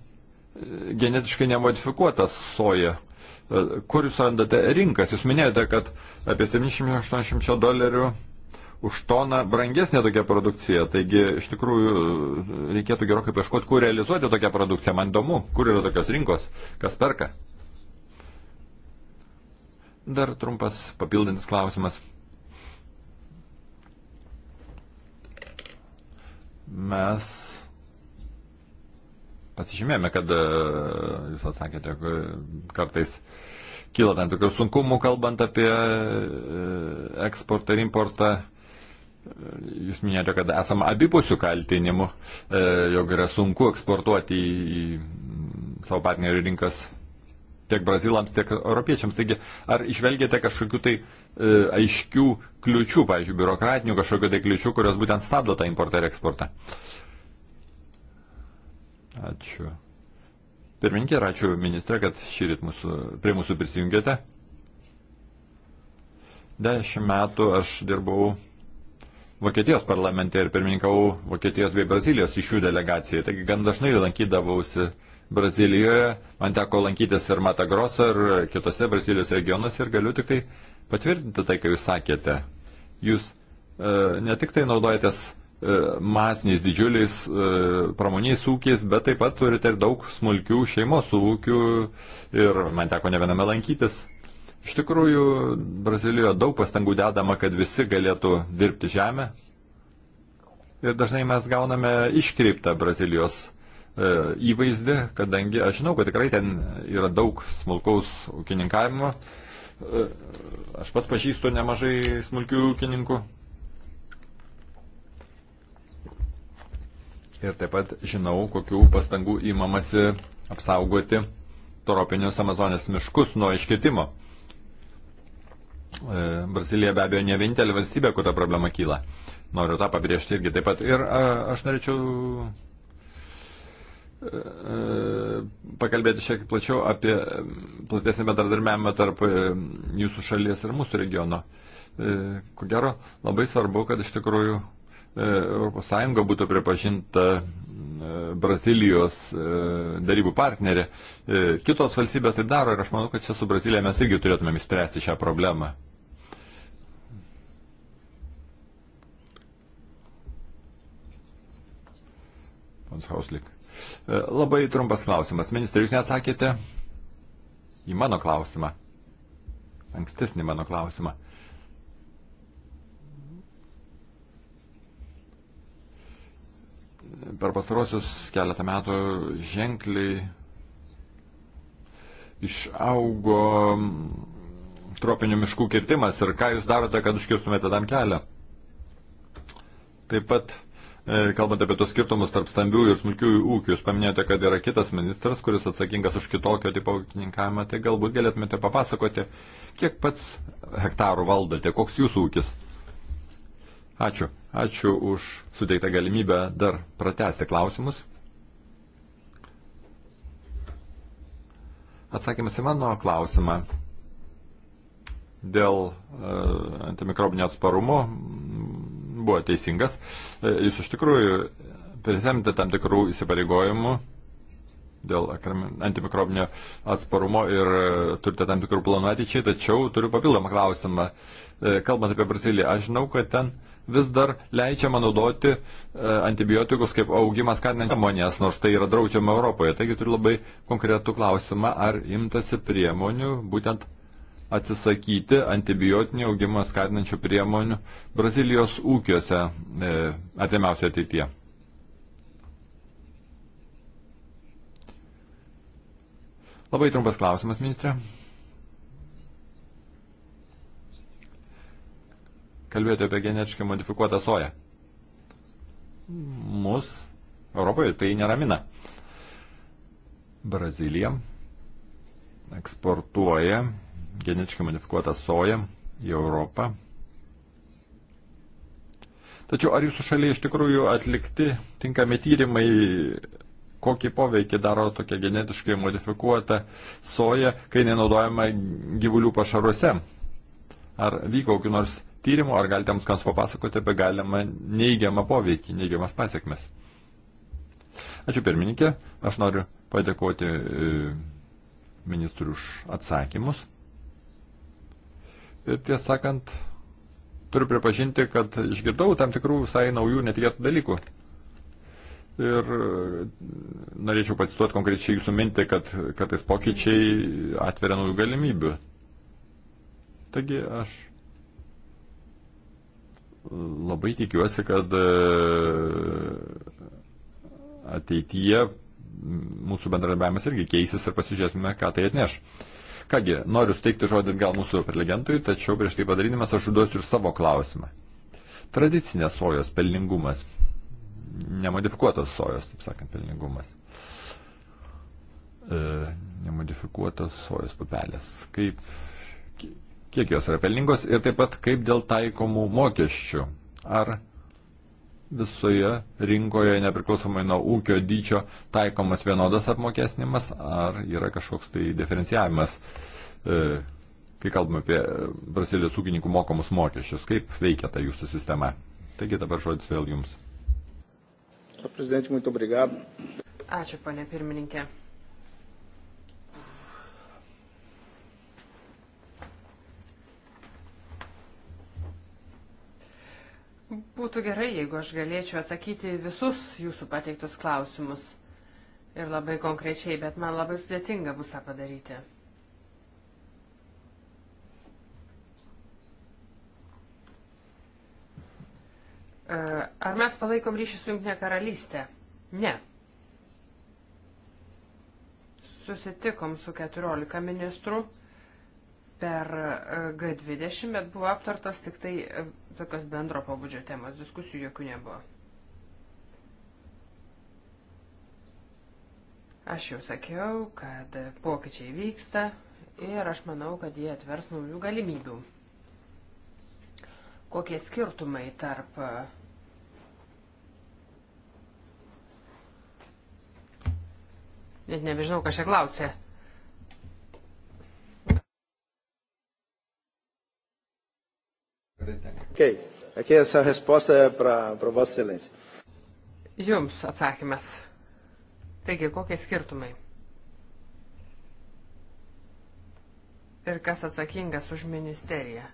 genetiškai nemodifikuotą soją. E, kur jūs randate rinkas? Jūs minėjote, kad apie 780 dolerių už toną brangesnė tokia produkcija. Taigi, iš tikrųjų, reikėtų gerokai paieškoti, kur realizuoti tokią produkciją. Man įdomu, kur yra tokios rinkos, kas perka. Dar trumpas papildantis klausimas. Mes pasižymėjome, kad e, jūs atsakėte, e, kartais kyla tam tikrų sunkumų, kalbant apie e, eksportą ir importą. Jūs minėjote, kad esame abipusių kaltinimų, jog yra sunku eksportuoti į savo partnerių rinkas tiek brazilams, tiek europiečiams. Taigi, ar išvelgėte kažkokių tai uh, E, aiškių kliučių, pavyzdžiui, biurokratinių kažkokio tai kliučių, kurios būtent stabdo tą importą ir eksportą. Ačiū. Pirminkė, ir ačiū ministrė, kad šį rytą mūsų, prie mūsų prisijungėte. Dešimt metų aš dirbau Vokietijos parlamente ir pirmininkau Vokietijos bei Brazilijos iš jų delegacijai. Taigi gan dažnai lankydavausi Brazilijoje, man teko lankytis ir Matagroso, ir kitose Brazilijos regionuose ir galiu tik tai patvirtinti tai, ką jūs sakėte. Jūs e, ne tik tai naudojatės e, masiniais didžiuliais e, pramoniais ūkiais, bet taip pat turite ir daug smulkių šeimos ūkių ir man teko ne viename lankytis. Iš tikrųjų, Brazilijoje daug pastangų dedama, kad visi galėtų dirbti žemę. Ir dažnai mes gauname iškreiptą Brazilijos e, įvaizdį, kadangi aš žinau, kad tikrai ten yra daug smulkaus ūkininkavimo. E, Aš pats pažįstu nemažai smulkių ūkininkų. Ir taip pat žinau, kokių pastangų įmamasi apsaugoti tropinius Amazonės miškus nuo iškėtimo. E, Brazilija be abejo ne vienintelė valstybė, kur ta problema kyla. Noriu tą pabrėžti irgi taip pat. Ir a, aš norėčiau pakalbėti šiek tiek plačiau apie platesnį bendradarbiavimą tarp jūsų šalies ir mūsų regiono. E, ko gero, labai svarbu, kad iš tikrųjų ES būtų pripažinta e, Brazilijos e, darybų partnerė. Kitos valstybės tai daro ir aš manau, kad čia su Brazilija mes irgi turėtumėm įspręsti šią problemą. Pans Hauslik. E, labai trumpas klausimas. Ministrė, jūs neatsakėte į mano klausimą. Ankstesnį mano klausimą. Per pastarosius keletą metų ženkliai išaugo tropinių miškų kirtimas ir ką jūs darote, kad užkirstumėte tam kelią. Taip pat E, kalbant apie tos skirtumus tarp stambių ir smulkių ūkių, jūs paminėjote, kad yra kitas ministras, kuris atsakingas už kitokio tipo ūkininkavimą, tai galbūt galėtumėte papasakoti, kiek pats hektarų valdote, koks jūsų ūkis. Ačiū. Ačiū už suteiktą galimybę dar pratesti klausimus. Atsakymas į mano klausimą dėl e, antimikrobinio atsparumo buvo teisingas. E, Jūs iš tikrųjų prisimti tam tikrų įsipareigojimų dėl antimikrobinio atsparumo ir e, turite tam tikrų planų ateičiai, tačiau turiu papildomą klausimą. E, kalbant apie Braziliją, aš žinau, kad ten vis dar leidžiama naudoti antibiotikus kaip augimą skatinančią monės, nors tai yra draudžiama Europoje. Taigi turiu labai konkretų klausimą, ar imtasi priemonių būtent atsisakyti antibiotinį augimą skatinančių priemonių Brazilijos ūkiuose e, atimiausio ateityje. Labai trumpas klausimas, ministrė. Kalbėjote apie genetiškai modifikuotą soją. Mus Europoje tai neramina. Brazilija eksportuoja genetiškai modifikuotą soją į Europą. Tačiau ar jūsų šalyje iš tikrųjų atlikti tinkami tyrimai, kokį poveikį daro tokia genetiškai modifikuota soja, kai nenaudojama gyvulių pašaruose? Ar vyko kokiu nors tyrimu, ar galite mums kas papasakoti apie galimą neigiamą poveikį, neigiamas pasiekmes? Ačiū pirmininkė, aš noriu padėkoti e, ministrui už atsakymus. Ir tiesą sakant, turiu pripažinti, kad išgirdau tam tikrų visai naujų netikėtų dalykų. Ir norėčiau pacituoti konkrečiai jūsų mintį, kad kartais pokyčiai atveria naujų galimybių. Taigi aš labai tikiuosi, kad e, ateityje mūsų bendradarbiavimas irgi keisis ir pasižiūrėsime, ką tai atneš. Uh, Kągi, noriu suteikti žodį gal mūsų prelegentui, tačiau prieš tai padarydamas aš užduosiu ir savo klausimą. Tradicinės sojos pelningumas, nemodifikuotos sojos, taip sakant, pelningumas, e, nemodifikuotos sojos pupelės, kaip, kiek jos yra pelningos ir taip pat kaip dėl taikomų mokesčių, ar visoje rinkoje, nepriklausomai nuo ūkio dydžio, taikomas vienodas apmokesnimas ar yra kažkoks tai diferencijavimas, e, kai kalbame apie Brazilijos ūkininkų mokamus mokesčius. Kaip veikia ta jūsų sistema? Taigi dabar žodis vėl jums. Ačiū, ponė pirmininkė. Būtų gerai, jeigu aš galėčiau atsakyti visus jūsų pateiktus klausimus. Ir labai konkrečiai, bet man labai sudėtinga bus tą padaryti. E, ar mes palaikom ryšį su Junktinė karalystė? Ne. Susitikom su 14 ministrų per e, G20, bet buvo aptartas tik tai e, tokios bendro pabudžio temos, diskusijų jokių nebuvo. Aš jau sakiau, kad pokyčiai vyksta ir aš manau, kad jie atvers naujų galimybių. Kokie skirtumai tarp Net nebežinau, ką čia klausė. Okay. Aqui essa resposta é para Vossa Excelência. Jums atsakymas. Taigi, kokie skirtumai? Ir kas atsakingas už ministeriją?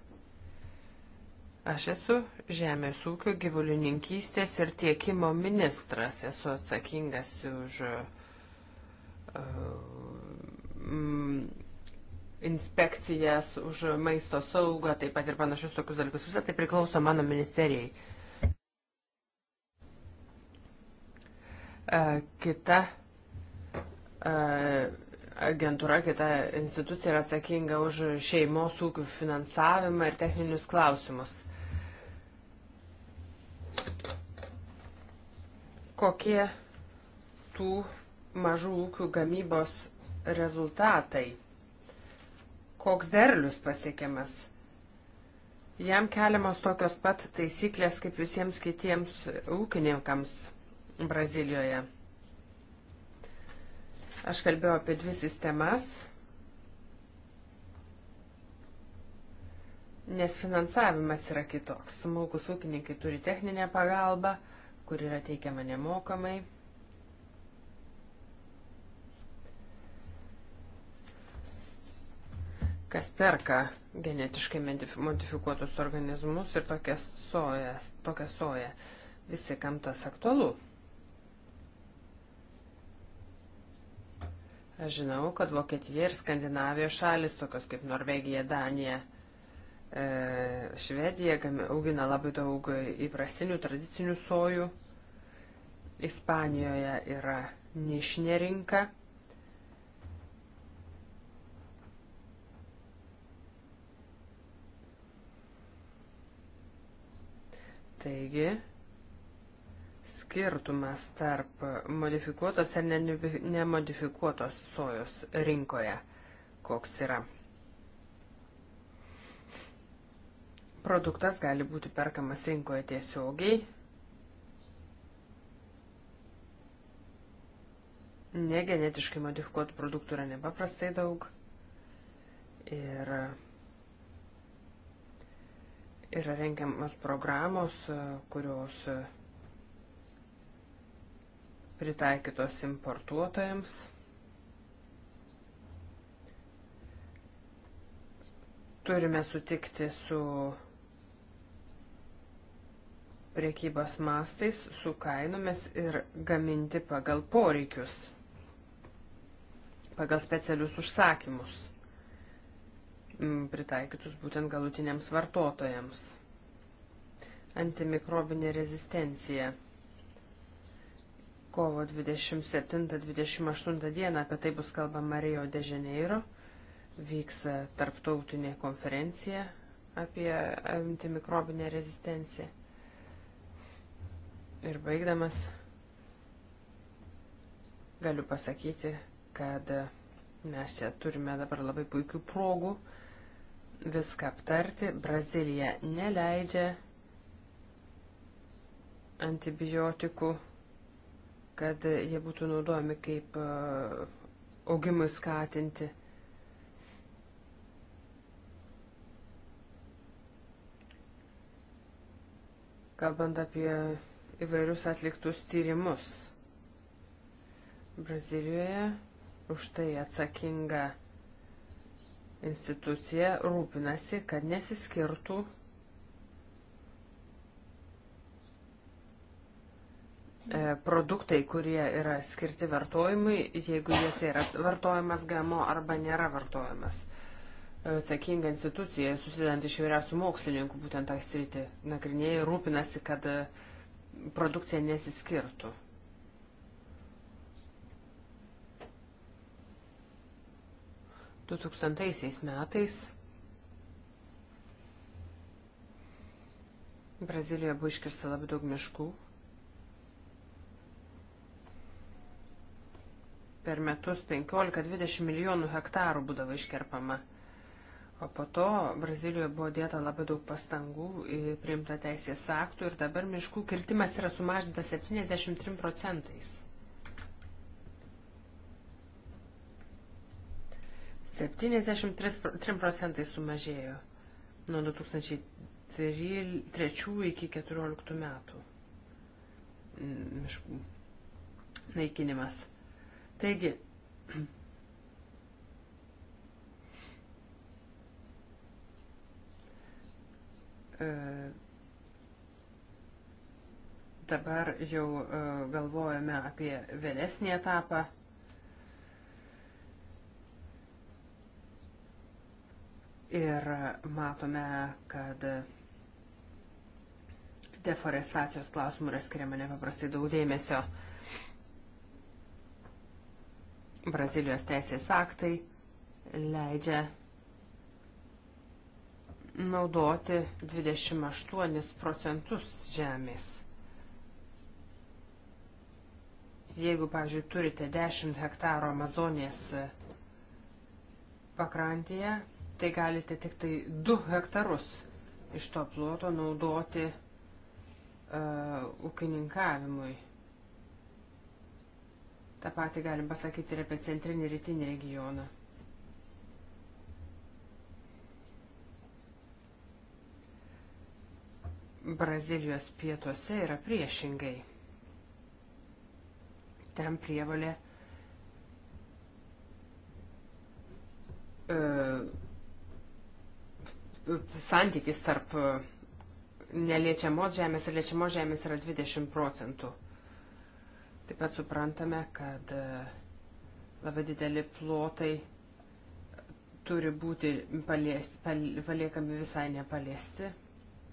Aš esu žemės ūkio gyvulininkystės ir tiekimo ministras. Esu atsakingas už uh, mm, inspekcijas už maisto saugą, taip pat ir panašius tokius dalykus. Visą tai priklauso mano ministerijai. E, kita e, agentūra, kita institucija yra atsakinga už šeimos ūkių finansavimą ir techninius klausimus. Kokie tų mažų ūkių gamybos rezultatai? koks derlius pasiekiamas. Jam keliamos tokios pat taisyklės kaip visiems kitiems ūkininkams Brazilijoje. Aš kalbėjau apie dvi sistemas, nes finansavimas yra kitoks. Smulkus ūkininkai turi techninę pagalbą, kur yra teikiama nemokamai. kas perka genetiškai modifikuotus organizmus ir tokias sojas, tokią soją. Visi, kam tas aktualu. Aš žinau, kad Vokietija ir Skandinavijos šalis, tokios kaip Norvegija, Danija, e, Švedija augina labai daug įprastinių tradicinių sojų. Ispanijoje yra nišinė rinka Taigi, skirtumas tarp modifikuotos ir nemodifikuotos sojos rinkoje koks yra. Produktas gali būti perkamas rinkoje tiesiogiai, negenetiškai modifikuotų produktų yra nepaprastai daug ir Yra rengiamos programos, e, kurios e, pritaikytos importuotojams. Turime sutikti su priekybos mastais, su kainomis ir gaminti pagal poreikius, pagal specialius užsakymus pritaikytus būtent galutiniams vartotojams. Antimikrobinė rezistencija. Kovo 27-28 dieną apie tai bus kalbama Rio de Janeiro. Vyks e, tarptautinė konferencija apie antimikrobinę rezistenciją. Ir baigdamas galiu pasakyti, kad e, mes čia turime dabar labai puikių progų viską aptarti. Brazilija neleidžia antibiotikų, kad jie būtų naudojami kaip e, augimui skatinti. Kalbant apie įvairius atliktus tyrimus. Brazilijoje už tai atsakinga institucija rūpinasi, kad nesiskirtų e, produktai, kurie yra skirti vartojimui, jeigu jose yra vartojamas GMO arba nėra vartojamas. E, atsakinga institucija, susidant iš vyriausių mokslininkų, būtent tą sritį nagrinėjai, rūpinasi, kad e, produkcija nesiskirtų. 2000 metais Brazilijoje buvo iškirsta labai daug miškų. Per metus 15-20 milijonų hektarų būdavo iškerpama. O po to Brazilijoje buvo dėta labai daug pastangų, priimta teisės aktų ir dabar miškų kirtimas yra sumažintas 73 procentais. 73 procentai sumažėjo nuo 2003 iki 2014 metų mm, miškų naikinimas. Taigi, e, dabar jau e, galvojame apie vėlesnį etapą Ir matome, kad deforestacijos klausimų yra skiriama nepaprastai daug dėmesio. Brazilijos teisės aktai leidžia naudoti 28 procentus žemės. Jeigu, pavyzdžiui, turite 10 hektarų Amazonės pakrantėje, tai galite tik tai 2 hektarus iš to ploto naudoti uh, ūkininkavimui. Ta pati galim pasakyti ir apie centrinį rytinį regioną. Brazilijos pietuose yra priešingai. Ten prievalė uh, e, santykis tarp e, neliečiamos žemės ir liečiamos žemės yra 20 procentų. Taip pat suprantame, kad e, labai dideli plotai turi būti palies, pal, paliekami visai nepaliesti.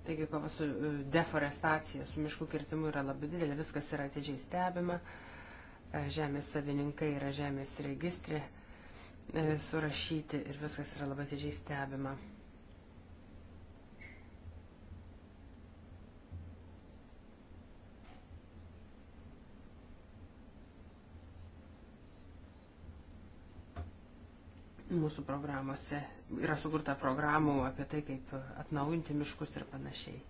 Taigi kova su e, deforestacija, su miškų kirtimu yra labai didelė, viskas yra atidžiai stebima. Žemės savininkai yra žemės registrė surašyti ir viskas yra labai atidžiai stebima. mūsų programuose. Yra sukurta programų apie tai, kaip atnaujinti miškus ir panašiai.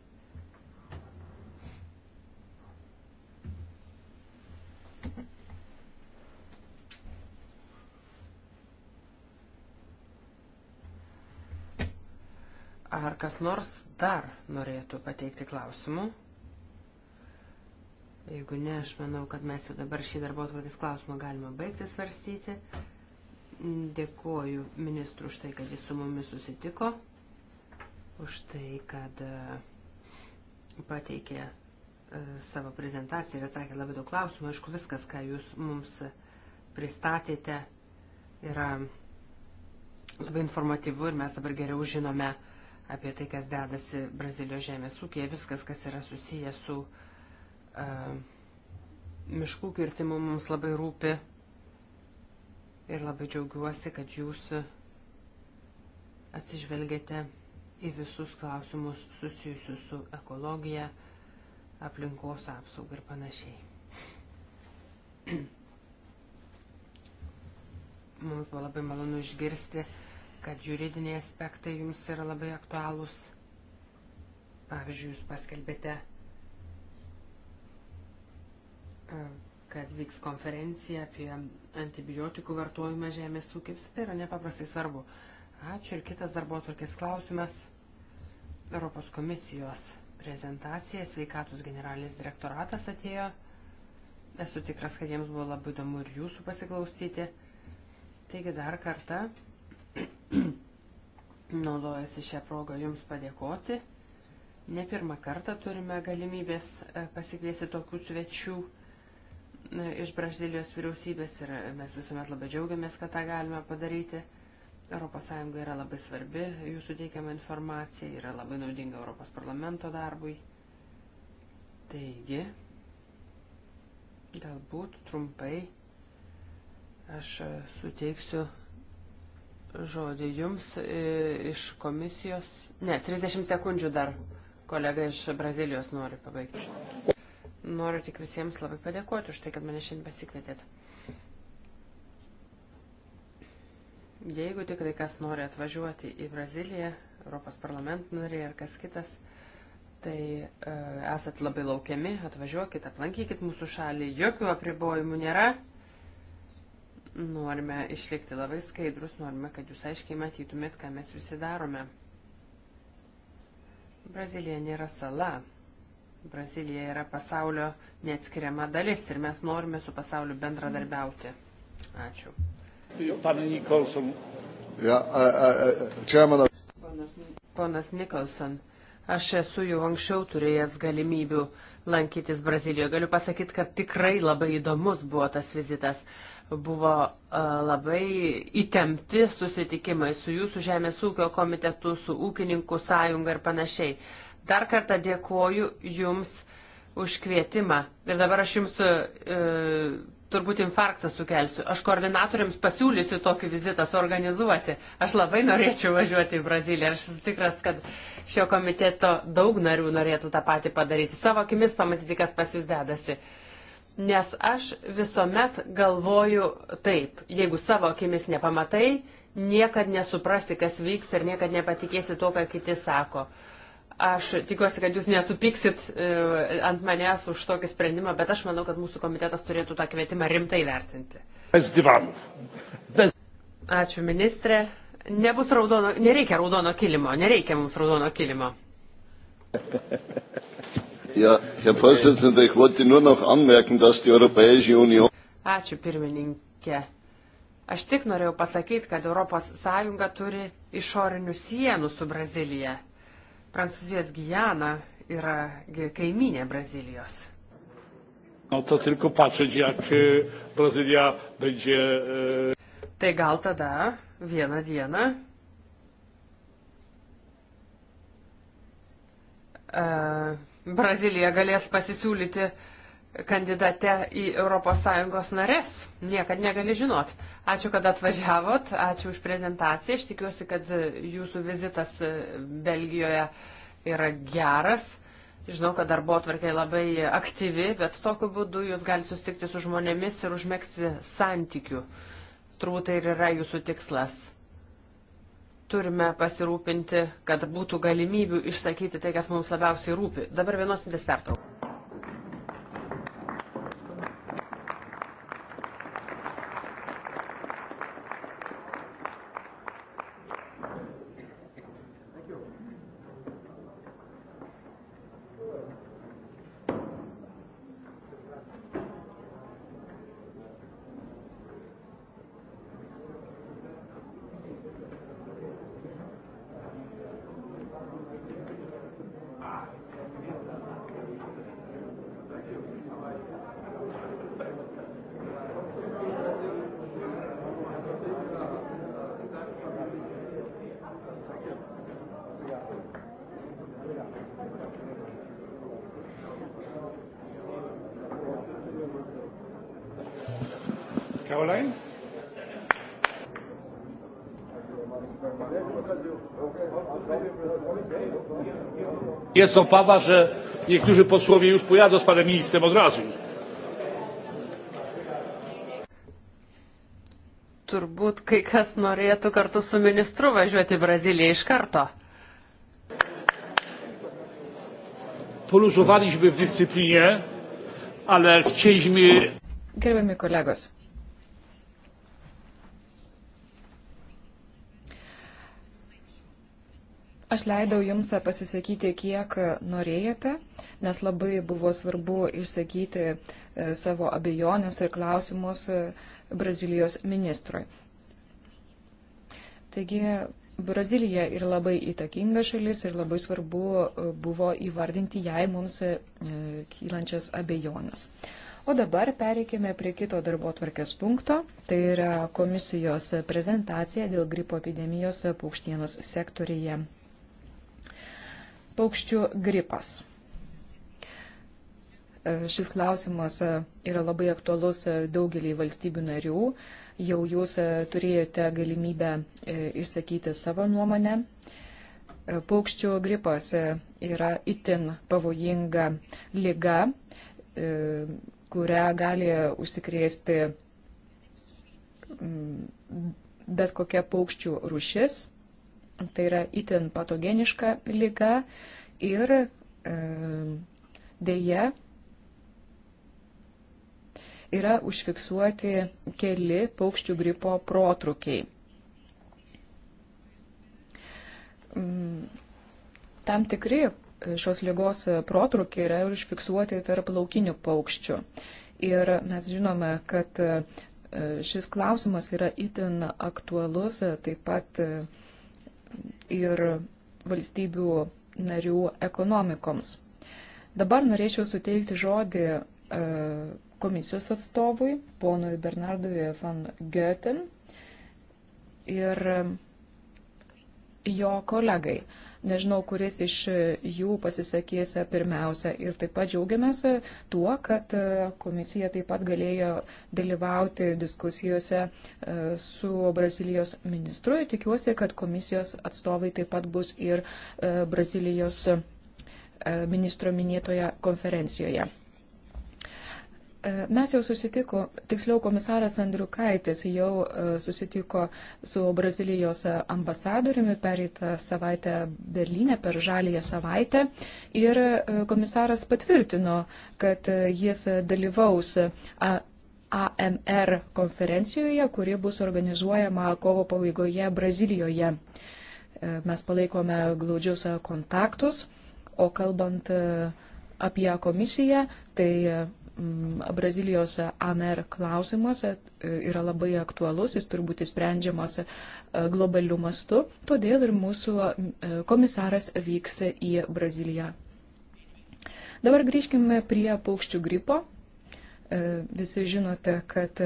Ar kas nors dar norėtų pateikti klausimų? Jeigu ne, aš manau, kad mes jau dabar šį darbo atvarkės klausimą galime baigti svarstyti. Dėkuoju ministru už tai, kad jis su mumis susitiko, už tai, kad e, pateikė e, savo prezentaciją ir atsakė labai daug klausimų. Aišku, viskas, ką jūs mums pristatėte, yra labai informatyvu ir mes dabar geriau žinome apie tai, kas dedasi Brazilijos žemės ūkėje, viskas, kas yra susiję su uh, miškų kirtimu, mums labai rūpi ir labai džiaugiuosi, kad jūs atsižvelgėte į visus klausimus susijusius su ekologija, aplinkos apsauga ir panašiai. Mums buvo labai malonu išgirsti, kad juridiniai aspektai jums yra labai aktualūs. Pavyzdžiui, jūs paskelbėte kad vyks konferencija apie antibiotikų vartojimą žemės ūkiams. Tai yra nepaprastai svarbu. Ačiū ir kitas darbo atvarkės klausimas. Europos komisijos prezentacija, sveikatos generalinis direktoratas atėjo. Esu tikras, kad jiems buvo labai įdomu ir jūsų pasiklausyti. Taigi dar kartą naudojasi šią progą jums padėkoti. Ne pirmą kartą turime galimybės e, pasikviesti tokių svečių iš Brazilijos vyriausybės ir mes visuomet labai džiaugiamės, kad tą galime padaryti. ES yra labai svarbi, jūsų teikiama informacija yra labai naudinga Europos parlamento darbui. Taigi, galbūt trumpai aš suteiksiu žodį jums e, iš komisijos. Ne, 30 sekundžių dar kolega iš Brazilijos nori pabaigti. Noriu tik visiems labai padėkoti už tai, kad mane šiandien pasikvietėt. Jeigu tik tai kas nori atvažiuoti į Braziliją, Europos parlamento nariai ar kas kitas, tai e, esat labai laukiami, atvažiuokit, aplankykit mūsų šalį, jokių apribojimų nėra. Norime išlikti labai skaidrus, norime, kad jūs aiškiai matytumėt, ką mes visi darome. Brazilija nėra sala, Brazilija yra pasaulio neatskiriama dalis ir mes norime su pasauliu bendradarbiauti. Ačiū. Pana Nikolson. Ja, Chairman. Ponas Nikolson, aš esu jau anksčiau turėjęs galimybių lankytis Brazilijoje. Galiu pasakyti, kad tikrai labai įdomus buvo tas vizitas. Buvo labai įtempti susitikimai su jūsų žemės ūkio komitetu, su ūkininkų sąjunga ir panašiai. Dar kartą dėkoju Jums už kvietimą. Ir dabar aš Jums e, turbūt infarktą sukelsiu. Aš koordinatoriams pasiūlysiu tokį vizitą suorganizuoti. Aš labai norėčiau važiuoti į Braziliją. Aš esu tikras, kad šio komiteto daug narių norėtų tą patį padaryti. Savo akimis pamatyti, kas pas Jūs dedasi. Nes aš visuomet galvoju taip, jeigu savo akimis nepamatai, niekad nesuprasi, kas vyks ir niekad nepatikėsi to, ką kiti sako. Uh, Aš tikiuosi, kad jūs nesupyksit e, ant manęs už tokį sprendimą, bet aš manau, kad mūsų komitetas turėtų tą kvietimą rimtai vertinti. Ačiū, ministrė. Nebus raudono, nereikia raudono kilimo, nereikia mums raudono kilimo. Ja, Herr Vorsitzender, ich wollte nur noch anmerken, dass die Europäische Union. Ačiū, pirmininkė. Aš tik norėjau pasakyti, kad ES turi išorinių sienų su Brazilija. Prancūzijos Gijana yra kaiminė Brazilijos. No to tylko patrzeć, jak e, Brazylia będzie. E, tai gal tada vieną dieną e, Brazilija galės pasisiūlyti uh, kandidate į ES narės. Niekad negali žinot. Ačiū, kad atvažiavot, ačiū už prezentaciją. Aš tikiuosi, kad jūsų vizitas e, Belgijoje yra geras. Žinau, kad darbo atvarkiai labai aktyvi, bet tokiu būdu jūs galite sustikti su žmonėmis ir užmėgsti santykių. Turbūt tai ir yra jūsų tikslas. Turime pasirūpinti, kad būtų galimybių išsakyti tai, kas mums labiausiai rūpi. Dabar vienos mintis pertrauka. jest obawa, że niektórzy posłowie już pojadą z panem ministrem od razu. Turbūt kai kas norėtų kartu su ministru važiuoti į Braziliją iš karto. Poluzowaliśmy w dyscyplinie, ale chcieliśmy. Gerbiami kolegos, Aš leidau Jums pasisakyti, kiek norėjote, nes labai buvo svarbu išsakyti e, savo abejonės ir klausimus e, Brazilijos ministrui. Taigi, Brazilija yra labai įtakinga šalis ir labai svarbu e, buvo įvardinti jai mums kylančias abejonės. O dabar pereikime prie kito darbo tvarkės punkto, tai yra komisijos prezentacija dėl gripo epidemijos paukštienos sektorija paukščių gripas. E, šis klausimas e, yra labai aktualus e, daugelį valstybių narių. Jau jūs turėjote galimybę išsakyti savo nuomonę. Paukščių gripas yra itin pavojinga lyga, kurią gali užsikrėsti bet kokia paukščių rušis. Tai yra itin patogeniška lyga ir e, dėja yra užfiksuoti keli paukščių gripo protrukiai. Mm, tam tikri e, šios lygos protrukiai yra užfiksuoti tarp laukinių paukščių. Ir mes žinome, kad e, šis klausimas yra itin aktualus taip pat e, ir valstybių narių ekonomikoms. Dabar norėčiau suteikti žodį e, komisijos atstovui, ponui Bernardui van Goeten ir jo kolegai. Nežinau, kuris iš jų pasisakys pirmiausia. Ir taip pat džiaugiamės tuo, kad komisija taip pat galėjo dalyvauti diskusijose e, su Brazilijos ministru. Ir tikiuosi, kad komisijos atstovai taip pat bus ir e, Brazilijos e, ministro minėtoje konferencijoje. E, mes jau susitiko, tiksliau komisaras Andriukaitis jau e, susitiko su Brazilijos ambasadoriumi pereitą savaitę Berlyne per žalėje savaitę ir e, komisaras patvirtino, kad jis dalyvaus AMR konferencijoje, kuri bus organizuojama kovo pabaigoje Brazilijoje. Mes palaikome glaudžius kontaktus, o kalbant apie komisiją, tai Brazilijos ANR e klausimas e, yra labai aktualus, jis turi būti sprendžiamas e, globaliu mastu, todėl ir mūsų komisaras vyks į Braziliją. Dabar grįžkime prie paukščių gripo. Visi žinote, kad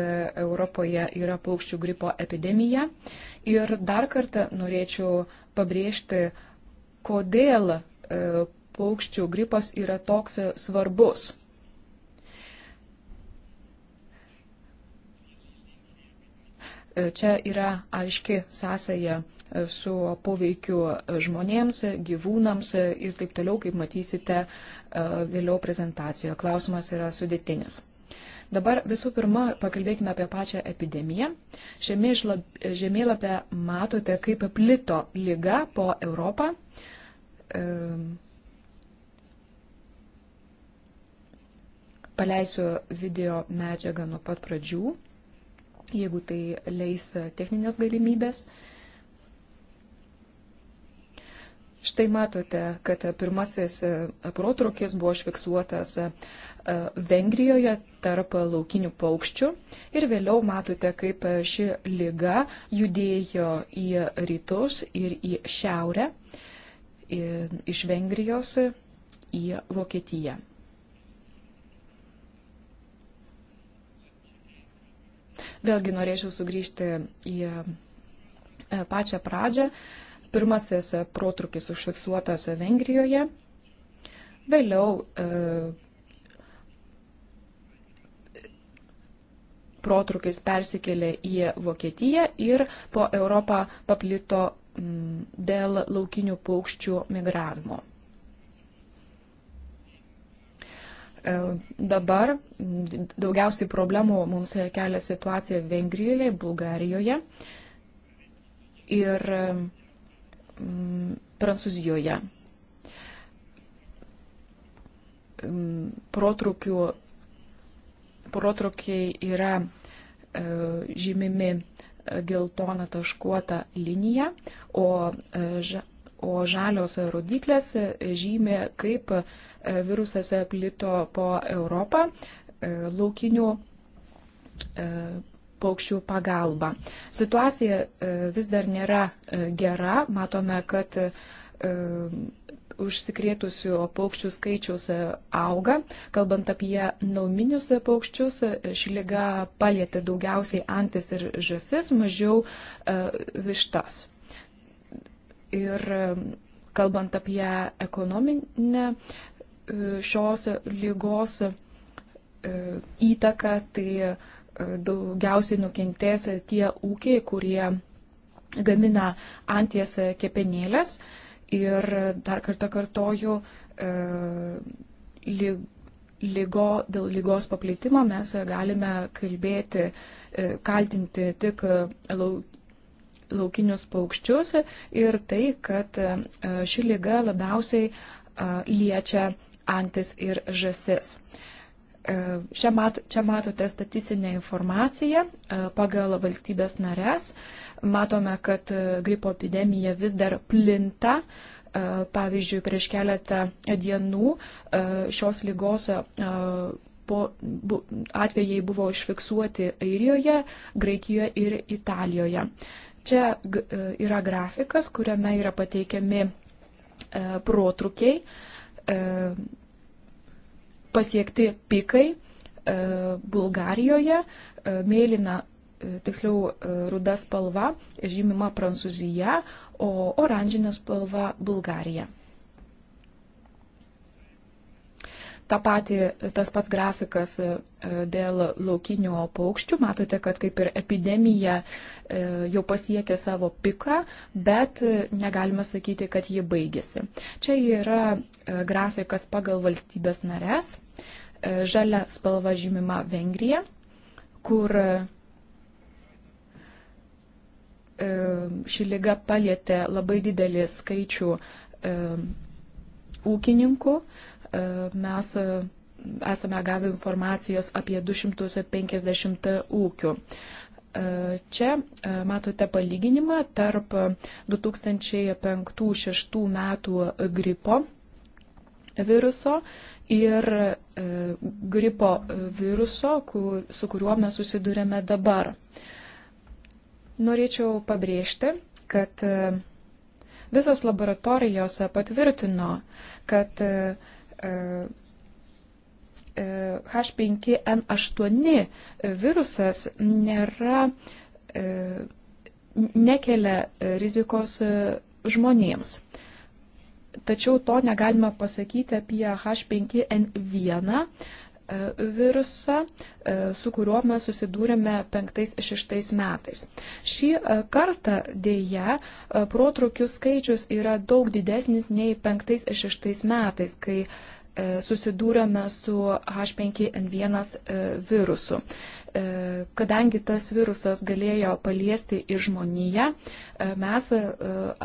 Europoje yra paukščių gripo epidemija. Ir dar kartą norėčiau pabrėžti, kodėl paukščių gripas yra toks svarbus. Čia yra aiški sąsaja e, su poveikiu e, žmonėms, gyvūnams ir taip toliau, kaip matysite e, vėliau prezentacijoje. Klausimas yra sudėtinis. Dabar visų pirma pakalbėkime apie pačią epidemiją. Šiame žemėlapė matote, kaip plito lyga po Europą. Paleisiu video medžiagą nuo pat pradžių jeigu tai leis techninės galimybės. Štai matote, kad pirmasis e, protrukis buvo užfiksuotas e, Vengrijoje tarp laukinių paukščių ir vėliau matote, kaip ši lyga judėjo į rytus ir į šiaurę iš Vengrijos į Vokietiją. Vėlgi norėčiau sugrįžti į e, pačią pradžią. Pirmasis e, protrukis užfiksuotas Vengrijoje. Vėliau e, protrukis persikėlė į Vokietiją ir po Europą paplito dėl laukinių paukščių migravimo. E, dabar daugiausiai problemų mums kelia situacija Vengrijoje, Bulgarijoje ir mm, Prancūzijoje. Mm, protrukių, protrukiai yra e, žymimi geltona taškuota linija, o, e, o žalios rodiklės žymė, kaip virusas plito po Europą e, laukinių e, paukščių pagalba. Situacija e, vis dar nėra gera. Matome, kad užsikrėtusių paukščių skaičius auga. Kalbant apie nauminius paukščius, ši lyga palėtė daugiausiai antis ir žasis, mažiau vištas. Ir kalbant apie ekonominę šios lygos e, įtaką, tai e, daugiausiai nukentės tie ūkiai, kurie gamina anties kepenėlės. Ir dar kartą kartoju, e, lygo, dėl lygos paplitimo mes galime kalbėti, kaltinti tik laukinius paukščius ir tai, kad ši lyga labiausiai liečia antis ir žasis. E, čia, mat, čia matote statistinę informaciją e, pagal valstybės narės. Matome, kad e, gripo epidemija vis dar plinta. Pavyzdžiui, prieš keletą dienų šios lygos po, bu, atvejai buvo užfiksuoti Airijoje, Graikijoje ir Italijoje. Čia yra grafikas, kuriame yra pateikiami protrukiai E, pasiekti pikai e, Bulgarijoje, e, mėlyna, tiksliau ruda spalva žymima Prancūzija, o oranžinė spalva Bulgarija. Ta pati, tas pats grafikas e, dėl laukinių paukščių. Matote, kad kaip ir epidemija e, jau pasiekė savo piką, bet e, negalime sakyti, kad ji baigėsi. Čia yra grafikas pagal valstybės narės. Žalia spalva žymima Vengrija, kur ši lyga palietė labai didelį skaičių ūkininkų. E, E, mes e, esame gavę informacijos apie 250 ūkių. E, čia matote palyginimą tarp 2005-2006 metų gripo viruso ir gripo viruso, kur, su kuriuo mes susidurėme dabar. Norėčiau pabrėžti, kad visos laboratorijos patvirtino, kad E, H5N8 virusas nėra, e, nekelia rizikos žmonėms. Tačiau to negalima pasakyti apie H5N1 E, virusą, e, su kuriuo mes susidūrėme 5-6 metais. Šį e, kartą dėja protrukių skaičius yra daug didesnis nei 5-6 metais, kai susidūrėme su H5N1 virusu. E, kadangi tas virusas galėjo paliesti ir žmoniją, e, mes e,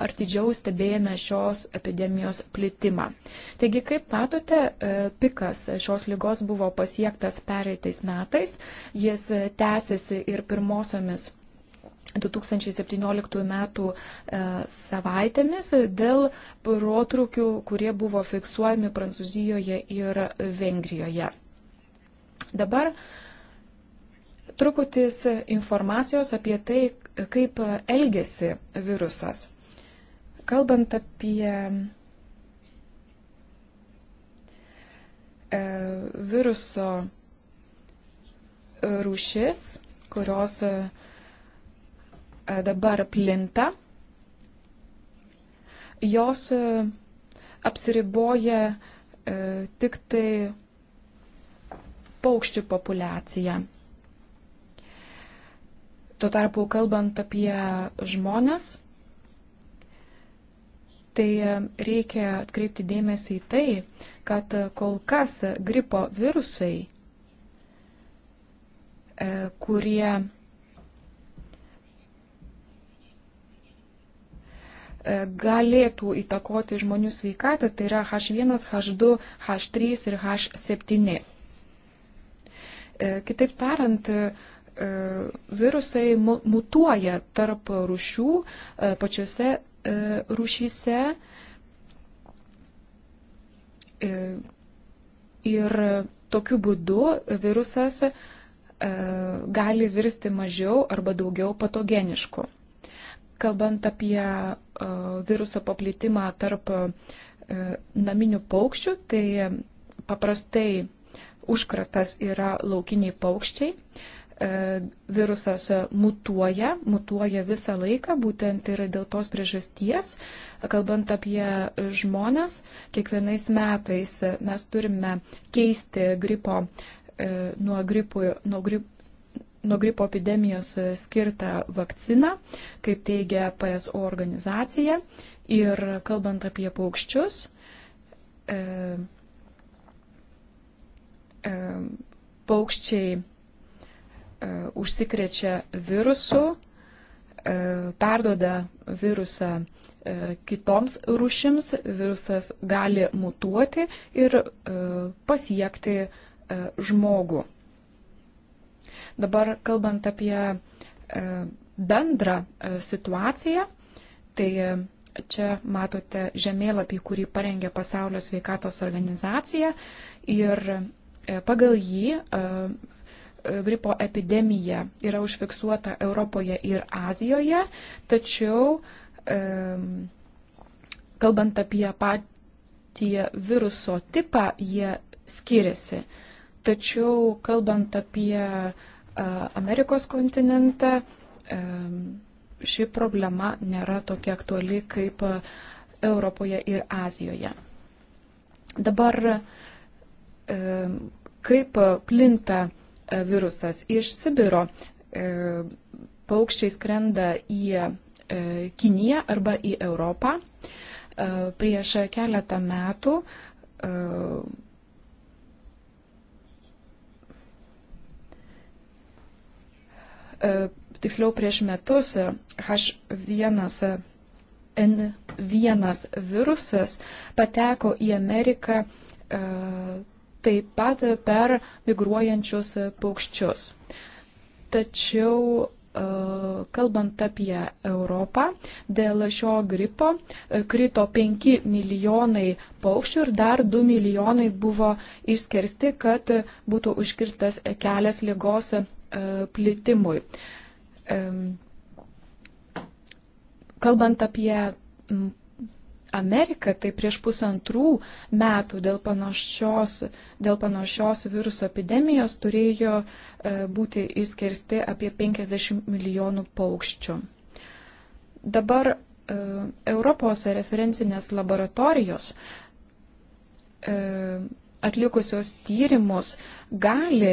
artidžiau stebėjome šios epidemijos plitimą. Taigi, kaip matote, pikas šios lygos buvo pasiektas pereitais metais, jis tęsiasi ir pirmosiomis 2017 metų savaitėmis dėl protrukių, kurie buvo fiksuojami Prancūzijoje ir Vengrijoje. Dabar truputis informacijos apie tai, kaip elgesi virusas. Kalbant apie e, viruso rūšis, kurios e, dabar plinta, jos e, apsiriboja tik tai paukščių populiacija. Tuo tarpu, kalbant apie žmonės, tai reikia atkreipti dėmesį į tai, kad kol kas gripo virusai, e, kurie e, galėtų įtakoti žmonių sveikatą, tai yra H1, H2, H3 ir H7. E, kitaip tariant, E, virusai mutuoja tarp rušių, e, pačiose e, rušyse. Ir tokiu būdu virusas gali virsti mažiau arba daugiau patogenišku. Kalbant apie viruso paplitimą tarp naminių paukščių, tai paprastai užkratas yra laukiniai paukščiai, E, virusas mutuoja, mutuoja visą laiką, būtent ir dėl tos priežasties, kalbant apie žmonės, kiekvienais metais mes turime keisti gripo, e, nuo, gripų, nuo, grip, nuo gripo epidemijos skirtą vakciną, kaip teigia PSO organizacija. Ir kalbant apie paukščius, e, paukščiai E, užsikrečia virusu, e, perdoda virusą e, kitoms rušims, virusas gali mutuoti ir pasiekti žmogų. Dabar kalbant apie bendrą situaciją, tai čia matote žemėlapį, kurį parengė Pasaulio sveikatos organizacija ir pagal jį gripo epidemija yra užfiksuota Europoje ir Azijoje, tačiau kalbant apie patį viruso tipą, jie skiriasi. Tačiau kalbant apie Amerikos kontinentą, ši problema nėra tokia aktuali kaip Europoje ir Azijoje. Dabar kaip plinta E, virusas iš Sibiro e, paukščiai skrenda į e, Kiniją arba į Europą. Prieš keletą metų tiksliau prieš metus H1N1 virusas pateko į Ameriką taip pat per migruojančius paukščius. Tačiau e, kalbant apie Europą, dėl šio gripo e, krito 5 milijonai paukščių ir dar 2 milijonai buvo išskirsti, kad būtų užkirstas kelias lygos e, plitimui. Kalbant apie Amerika, tai prieš pusantrų metų dėl panašios, dėl panašios viruso epidemijos turėjo e, būti įskirsti apie 50 milijonų paukščių. Dabar e, Europos referencinės laboratorijos e, atlikusios tyrimus gali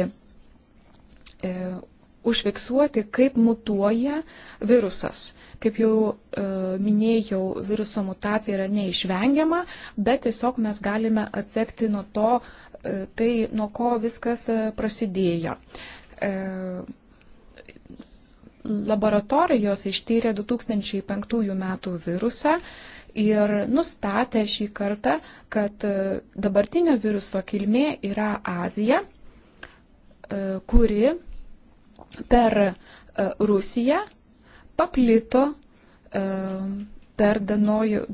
užfiksuoti, kaip mutuoja virusas Kaip jau e, minėjau, viruso mutacija yra neišvengiama, bet tiesiog mes galime atsekti nuo to, e, tai nuo ko viskas e, prasidėjo. E, laboratorijos ištyrė 2005 metų virusą ir nustatė šį kartą, kad e, dabartinio viruso kilmė yra Azija, e, kuri per e, Rusiją paplito e, per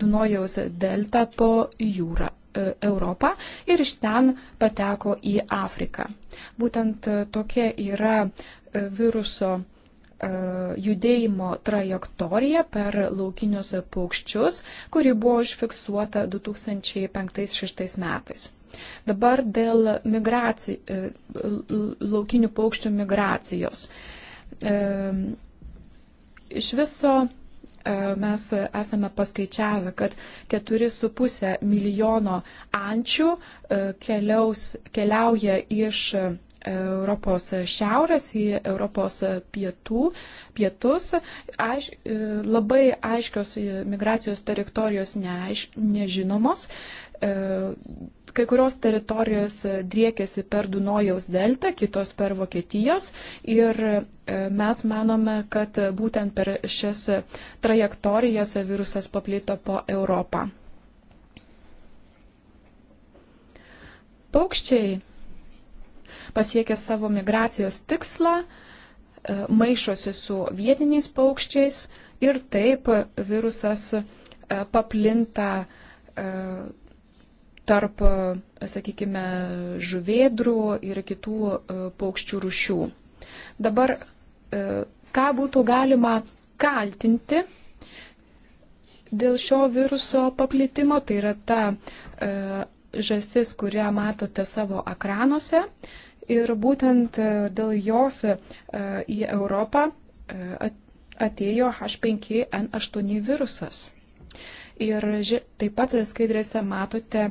Dunojaus deltą po jūrą. E, Europą ir iš ten pateko į Afriką. Būtent tokia yra e, viruso e, judėjimo trajektorija per laukinius paukščius, kuri buvo užfiksuota 2005-2006 metais. Dabar dėl migraci... laukinių paukščių migracijos. Iš viso e, mes esame paskaičiavę, kad 4,5 milijono ančių e, keliaus, keliauja iš e, Europos šiaurės į Europos pietų, pietus. Aiš, labai aiškios migracijos teritorijos neaiš, nežinomos. E, kai kurios teritorijos e, driekėsi per Dunojaus deltą, kitos per Vokietijos ir e, mes manome, kad būtent per šias trajektorijas virusas paplito po Europą. Paukščiai pasiekė savo migracijos tikslą, maišosi su vietiniais paukščiais ir taip virusas paplinta tarp, e, sakykime, žuvėdrų ir kitų e, paukščių rušių. Dabar, e, ką būtų galima kaltinti dėl šio viruso paplitimo, tai yra ta žasis, kurią matote savo ekranuose. Ir būtent dėl jos į Europą atėjo H5N8 virusas. Ir ži, taip pat skaidrėse matote e,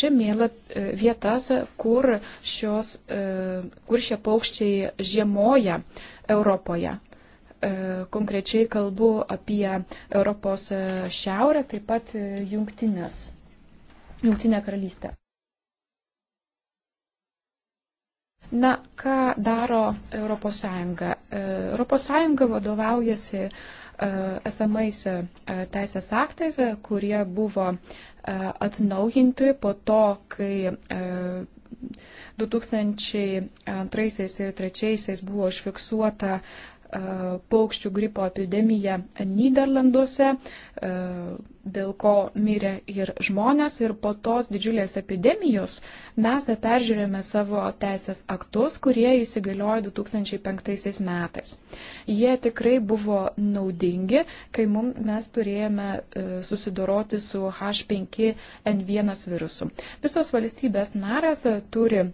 žemėlap e, vietas, kur, šios, e, kur šie paukščiai žiemoja Europoje. Konkrečiai kalbu apie Europos šiaurę, taip pat jungtinės, jungtinę karalystę. Na, ką daro ES? ES vadovaujasi E, esamais e, teisės aktais, e, kurie buvo atnaujinti po to, kai 2002 ir 2003 buvo užfiksuota E, paukščių gripo epidemiją Niderlanduose, e, dėl ko mirė ir žmonės. Ir po tos didžiulės epidemijos mes peržiūrėjome savo teisės aktus, kurie įsigaliojo 2005 metais. Jie tikrai buvo naudingi, kai mum, mes turėjome e, susidoroti su H5N1 virusu. Visos valstybės narės turi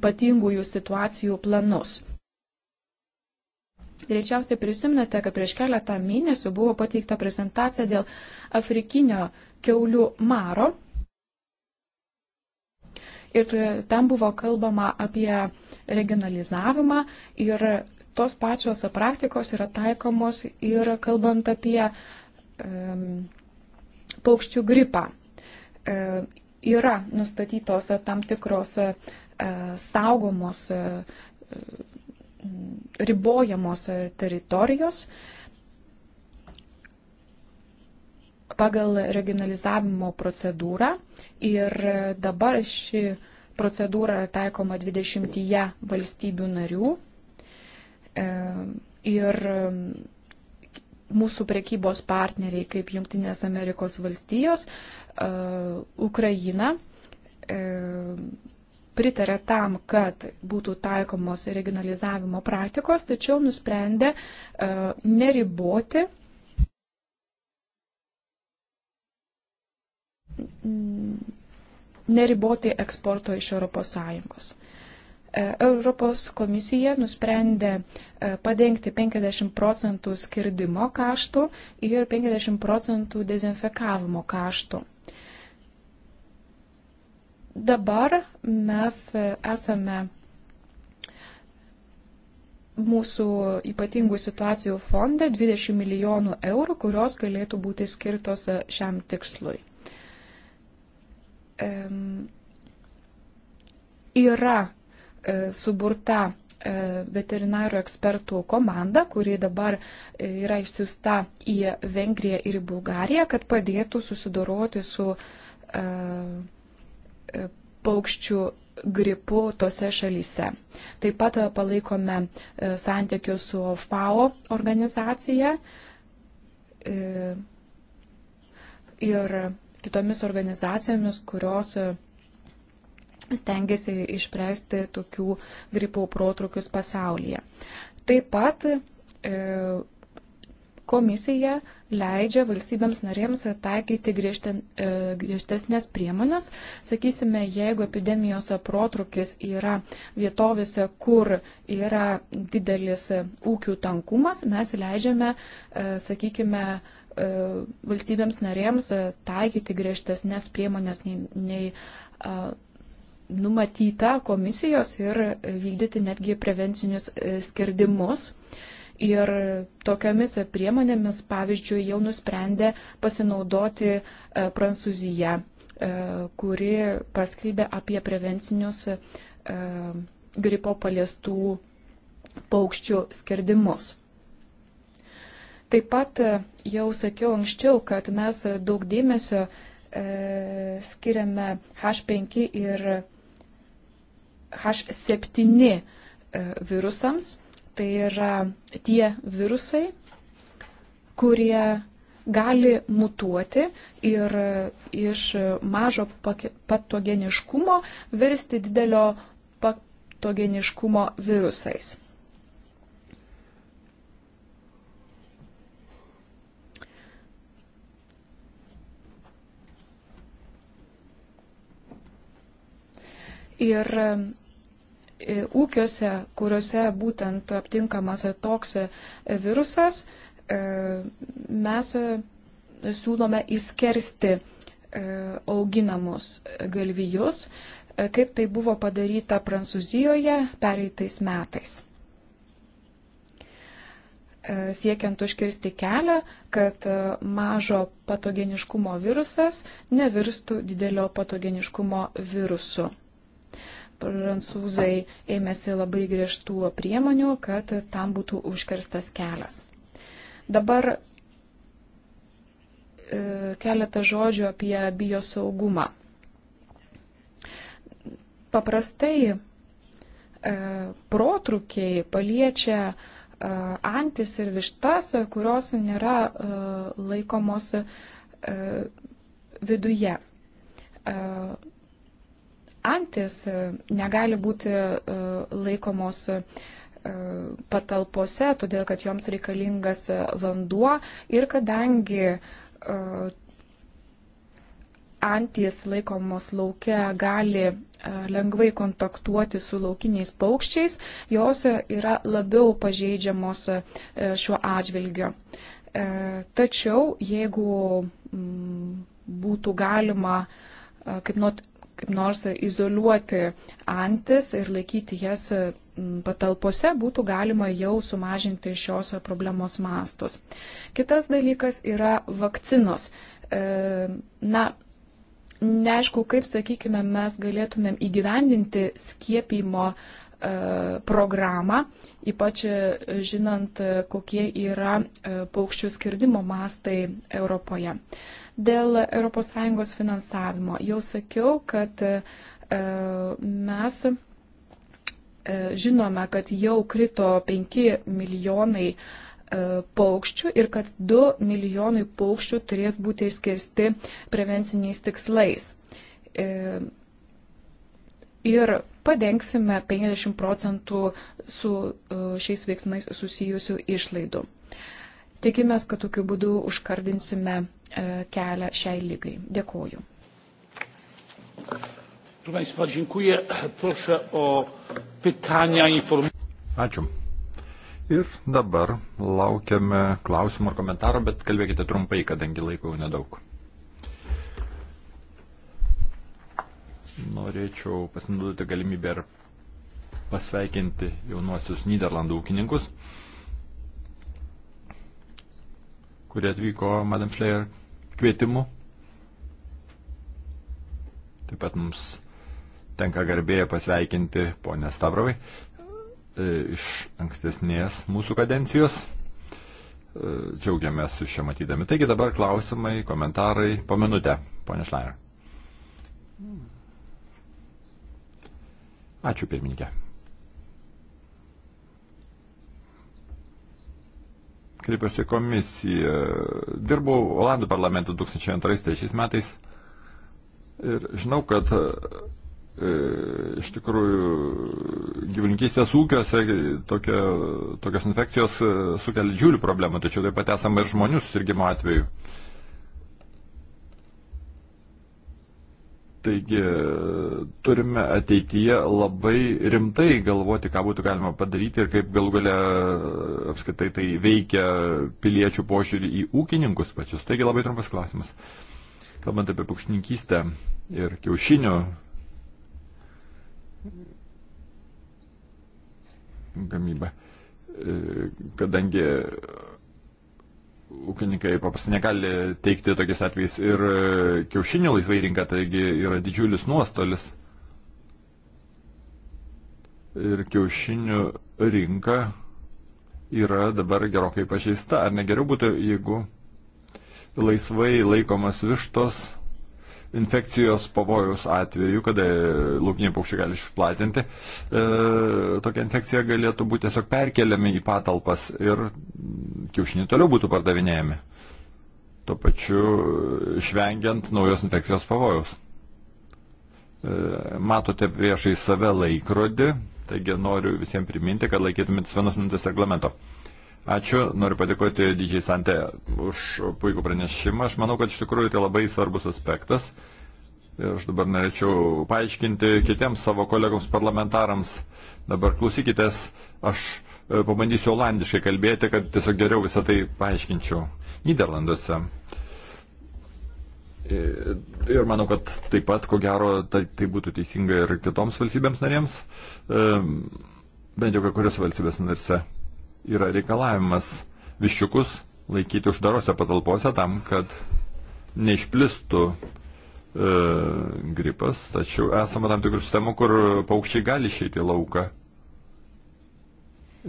ypatingųjų situacijų planus. Greičiausiai prisimnate, kad prieš keletą mėnesių buvo pateikta prezentacija dėl afrikinio keulių maro. Ir ten buvo kalbama apie regionalizavimą ir tos pačios praktikos yra taikomos ir kalbant apie um, paukščių gripą. E, yra nustatytos tam tikros e, saugomos e, ribojamos teritorijos pagal regionalizavimo procedūrą ir dabar ši procedūra yra taikoma 20 valstybių narių e, ir e, mūsų prekybos partneriai kaip Junktinės Amerikos valstijos, e, Ukraina pritarė tam, kad būtų taikomos regionalizavimo praktikos, tačiau nusprendė e, neriboti neriboti eksporto iš ES. E, Europos komisija nusprendė e, padengti 50 procentų skirdimo kaštų ir 50 procentų dezinfekavimo kaštų. Dabar mes e, esame mūsų ypatingų situacijų fonde 20 milijonų eurų, kurios galėtų būti skirtos e, šiam tikslui. E, yra e, suburta e, veterinarų ekspertų komanda, kuri dabar yra išsiusta į Vengriją ir į Bulgariją, kad padėtų susidoroti su paukščių gripu tose šalyse. Taip pat e, palaikome e, santykius su FAO organizacija e, ir kitomis organizacijomis, kurios stengiasi išspręsti tokių gripo protrukius pasaulyje. Taip pat komisija leidžia valstybėms narėms taikyti griežten, e, griežtesnės priemonės. Sakysime, jeigu epidemijos protrukis yra vietovėse, kur yra didelis ūkių tankumas, mes leidžiame, e, sakykime, e, valstybėms narėms taikyti griežtesnės priemonės nei, nei numatyta komisijos ir vykdyti netgi prevencinius skirdimus Ir tokiamis priemonėmis, pavyzdžiui, jau nusprendė pasinaudoti e, Prancūzija, e, kuri paskelbė apie prevencinius e, gripo paliestų paukščių skerdimus. Taip pat jau sakiau anksčiau, kad mes daug dėmesio skiriame H5 ir H7 virusams Tai yra tie virusai, kurie gali mutuoti ir iš mažo patogeniškumo virsti didelio patogeniškumo virusais. Ir E, ūkiuose, kuriuose būtent aptinkamas toks e, virusas, e, mes siūlome įskersti auginamus galvijus, kaip tai buvo padaryta Prancūzijoje pereitais metais. Siekiant užkirsti kelią, kad mažo patogeniškumo virusas nevirstų didelio patogeniškumo virusu prancūzai ėmėsi labai griežtų priemonių, kad tam būtų užkirstas kelias. Dabar e, keletą žodžių apie biosaugumą. Paprastai e, protrukiai paliečia e, antis ir vištas, kurios nėra laikomos viduje antis e, negali būti e, laikomos e, patalpose, todėl kad joms reikalingas vanduo ir kadangi antys laikomos laukia gali lengvai kontaktuoti su laukiniais paukščiais, jos yra labiau pažeidžiamos šiuo atžvilgiu. Tačiau jeigu būtų galima kaip nors kaip nors izoliuoti antis ir laikyti jas patalpose, būtų galima jau sumažinti šios problemos mastus. Kitas dalykas yra vakcinos. E, na, neaišku, kaip, sakykime, mes galėtumėm įgyvendinti skiepimo e, programą, ypač e, žinant, kokie yra paukščių skirdimo mastai Europoje. Dėl ES finansavimo jau sakiau, kad e, mes e, žinome, kad jau krito 5 milijonai e, paukščių ir kad 2 milijonai paukščių turės būti išskirsti prevenciniais tikslais. Ir padengsime 50 procentų su šiais veiksmais susijusių išlaidų. Tikimės, kad tokiu būdu užkardinsime e, kelią šiai lygai. Dėkoju. Ačiū. Ir dabar laukiame klausimų ar komentarų, bet kalbėkite trumpai, kadangi laiko jau nedaug. Norėčiau pasinaudoti galimybę ir pasveikinti jaunuosius Niderlandų ūkininkus. kurie atvyko Madam Schleyer kvietimu. Taip pat mums tenka garbėje pasveikinti ponę Stavrovai e, iš ankstesnės mūsų kadencijos. E, džiaugiamės iš čia matydami. Taigi dabar klausimai, komentarai po minutę, ponė Šlair. Ačiū pirmininkė. kreipiuosi komisiją. Dirbau Olandų parlamentu 2002-2003 metais ir žinau, kad e, iš tikrųjų gyvulinkystės ūkiuose tokia, tokios infekcijos e, sukelia didžiulių problemų, tačiau taip pat esama ir žmonių susirgymo atveju. E, Taigi turime ateityje labai rimtai galvoti, ką būtų galima padaryti ir kaip gal galia e, apskaitai tai veikia piliečių požiūrį į ūkininkus pačius. Taigi labai trumpas klausimas. Kalbant apie pukšnykystę ir kiaušinių gamybą, e, kadangi ūkininkai paprastai negali teikti tokiais atvejais ir e, kiaušinių laisvai rinka, taigi yra didžiulis nuostolis. Ir kiaušinių rinka yra dabar gerokai pažeista. Ar negeriau būtų, jeigu laisvai laikomas vištos infekcijos pavojus atveju, kada laukiniai paukščiai gali išplatinti, e, tokia infekcija galėtų būti tiesiog perkeliami į patalpas ir kiaušiniai toliau būtų pardavinėjami. Tuo pačiu išvengiant naujos infekcijos pavojus. E, matote priešai save laikrodį, taigi noriu visiems priminti, kad laikytumėtės vienos minutės reglamento. Ačiū, noriu padėkoti Didžiai Santė už puikų pranešimą. Aš manau, kad iš tikrųjų tai labai svarbus aspektas. Ir aš dabar norėčiau paaiškinti kitiems savo kolegoms parlamentarams. Dabar klausykitės, aš e, pabandysiu olandiškai kalbėti, kad tiesiog geriau visą tai paaiškinčiau. Niderlanduose. E, ir manau, kad taip pat, ko gero, tai, tai būtų teisinga ir kitoms valstybėms narėms, e, bent jau kai kurios valstybės narse yra reikalavimas viščiukus laikyti uždarose patalpose tam, kad neišplistų e, gripas, tačiau esama tam tikrų sistemų, kur paukščiai gali išeiti į lauką.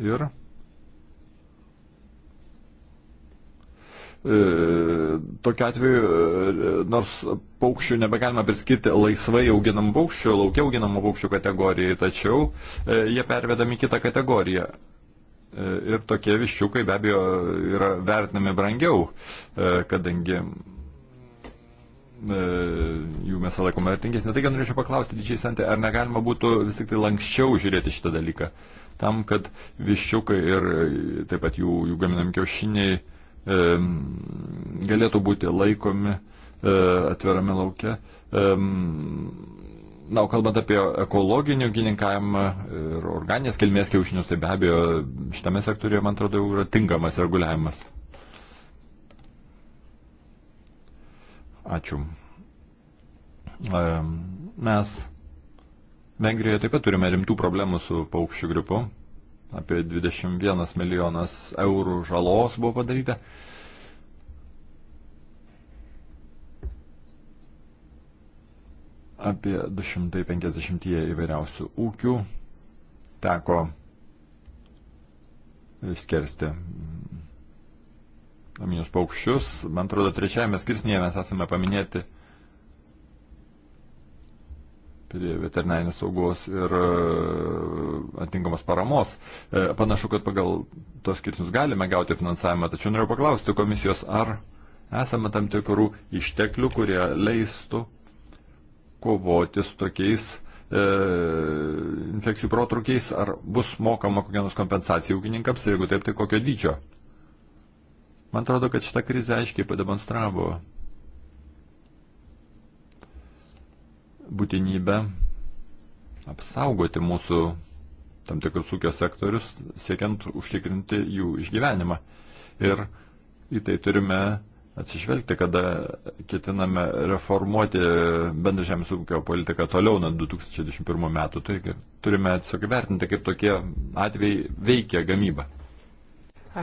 Ir e, tokiu atveju, e, nors paukščių nebegalima priskirti laisvai auginamų paukščių, laukia auginamų paukščių kategorijai, tačiau e, jie pervedami kitą kategoriją. E, ir tokie viščiukai be abejo yra vertinami brangiau, e, kadangi e, jų mes laikome vertingesnė. Taigi norėčiau paklausti, didžiai santė, ar negalima būtų vis tik tai lankščiau žiūrėti šitą dalyką, tam, kad viščiukai ir taip pat jų, jų gaminami kiaušiniai e, galėtų būti laikomi e, atvirame laukia. E, Na, o kalbant apie ekologinį gininkavimą ir organinės kilmės kiaušinius, tai be abejo šitame sektoriuje, man atrodo, jau yra tinkamas reguliavimas. Ačiū. Mes Vengrijoje taip pat turime rimtų problemų su paukščių gripu. Apie 21 milijonas eurų žalos buvo padaryta. apie 250 įvairiausių ūkių teko skersti naminius paukščius. Man atrodo, trečiajame skirsnėje mes esame paminėti prie veterinarinės saugos ir e, atinkamos paramos. E, panašu, kad pagal tos skirsnius galime gauti finansavimą, tačiau noriu paklausti komisijos, ar esame tam tikrų išteklių, kurie leistų kovoti su tokiais e, infekcijų protrukiais, ar bus mokama kokia nors kompensacija ūkininkams ir jeigu taip, tai kokio dydžio. Man atrodo, kad šitą krizę aiškiai pademonstravo būtinybę apsaugoti mūsų tam tikrus ūkio sektorius, siekiant užtikrinti jų išgyvenimą. Ir į tai turime atsižvelgti, kada ketiname reformuoti bendrą žemės ūkio politiką toliau nuo 2021 metų. Taigi turime tiesiog vertinti, kaip tokie atvejai veikia gamybą.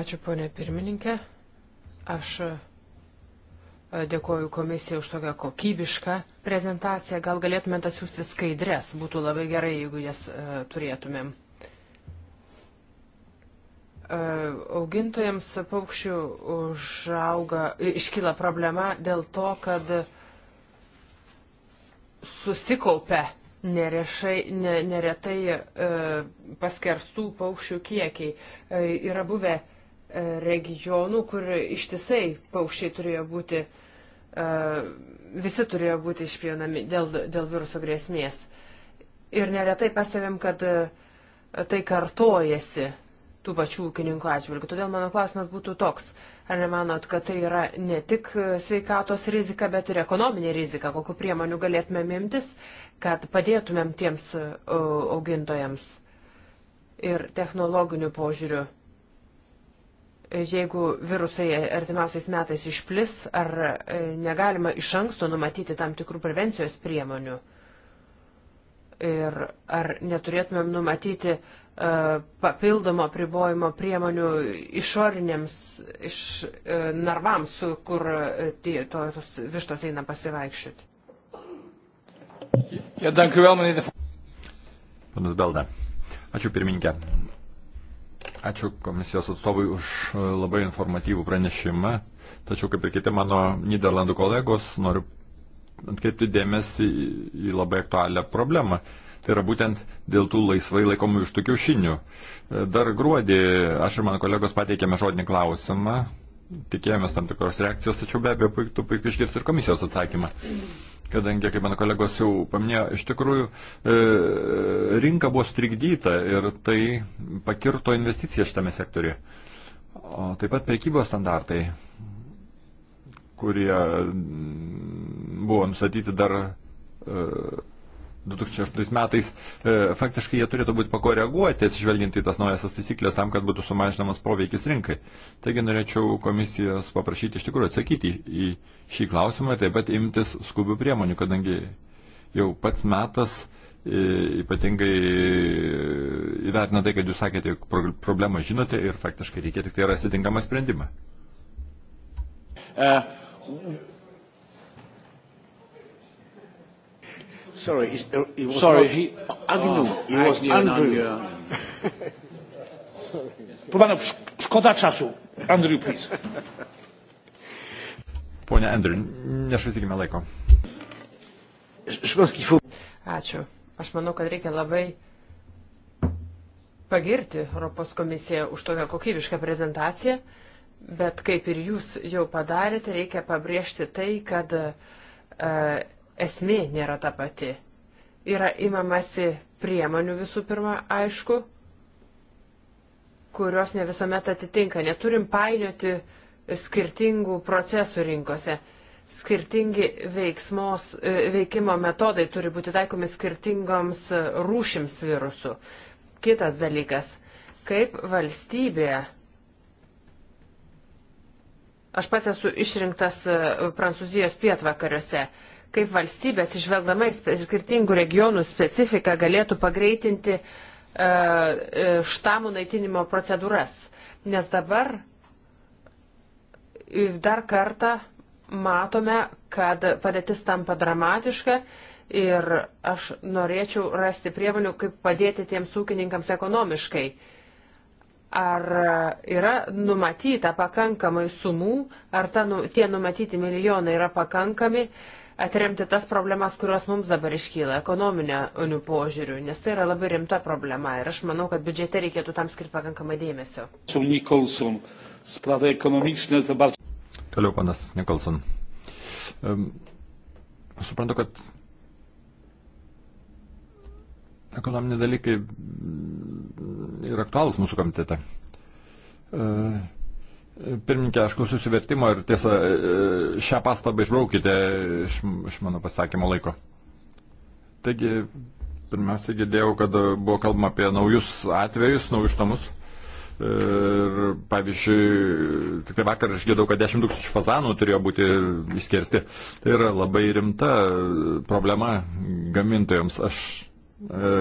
Ačiū, ponė pirmininkė. Aš e, dėkoju komisijai už tokią kokybišką prezentaciją. Gal galėtumėte atsiųsti skaidres, būtų labai gerai, jeigu jas e, turėtumėm augintojams paukščių užauga, iškyla problema dėl to, kad susikaupia nerešai, ne, neretai e, paskerstų paukščių kiekiai. E, yra buvę e, regionų, kur ištisai paukščiai turėjo būti, e, visi turėjo būti išpjaunami dėl, dėl viruso grėsmės. Ir neretai pastebėm, kad e, tai kartojasi tų pačių ūkininkų atžvilgių. Todėl mano klausimas būtų toks. Ar nemanot, kad tai yra ne tik sveikatos rizika, bet ir ekonominė rizika, kokiu priemonių galėtumėm imtis, kad padėtumėm tiems e, augintojams ir technologiniu požiūriu? Jeigu virusai artimiausiais metais išplis, ar e, negalima iš anksto numatyti tam tikrų prevencijos priemonių? Ir ar neturėtumėm numatyti uh, E, papildomo pribojimo priemonių išoriniams iš, e, narvams, kur e, tie, tos vištos eina pasivaikščioti. Ja, vėl, manėte. Panas Belda. Ačiū pirmininkė. Ačiū komisijos atstovui už labai informatyvų pranešimą. Tačiau, kaip ir kiti mano Niderlandų kolegos, noriu atkreipti dėmesį į labai aktualią problemą. Uh, Tai yra būtent dėl tų laisvai laikomų iš tų kiaušinių. Dar gruodį aš ir mano kolegos pateikėme žodinį klausimą, tikėjomės tam tikros reakcijos, tačiau be abejo puikiai puik išgirsti ir komisijos atsakymą. Kadangi, kaip mano kolegos jau paminėjo, iš tikrųjų e, rinka buvo strikdyta ir tai pakirto investiciją šitame sektoriu. O taip pat prekybos standartai, kurie buvo nustatyti dar e, 2008 metais, e, faktiškai jie turėtų būti pakoreguoti, atsižvelgiant į tas naujas taisyklės, tam, kad būtų sumažinamas poveikis rinkai. Taigi norėčiau komisijos paprašyti iš tikrųjų atsakyti į šį klausimą ir taip pat imtis skubių priemonių, kadangi jau pats metas e, ypatingai e, įvertina tai, kad jūs sakėte, jog problemą žinote ir faktiškai reikia tik tai rasti tinkamą sprendimą. Uh. Sorry, it uh, was Sorry, not he, Agnew. Oh, it was Agnew. Andrew. Andrew. Panu, szkoda czasu. Andrew, please. Pone Andrew, nešvaistykime laiko. Ačiū. Aš manau, kad reikia labai pagirti Europos komisiją už tokią kokybišką prezentaciją, bet kaip ir jūs jau padarėte, reikia pabrėžti tai, kad uh, esmė nėra ta pati. Yra imamasi priemonių visų pirma, aišku, kurios ne visuomet atitinka. Neturim painioti skirtingų procesų rinkose. Skirtingi veiksmos, e, veikimo metodai turi būti taikomi skirtingoms e, rūšims virusų. Kitas dalykas, kaip valstybė. Aš pats esu išrinktas e, Prancūzijos pietvakariuose kaip valstybės, išvelgdama į skirtingų regionų specifiką, galėtų pagreitinti e, e, štamų naitinimo procedūras. Nes dabar dar kartą matome, kad padėtis tampa dramatiška ir aš norėčiau rasti priemonių, kaip padėti tiems ūkininkams ekonomiškai. Ar yra numatyta pakankamai sumų, ar ta, nu, tie numatyti milijonai yra pakankami, uh, atremti tas problemas, kurios mums dabar iškyla ekonominio požiūrių, nes tai yra labai rimta problema ir aš manau, kad biudžete reikėtų tam skirti pakankamai dėmesio. Toliau panas Nikolson. Um, suprantu, kad ekonominiai dalykai mm, yra aktualūs mūsų komitete. Uh, Pirmininkė, aš klausiu suvertimo ir tiesą, e, šią pastabą išbraukite iš, iš mano pasakymo laiko. Taigi, pirmiausia, girdėjau, kad buvo kalbama apie naujus atvejus, naujus namus. E, ir, pavyzdžiui, tik tai vakar išgirdau, kad 10 tūkstančių fazanų turėjo būti išskirsti. Tai yra labai rimta problema gamintojams. Aš e,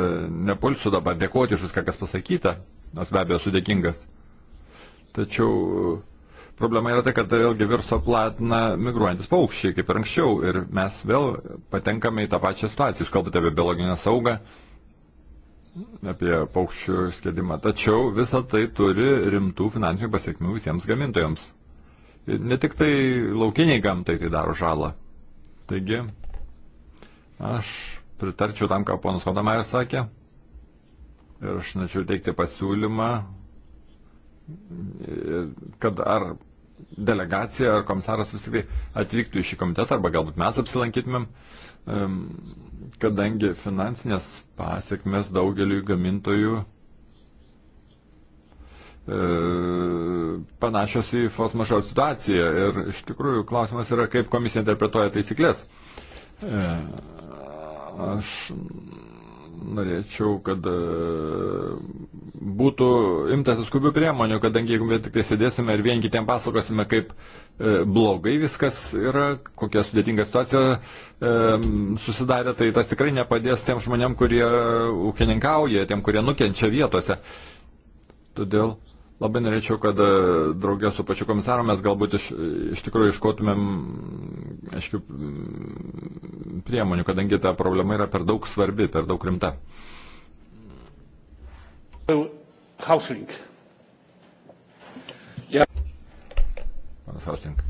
nepulsiu dabar dėkoti už viską, kas pasakyta, nors be abejo sudėkingas. Tačiau Problema yra ta, kad tai vėlgi virusą platina migruojantis paukščiai, kaip ir anksčiau, ir mes vėl patenkame į tą pačią situaciją. Jūs kalbate apie biologinę saugą, apie paukščių skėdimą, tačiau visa tai turi rimtų finansinių pasiekmių visiems gamintojams. Ne tik tai laukiniai gamtai tai daro žalą. Taigi, aš pritarčiau tam, ką ponas Kodamajus sakė. Ir aš načiau teikti pasiūlymą kad ar delegacija ar komisaras vis tik atvyktų į šį komitetą, arba galbūt mes apsilankytumėm, kadangi finansinės pasiekmes daugeliu gamintojų e, panašios į fos mažor situaciją. Ir iš tikrųjų klausimas yra, kaip komisija interpretuoja taisyklės. E, aš norėčiau, kad e, būtų imtas skubių priemonių, kadangi jeigu mes tik tai sėdėsime ir vien kitiem pasakosime, kaip e, blogai viskas yra, kokia sudėtinga situacija e, susidarė, tai tas tikrai nepadės tiem žmonėm, kurie ūkininkauja, tiem, kurie nukenčia vietose. Todėl Labai norėčiau, kad e, draugė su pačiu komisaru mes galbūt iš, iš tikrųjų iškotumėm mm, aiškių mm, priemonių, kadangi ta problema yra per daug svarbi, per daug rimta. Hausling. Ja. Hausling.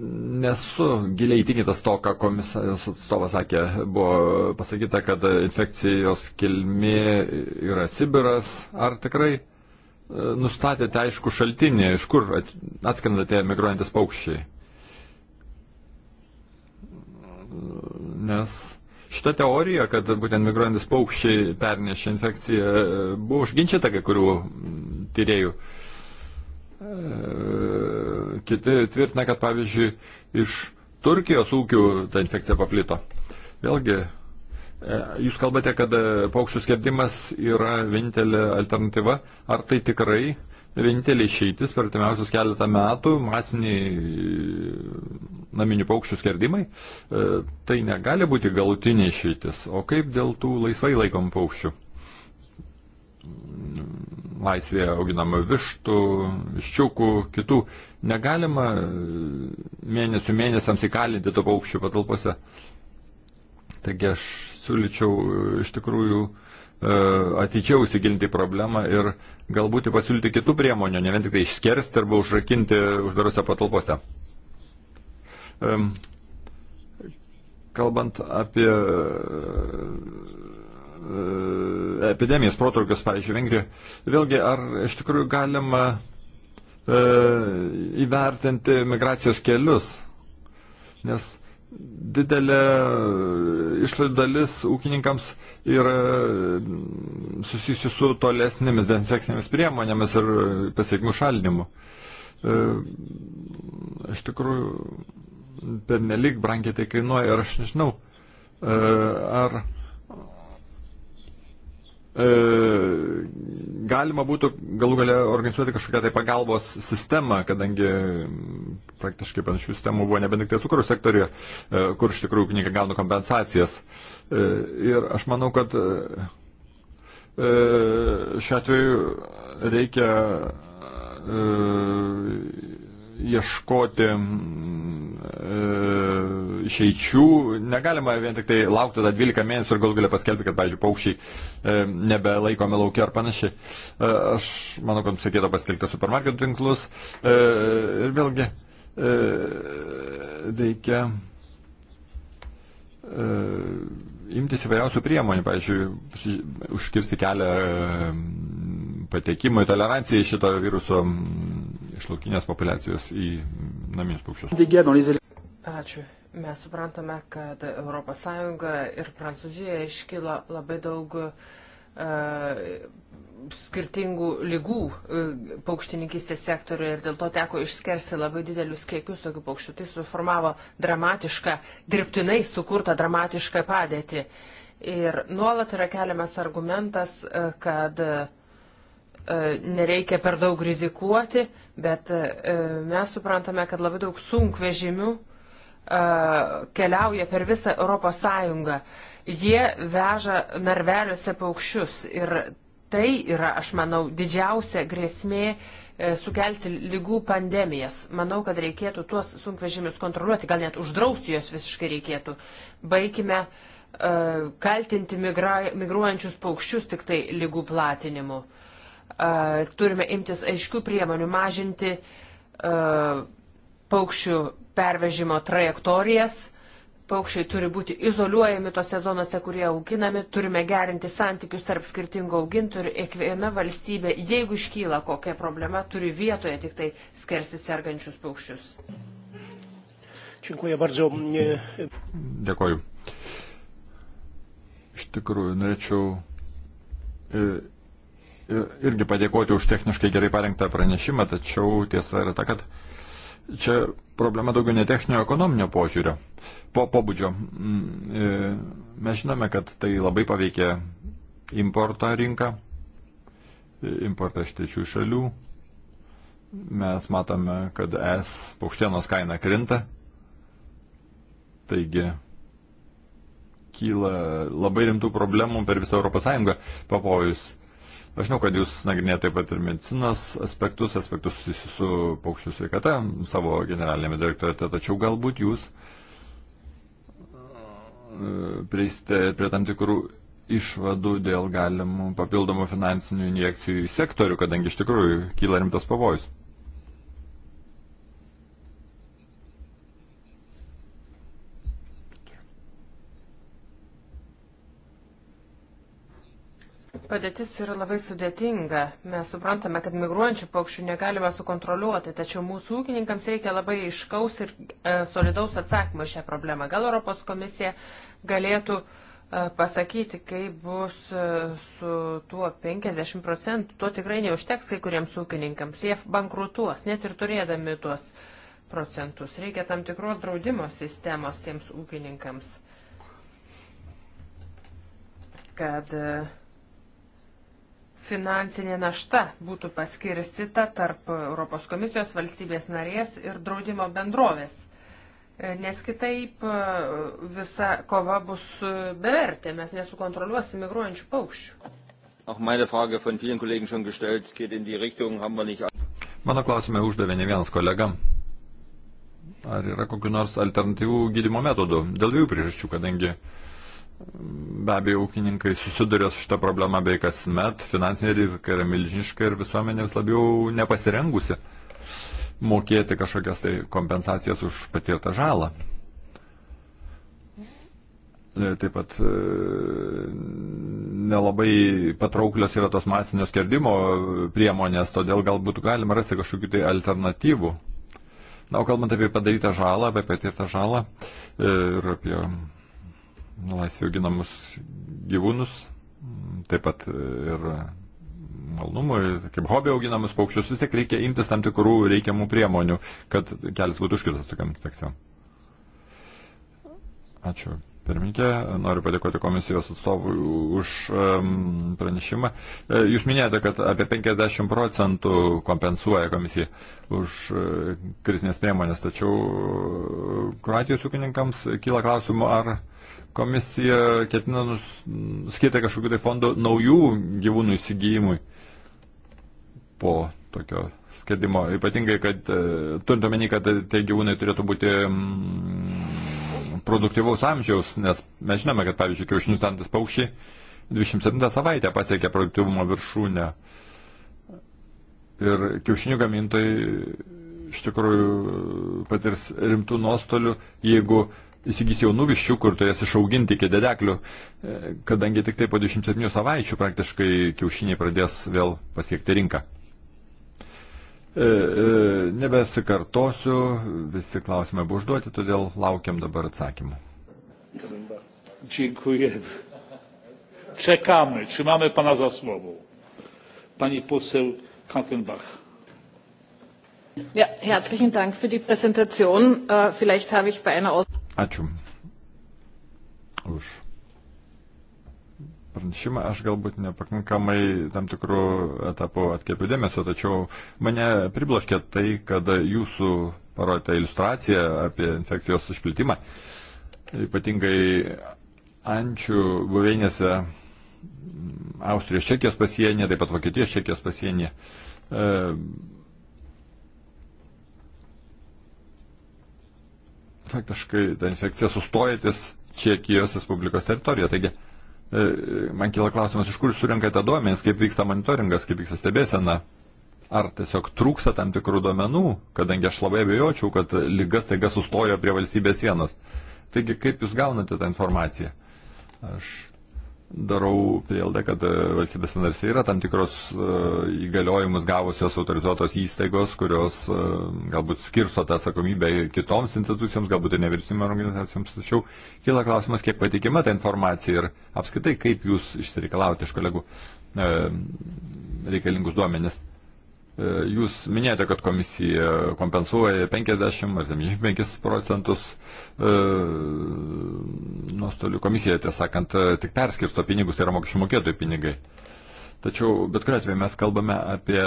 nesu giliai įtikintas to, ką komisijos atstovas sakė. Buvo pasakyta, kad infekcijos kilmė yra Sibiras. Ar tikrai e, nustatėte aišku šaltinį, iš kur atskrenda tie migruojantis paukščiai? Nes šita teorija, kad būtent migruojantis paukščiai pernešė infekciją, buvo užginčyta kai kurių tyriejų. Uh, E, kiti tvirtina, kad pavyzdžiui iš Turkijos ūkių ta infekcija paplito. Vėlgi, e, jūs kalbate, kad e, paukščių skerdimas yra vienintelė alternatyva. Ar tai tikrai vienintelė išeitis per artimiausius keletą metų masiniai naminių paukščių skerdimai, tai negali būti galutinė išeitis. O kaip dėl tų laisvai laikomų paukščių? laisvėje auginama vištų, viščiukų, kitų. Negalima e, mėnesių mėnesiams įkalinti to paukščių patalpose. Taigi aš siūlyčiau e, iš tikrųjų e, atidžiau įsigilinti problemą ir galbūt pasiūlyti kitų priemonių, ne vien tik tai išskersti arba užrakinti uždarose patalpose. Kalbant apie E, epidemijas, protrukius, pavyzdžiui, Vengrijoje. Vėlgi, ar iš tikrųjų galima e, įvertinti migracijos kelius? Nes didelė e, išlaidų dalis ūkininkams yra susijusi su tolesnėmis dezinfekcinėmis priemonėmis ir pasiekmių šalinimu. E, iš tikrųjų, per nelik brangiai tai kainuoja ir aš nežinau, ar E, galima būtų galų gale organizuoti kažkokią tai pagalbos sistemą, kadangi praktiškai panašių sistemų buvo nebent tik tai cukrų sektoriuje, e, kur iš tikrųjų ūkininkai gauna kompensacijas. E, ir aš manau, kad šiuo atveju reikia ieškoti mm, e, išeičių. Negalima vien tik tai laukti tą 12 mėnesių ir gal galia paskelbti, kad, pavyzdžiui, paukščiai e, nebelaikomi laukia ar panašiai. E, aš manau, kad reikėtų paskelbti supermarketų tinklus. Ir vėlgi reikia imtis įvairiausių priemonių, pavyzdžiui, užkirsti kelią patekimui, tolerancijai šito viruso iš laukinės populacijos į naminius paukščius. Ačiū. Mes suprantame, kad ES ir Prancūzijoje iškilo labai daug uh, skirtingų lygų e, paukštininkistės sektoriuje ir dėl to teko išskersti labai didelius kiekius tokių paukščių. Tai suformavo dramatišką, dirbtinai sukurtą dramatišką padėtį. Ir nuolat yra keliamas argumentas, e, kad uh, E, nereikia per daug rizikuoti, bet e, mes suprantame, kad labai daug sunkvežimių e, keliauja per visą Europos Sąjungą. Jie veža narveliuose paukščius ir tai yra, aš manau, didžiausia grėsmė sukelti lygų pandemijas. Manau, kad reikėtų tuos sunkvežimius kontroliuoti, gal net uždrausti juos visiškai reikėtų. Baikime uh, kaltinti migra, migruojančius paukščius tik tai lygų platinimu. Uh, turime imtis aiškių priemonių mažinti paukščių pervežimo trajektorijas. Paukščiai turi būti izoliuojami tose zonose, kurie auginami, turime gerinti santykius tarp skirtingų augintų ir kiekviena valstybė, jeigu iškyla kokia problema, turi vietoje tik tai skersti sergančius paukščius. Dėkuoju. Iš tikrųjų, norėčiau e, irgi padėkoti už techniškai gerai parengtą pranešimą, tačiau tiesa yra ta, kad čia problema daugiau ne techninio ekonominio požiūrio, po pobūdžio. Mm, e, mes žinome, kad tai labai paveikė importo rinką, importą iš trečių šalių. Mes matome, kad S paukštienos kaina krinta. Taigi kyla labai rimtų problemų per visą ES papojus Aš žinau, kad jūs nagrinėjate taip pat ir medicinos aspektus, aspektus susijusius su paukščių sveikata savo generalinėme direktorate, tačiau galbūt jūs e, prieisite prie tam tikrų išvadų dėl galimų papildomų finansinių injekcijų į sektorių, kadangi iš tikrųjų kyla rimtas pavojus. Padėtis yra labai sudėtinga. Mes suprantame, kad migruojančių paukščių negalime sukontroliuoti, tačiau mūsų ūkininkams reikia labai iškaus ir e, solidaus atsakymo šią problemą. Gal Europos komisija galėtų e, pasakyti, kaip bus e, su tuo 50 procentų. Tuo tikrai neužteks kai kuriems ūkininkams. Jie bankrutuos, net ir turėdami tuos procentus. Reikia tam tikros draudimo sistemos tiems ūkininkams. Kad, e, finansinė našta būtų paskirstita tarp Europos komisijos valstybės narės ir draudimo bendrovės. E, nes kitaip e, visa kova bus bevertė, mes nesukontroliuosim migruojančių paukščių. Mano klausime uždavė ne vienas kolega. Ar yra kokiu nors alternatyvų gydimo metodų? Dėl dviejų priežasčių, kadangi uh, Be abejo, ūkininkai susiduria su šitą problemą bei kasmet, finansinė rizika yra milžiniška ir visuomenė vis labiau nepasirengusi mokėti kažkokias tai kompensacijas už patirtą žalą. E, taip pat e, nelabai patrauklios yra tos masinio skerdimo priemonės, todėl galbūt galima rasti kažkokių tai alternatyvų. Na, o kalbant apie padarytą žalą, apie patirtą žalą e, ir apie laisvė auginamus gyvūnus, taip pat ir malnumui, kaip hobį auginamus paukščius, vis tiek reikia imtis tam tikrų reikiamų priemonių, kad kelias būtų užkirtas tokiam infekcijom. Ačiū pirmininkė, noriu padėkoti komisijos atstovui už um, pranešimą. E, jūs minėjote, kad apie 50 procentų kompensuoja komisija už uh, krizinės priemonės, tačiau uh, Kroatijos ūkininkams kyla klausimų, ar komisija ketina skirti kažkokiu tai fondu naujų gyvūnų įsigijimui po tokio skerdimo. Ypatingai, kad uh, turint omeny, kad tie gyvūnai turėtų būti. Um, produktyvaus amžiaus, nes mes žinome, kad, pavyzdžiui, kiaušinius dantis paukščiai 27 savaitę pasiekė produktyvumo viršūnę. Ir kiaušinių gamintojai iš tikrųjų patirs rimtų nuostolių, jeigu įsigys jaunų viščių, kur turės išauginti iki dedeklių, kadangi tik tai po 27 savaičių praktiškai kiaušiniai pradės vėl pasiekti rinką. E, e, nebesikartosiu, visi klausimai buvo užduoti, todėl laukiam dabar atsakymų. Dziękujemy. Czekamy, trzymamy Pana za słowo. Pani poseł Kaltenbach. Ja, herzlichen Dank für die Präsentation. Äh, vielleicht habe ich bei einer Ačiū už pranešimą aš galbūt nepakankamai tam tikrų etapų atkreipiu dėmesio, tačiau mane pribloškė tai, kad jūsų parodėte iliustraciją apie infekcijos išplitimą, ypatingai ančių buveinėse Austrijos Čekijos pasienyje, taip pat Vokietijos Čekijos pasienyje. E, faktiškai ta infekcija sustoja ties Čekijos Respublikos teritorijoje. Taigi, E, man kila klausimas, iš kur surinkate duomenys, kaip vyksta monitoringas, kaip vyksta stebėsena. Ar tiesiog trūksta tam tikrų duomenų, kadangi aš labai abejočiau, kad lygas taiga sustojo prie valstybės sienos. Taigi, kaip jūs gaunate tą informaciją? Aš darau prielaidą, kad e, valstybės narėse yra tam tikros e, įgaliojimus gavusios autorizuotos įstaigos, kurios e, galbūt skirsto tą atsakomybę kitoms institucijoms, galbūt ir nevyriausybinėms organizacijoms, tačiau kyla klausimas, kiek patikima ta informacija ir apskaitai, kaip jūs išsireikalauti iš kolegų reikalingus duomenis. E, jūs minėjote, kad komisija kompensuoja 50 ar 75 procentus e, nuostolių. Komisija, tiesąkant, e, tik perskirsto pinigus, tai yra mokesčių mokėtojų pinigai. Tačiau bet kuriuo atveju mes kalbame apie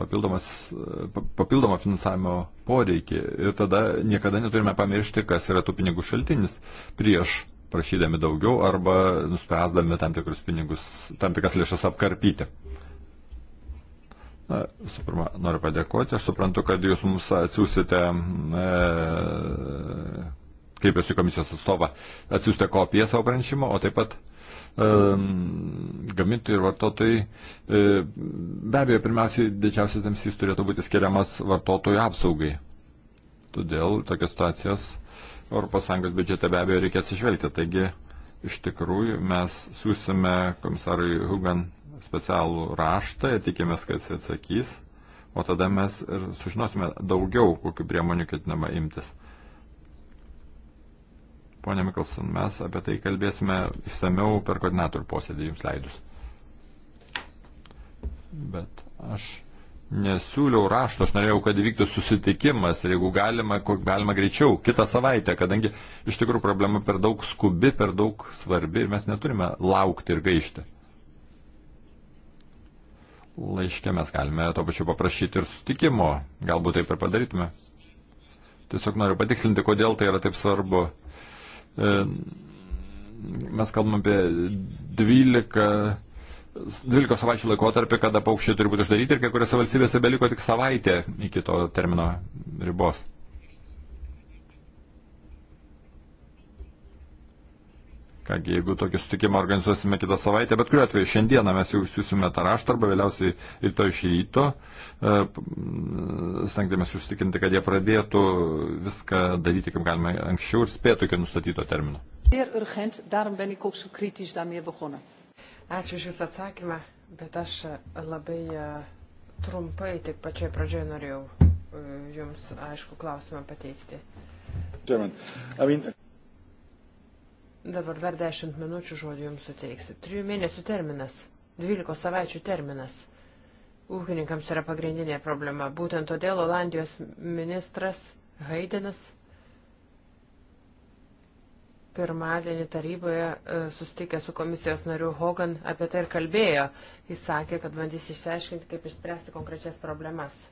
papildomą finansavimo poreikį ir tada niekada neturime pamiršti, kas yra tų pinigų šaltinis prieš prašydami daugiau arba nuspręsdami tam tikrus pinigus, tam tikras lėšas apkarpyti. Na, visų pirma, noriu padėkoti. Aš suprantu, kad jūs mums atsiūsite, e, kaip esu komisijos atstovą, atsiūsite kopiją savo pranešimo, o taip pat e, gamintojai ir vartotojai. E, be abejo, pirmiausiai didžiausias dėmesys turėtų būti skiriamas vartotojų apsaugai. Todėl tokias situacijas ES biudžete be abejo reikės išvelgti. Taigi, iš tikrųjų, mes siūsime komisarui Hugan specialų raštą ir tikimės, kad jis atsakys, o tada mes ir sužinosime daugiau, kokiu priemonių ketinama imtis. Pone Mikalson, mes apie tai kalbėsime išsameu per koordinatorių posėdį jums leidus. Bet aš nesiūliau rašto, aš norėjau, kad įvyktų susitikimas ir jeigu galima, galima greičiau, kitą savaitę, kadangi iš tikrųjų problema per daug skubi, per daug svarbi ir mes neturime laukti ir gaišti laiške mes galime to pačiu paprašyti ir sutikimo, galbūt taip ir padarytume. Tiesiog noriu patikslinti, kodėl tai yra taip svarbu. E, mes kalbame apie 12, 12 savaičių laikotarpį, kada paukščiai turi būti uždaryti ir kai kuriuose valstybėse beliko tik savaitė iki to termino ribos. Kągi, jeigu tokį sutikimą organizuosime kitą savaitę, bet kuriuo atveju šiandieną mes jau siūsime tą raštą arba vėliausiai rytoj iš ryto, e, stengdamės jūs tikinti, kad jie pradėtų viską daryti kaip galima anksčiau ir spėtų iki nustatyto termino. Ačiū už Jūsų atsakymą, bet aš e, labai e, trumpai tik pačioje pradžioje norėjau Jums aišku klausimą pateikti. German. I mean... Dabar dar 10 minučių žodį jums suteiksiu. 3 mėnesių terminas, 12 savaičių terminas. Ūkininkams yra pagrindinė problema. Būtent todėl Olandijos ministras Haidenas pirmadienį taryboje e, sustikė su komisijos nariu Hogan apie tai ir kalbėjo. Jis sakė, kad bandys išsiaiškinti, kaip išspręsti konkrečias problemas.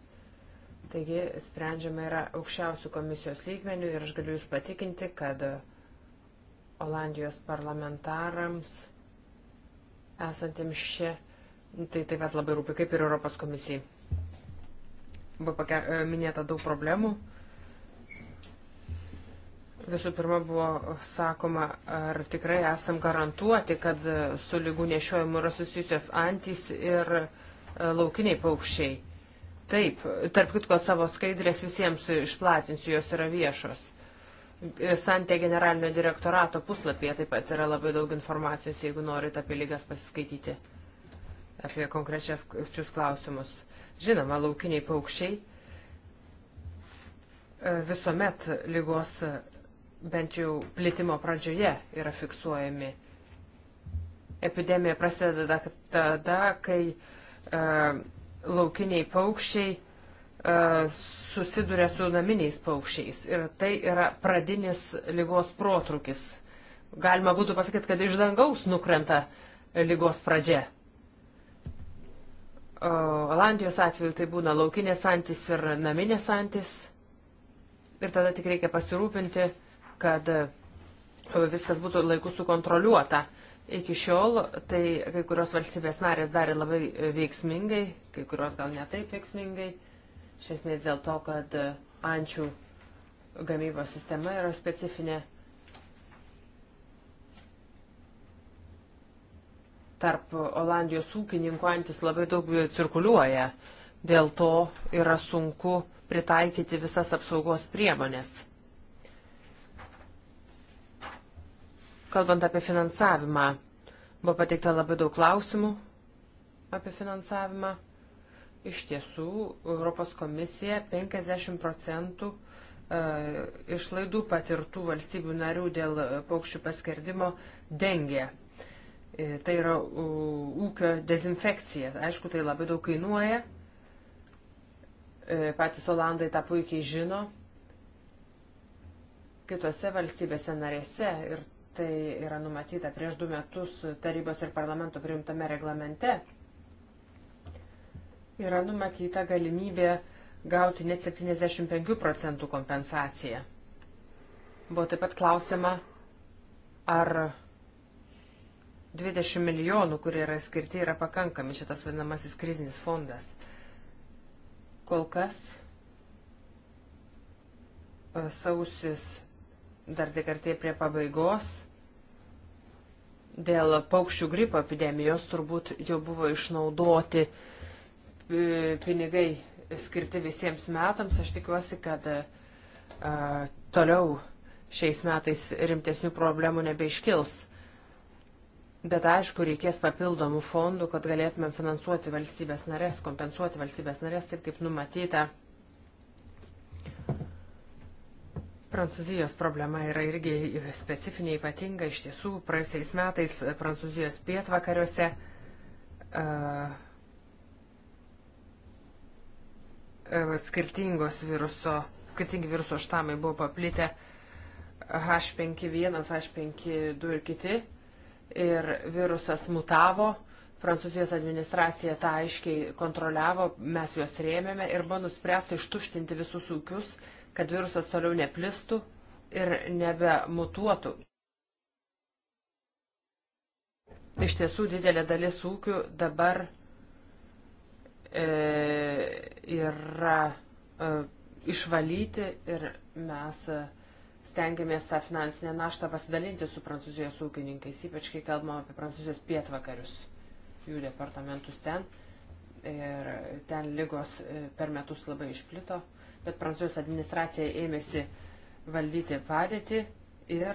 Taigi sprendžiama yra aukščiausių komisijos lygmenių ir aš galiu Jūs patikinti, kad uh, Olandijos parlamentarams esantiems čia. Tai taip pat labai rūpi, kaip ir Europos komisijai. Buvo pake, e, minėta daug problemų. Visų pirma, buvo sakoma, ar tikrai esam garantuoti, kad su lygų nešiojimu yra susijusios antys ir e, laukiniai paukščiai. Taip, tarp kitko savo skaidrės visiems išplatinsiu, jos yra viešos. Santė generalinio direktorato puslapyje taip pat yra labai daug informacijos, jeigu norit apie lygas pasiskaityti, apie konkrečias klausimus. Žinoma, laukiniai paukščiai e, visuomet lygos e, bent jau plitimo pradžioje yra fiksuojami. Epidemija prasideda tada, kai e, laukiniai paukščiai E, susiduria su naminiais paukščiais ir tai yra pradinis lygos protrukis. Galima būtų pasakyti, kad iš dangaus nukrenta lygos pradžia. Olandijos atveju tai būna laukinės antis ir naminės antis. Ir tada tik reikia pasirūpinti, kad viskas būtų laiku sukontroliuota. Iki šiol tai kai kurios valstybės narės darė labai veiksmingai, kai kurios gal netaip veiksmingai. Iš esmės dėl to, kad ančių gamybos sistema yra specifinė. Tarp Olandijos ūkininkų antis labai daug cirkuliuoja, dėl to yra sunku pritaikyti visas apsaugos priemonės. Kalbant apie finansavimą, buvo pateikta labai daug klausimų apie finansavimą. Iš tiesų, Europos komisija 50 procentų e, išlaidų patirtų valstybių narių dėl e, paukščių paskerdimo dengia. E, tai yra ūkio dezinfekcija. Aišku, tai labai daug kainuoja. Patys Olandai tą puikiai žino. Kitose valstybėse narėse ir tai yra numatyta prieš du metus tarybos ir parlamento priimtame reglamente yra numatyta galimybė gauti net 75 procentų kompensaciją. Buvo taip pat klausima, ar 20 milijonų, kurie yra skirti, yra pakankami šitas vadinamasis krizinis fondas. Kol kas e, sausis dar tik artėja prie pabaigos. Dėl paukščių gripo epidemijos turbūt jau buvo išnaudoti uh, pinigai skirti visiems metams. Aš tikiuosi, kad a, toliau šiais metais rimtesnių problemų nebeiškils. Bet aišku, reikės papildomų fondų, kad galėtume finansuoti valstybės narės, kompensuoti valstybės narės, taip kaip numatyta. Prancūzijos problema yra irgi specifinė ypatinga. Iš tiesų, praėjusiais metais Prancūzijos pietvakariuose uh, E, skirtingos viruso, skirtingi viruso štamai buvo paplitę H5.1, H5.2 ir kiti. Ir virusas mutavo, Prancūzijos administracija tą aiškiai kontroliavo, mes juos rėmėme ir buvo nuspręsta ištuštinti visus ūkius, kad virusas toliau neplistų ir nebemutuotų. Iš tiesų didelė dalis ūkių dabar E, yra e, išvalyti ir mes e, stengiamės tą finansinę naštą pasidalinti su prancūzijos ūkininkais, ypač kai kalbam apie prancūzijos pietvakarius, jų departamentus ten. Ir ten lygos per metus labai išplito, bet prancūzijos administracija ėmėsi valdyti padėtį ir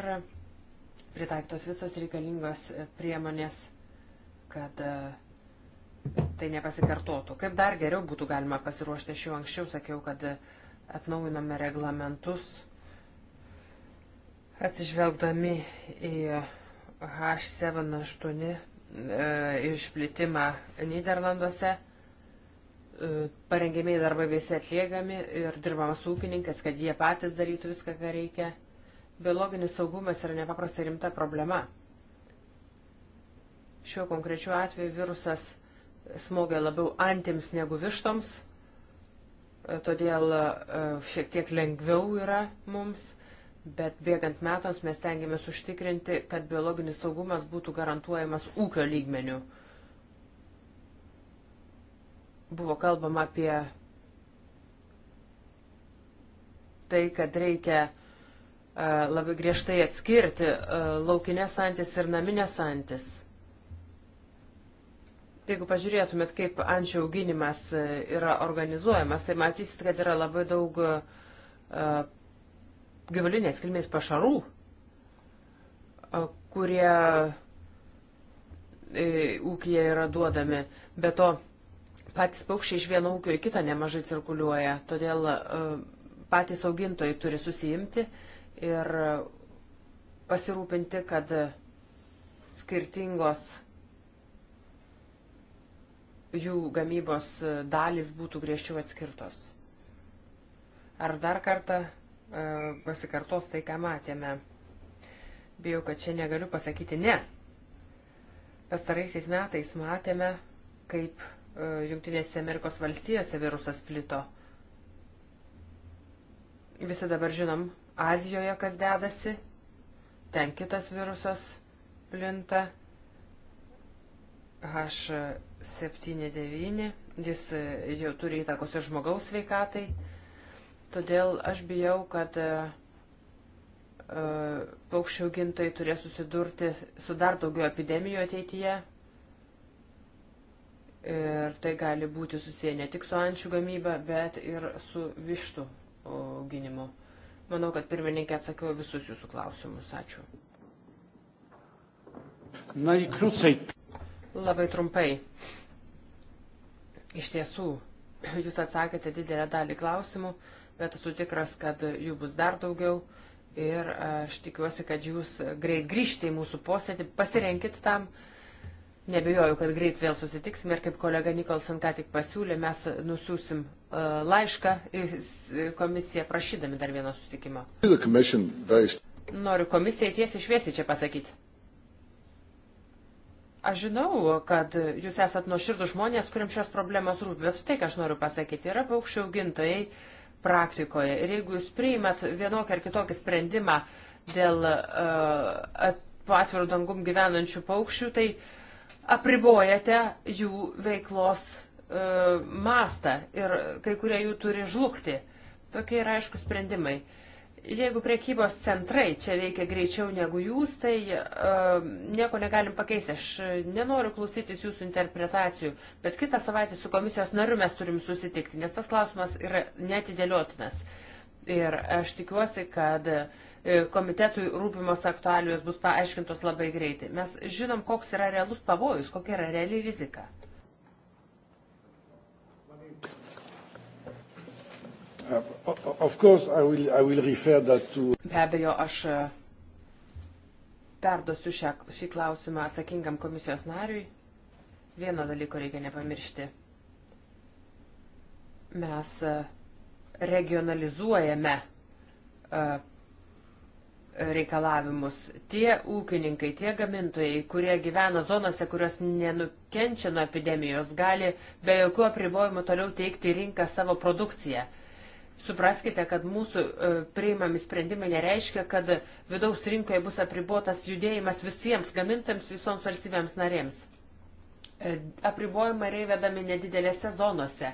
pritaiktos visos reikalingos priemonės, kad uh, tai nepasikartotų. Kaip dar geriau būtų galima pasiruošti, aš jau anksčiau sakiau, kad atnaujiname reglamentus atsižvelgdami į H78 e, išplitimą Niderlanduose. E, parengėmiai darbai visi atliekami ir dirbama su ūkininkais, kad jie patys darytų viską, ką reikia. Biologinis saugumas yra nepaprastai rimta problema. Šiuo konkrečiu atveju virusas smogia labiau antims negu vištoms, e, todėl e, šiek tiek lengviau yra mums, bet bėgant metams mes tengiamės užtikrinti, kad biologinis saugumas būtų garantuojamas ūkio lygmeniu. Buvo kalbama apie tai, kad reikia e, labai griežtai atskirti laukinės antis ir naminės antis Jeigu pažiūrėtumėt, kaip ančių auginimas e, yra organizuojamas, tai matysit, kad yra labai daug uh, gyvulinės kilmės pašarų, uh, kurie uh, ūkija yra duodami. Be to, patys paukščiai iš vieno ūkio į kitą nemažai cirkuliuoja, todėl uh, patys augintojai turi susijimti ir pasirūpinti, kad skirtingos jų gamybos dalis būtų griežčiau atskirtos. Ar dar kartą e, pasikartos tai, ką matėme? Bijau, kad čia negaliu pasakyti ne. Pastaraisiais metais matėme, kaip e, Junktinėse Amerikos valstijose virusas plito. Visi dabar žinom, Azijoje kas dedasi, ten kitas virusas plinta, H79, jis e, jau turi įtakos ir žmogaus sveikatai. Todėl aš bijau, kad e, e, paukščių gintojai turės susidurti su dar daugiau epidemijų ateityje. Ir tai gali būti susiję ne tik su ančių gamyba, bet ir su vištų auginimu. Manau, kad pirmininkė atsakiau visus jūsų klausimus. Ačiū. Najkrócej. Labai trumpai. Iš tiesų, jūs atsakėte didelę dalį klausimų, bet esu tikras, kad jų bus dar daugiau. Ir aš tikiuosi, kad jūs greit grįžtė į mūsų posėdį, pasirenkit tam. Nebejoju, kad greit vėl susitiksime ir kaip kolega Nikolson ką tik pasiūlė, mes nusiusim uh, e, laišką į komisiją prašydami dar vieno susitikimo. Noriu komisijai tiesiai šviesiai čia pasakyti. Aš žinau, kad jūs esat nuoširdų žmonės, kuriam šios problemos rūpi, bet štai ką aš noriu pasakyti. Yra paukščių augintojai praktikoje ir jeigu jūs priimat vienokį ar kitokį sprendimą dėl uh, po atvirų dangum gyvenančių paukščių, tai apribojate jų veiklos uh, mastą ir kai kurie jų turi žlugti. Tokie yra aišku sprendimai. Uh, jeigu priekybos centrai čia veikia greičiau negu jūs, tai uh, nieko negalim pakeisti. Aš nenoriu klausytis jūsų interpretacijų, bet kitą savaitę su komisijos nariu mes turim susitikti, nes tas klausimas yra netidėliotinas. Ir aš tikiuosi, kad e, komitetui rūpimos aktualijos bus paaiškintos labai greitai. Mes žinom, koks yra realus pavojus, kokia yra reali rizika. Uh, course, I will, I will to... Be abejo, aš uh, perduosiu šią, šį klausimą atsakingam komisijos nariui. Vieno dalyko reikia nepamiršti. Mes uh, regionalizuojame reikalavimus. Tie ūkininkai, tie gamintojai, kurie gyvena zonose, kurios nenukenčia nuo epidemijos, gali be jokių apribojimų toliau teikti rinką savo produkciją. Supraskite, kad mūsų e, priimami sprendimai nereiškia, kad vidaus rinkoje bus apribotas judėjimas visiems gamintams, visoms valstybėms narėms. E, apribojimai yra įvedami nedidelėse zonose.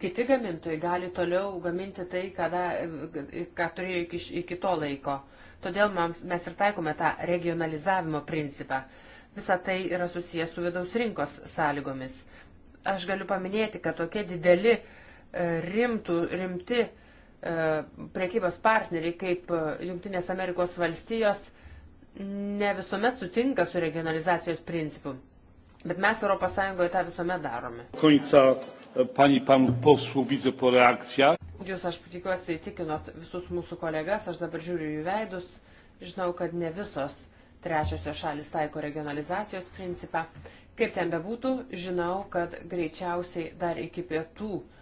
Kiti gamintojai gali toliau gaminti tai, kada, e, ką turėjo iki, iki to laiko. Todėl mes ir taikome tą regionalizavimo principą. Visa tai yra susijęs su vidaus rinkos sąlygomis. Aš galiu paminėti, kad tokie dideli uh, E, rimtų, rimti e, priekybos partneriai kaip e, Junktinės Amerikos valstijos ne visuomet sutinka su regionalizacijos principu. Bet mes ES tą visuomet darome. Konica, pani, pan poslu, vidzę po reakciją. Jūs, aš tikiuosi, įtikinot visus mūsų kolegas, aš dabar žiūriu jų veidus, žinau, kad ne visos trečiosios šalis taiko regionalizacijos principą. Kaip ten bebūtų, žinau, kad greičiausiai dar iki pietų uh,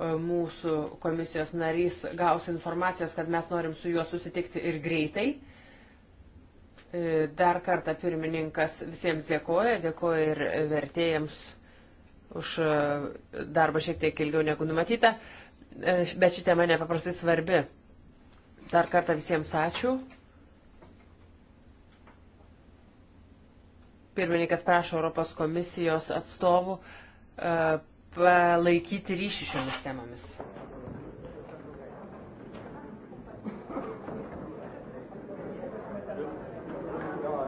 E, mūsų komisijos narys gaus informacijos, kad mes norim su juo susitikti ir greitai. E, dar kartą pirmininkas visiems dėkoja, dėkoja ir vertėjams už e, darbą šiek tiek ilgiau negu numatyta, bet ši tema nepaprastai svarbi. Dar kartą visiems ačiū. Pirmininkas prašo Europos komisijos atstovų palaikyti ryšį šiomis temomis.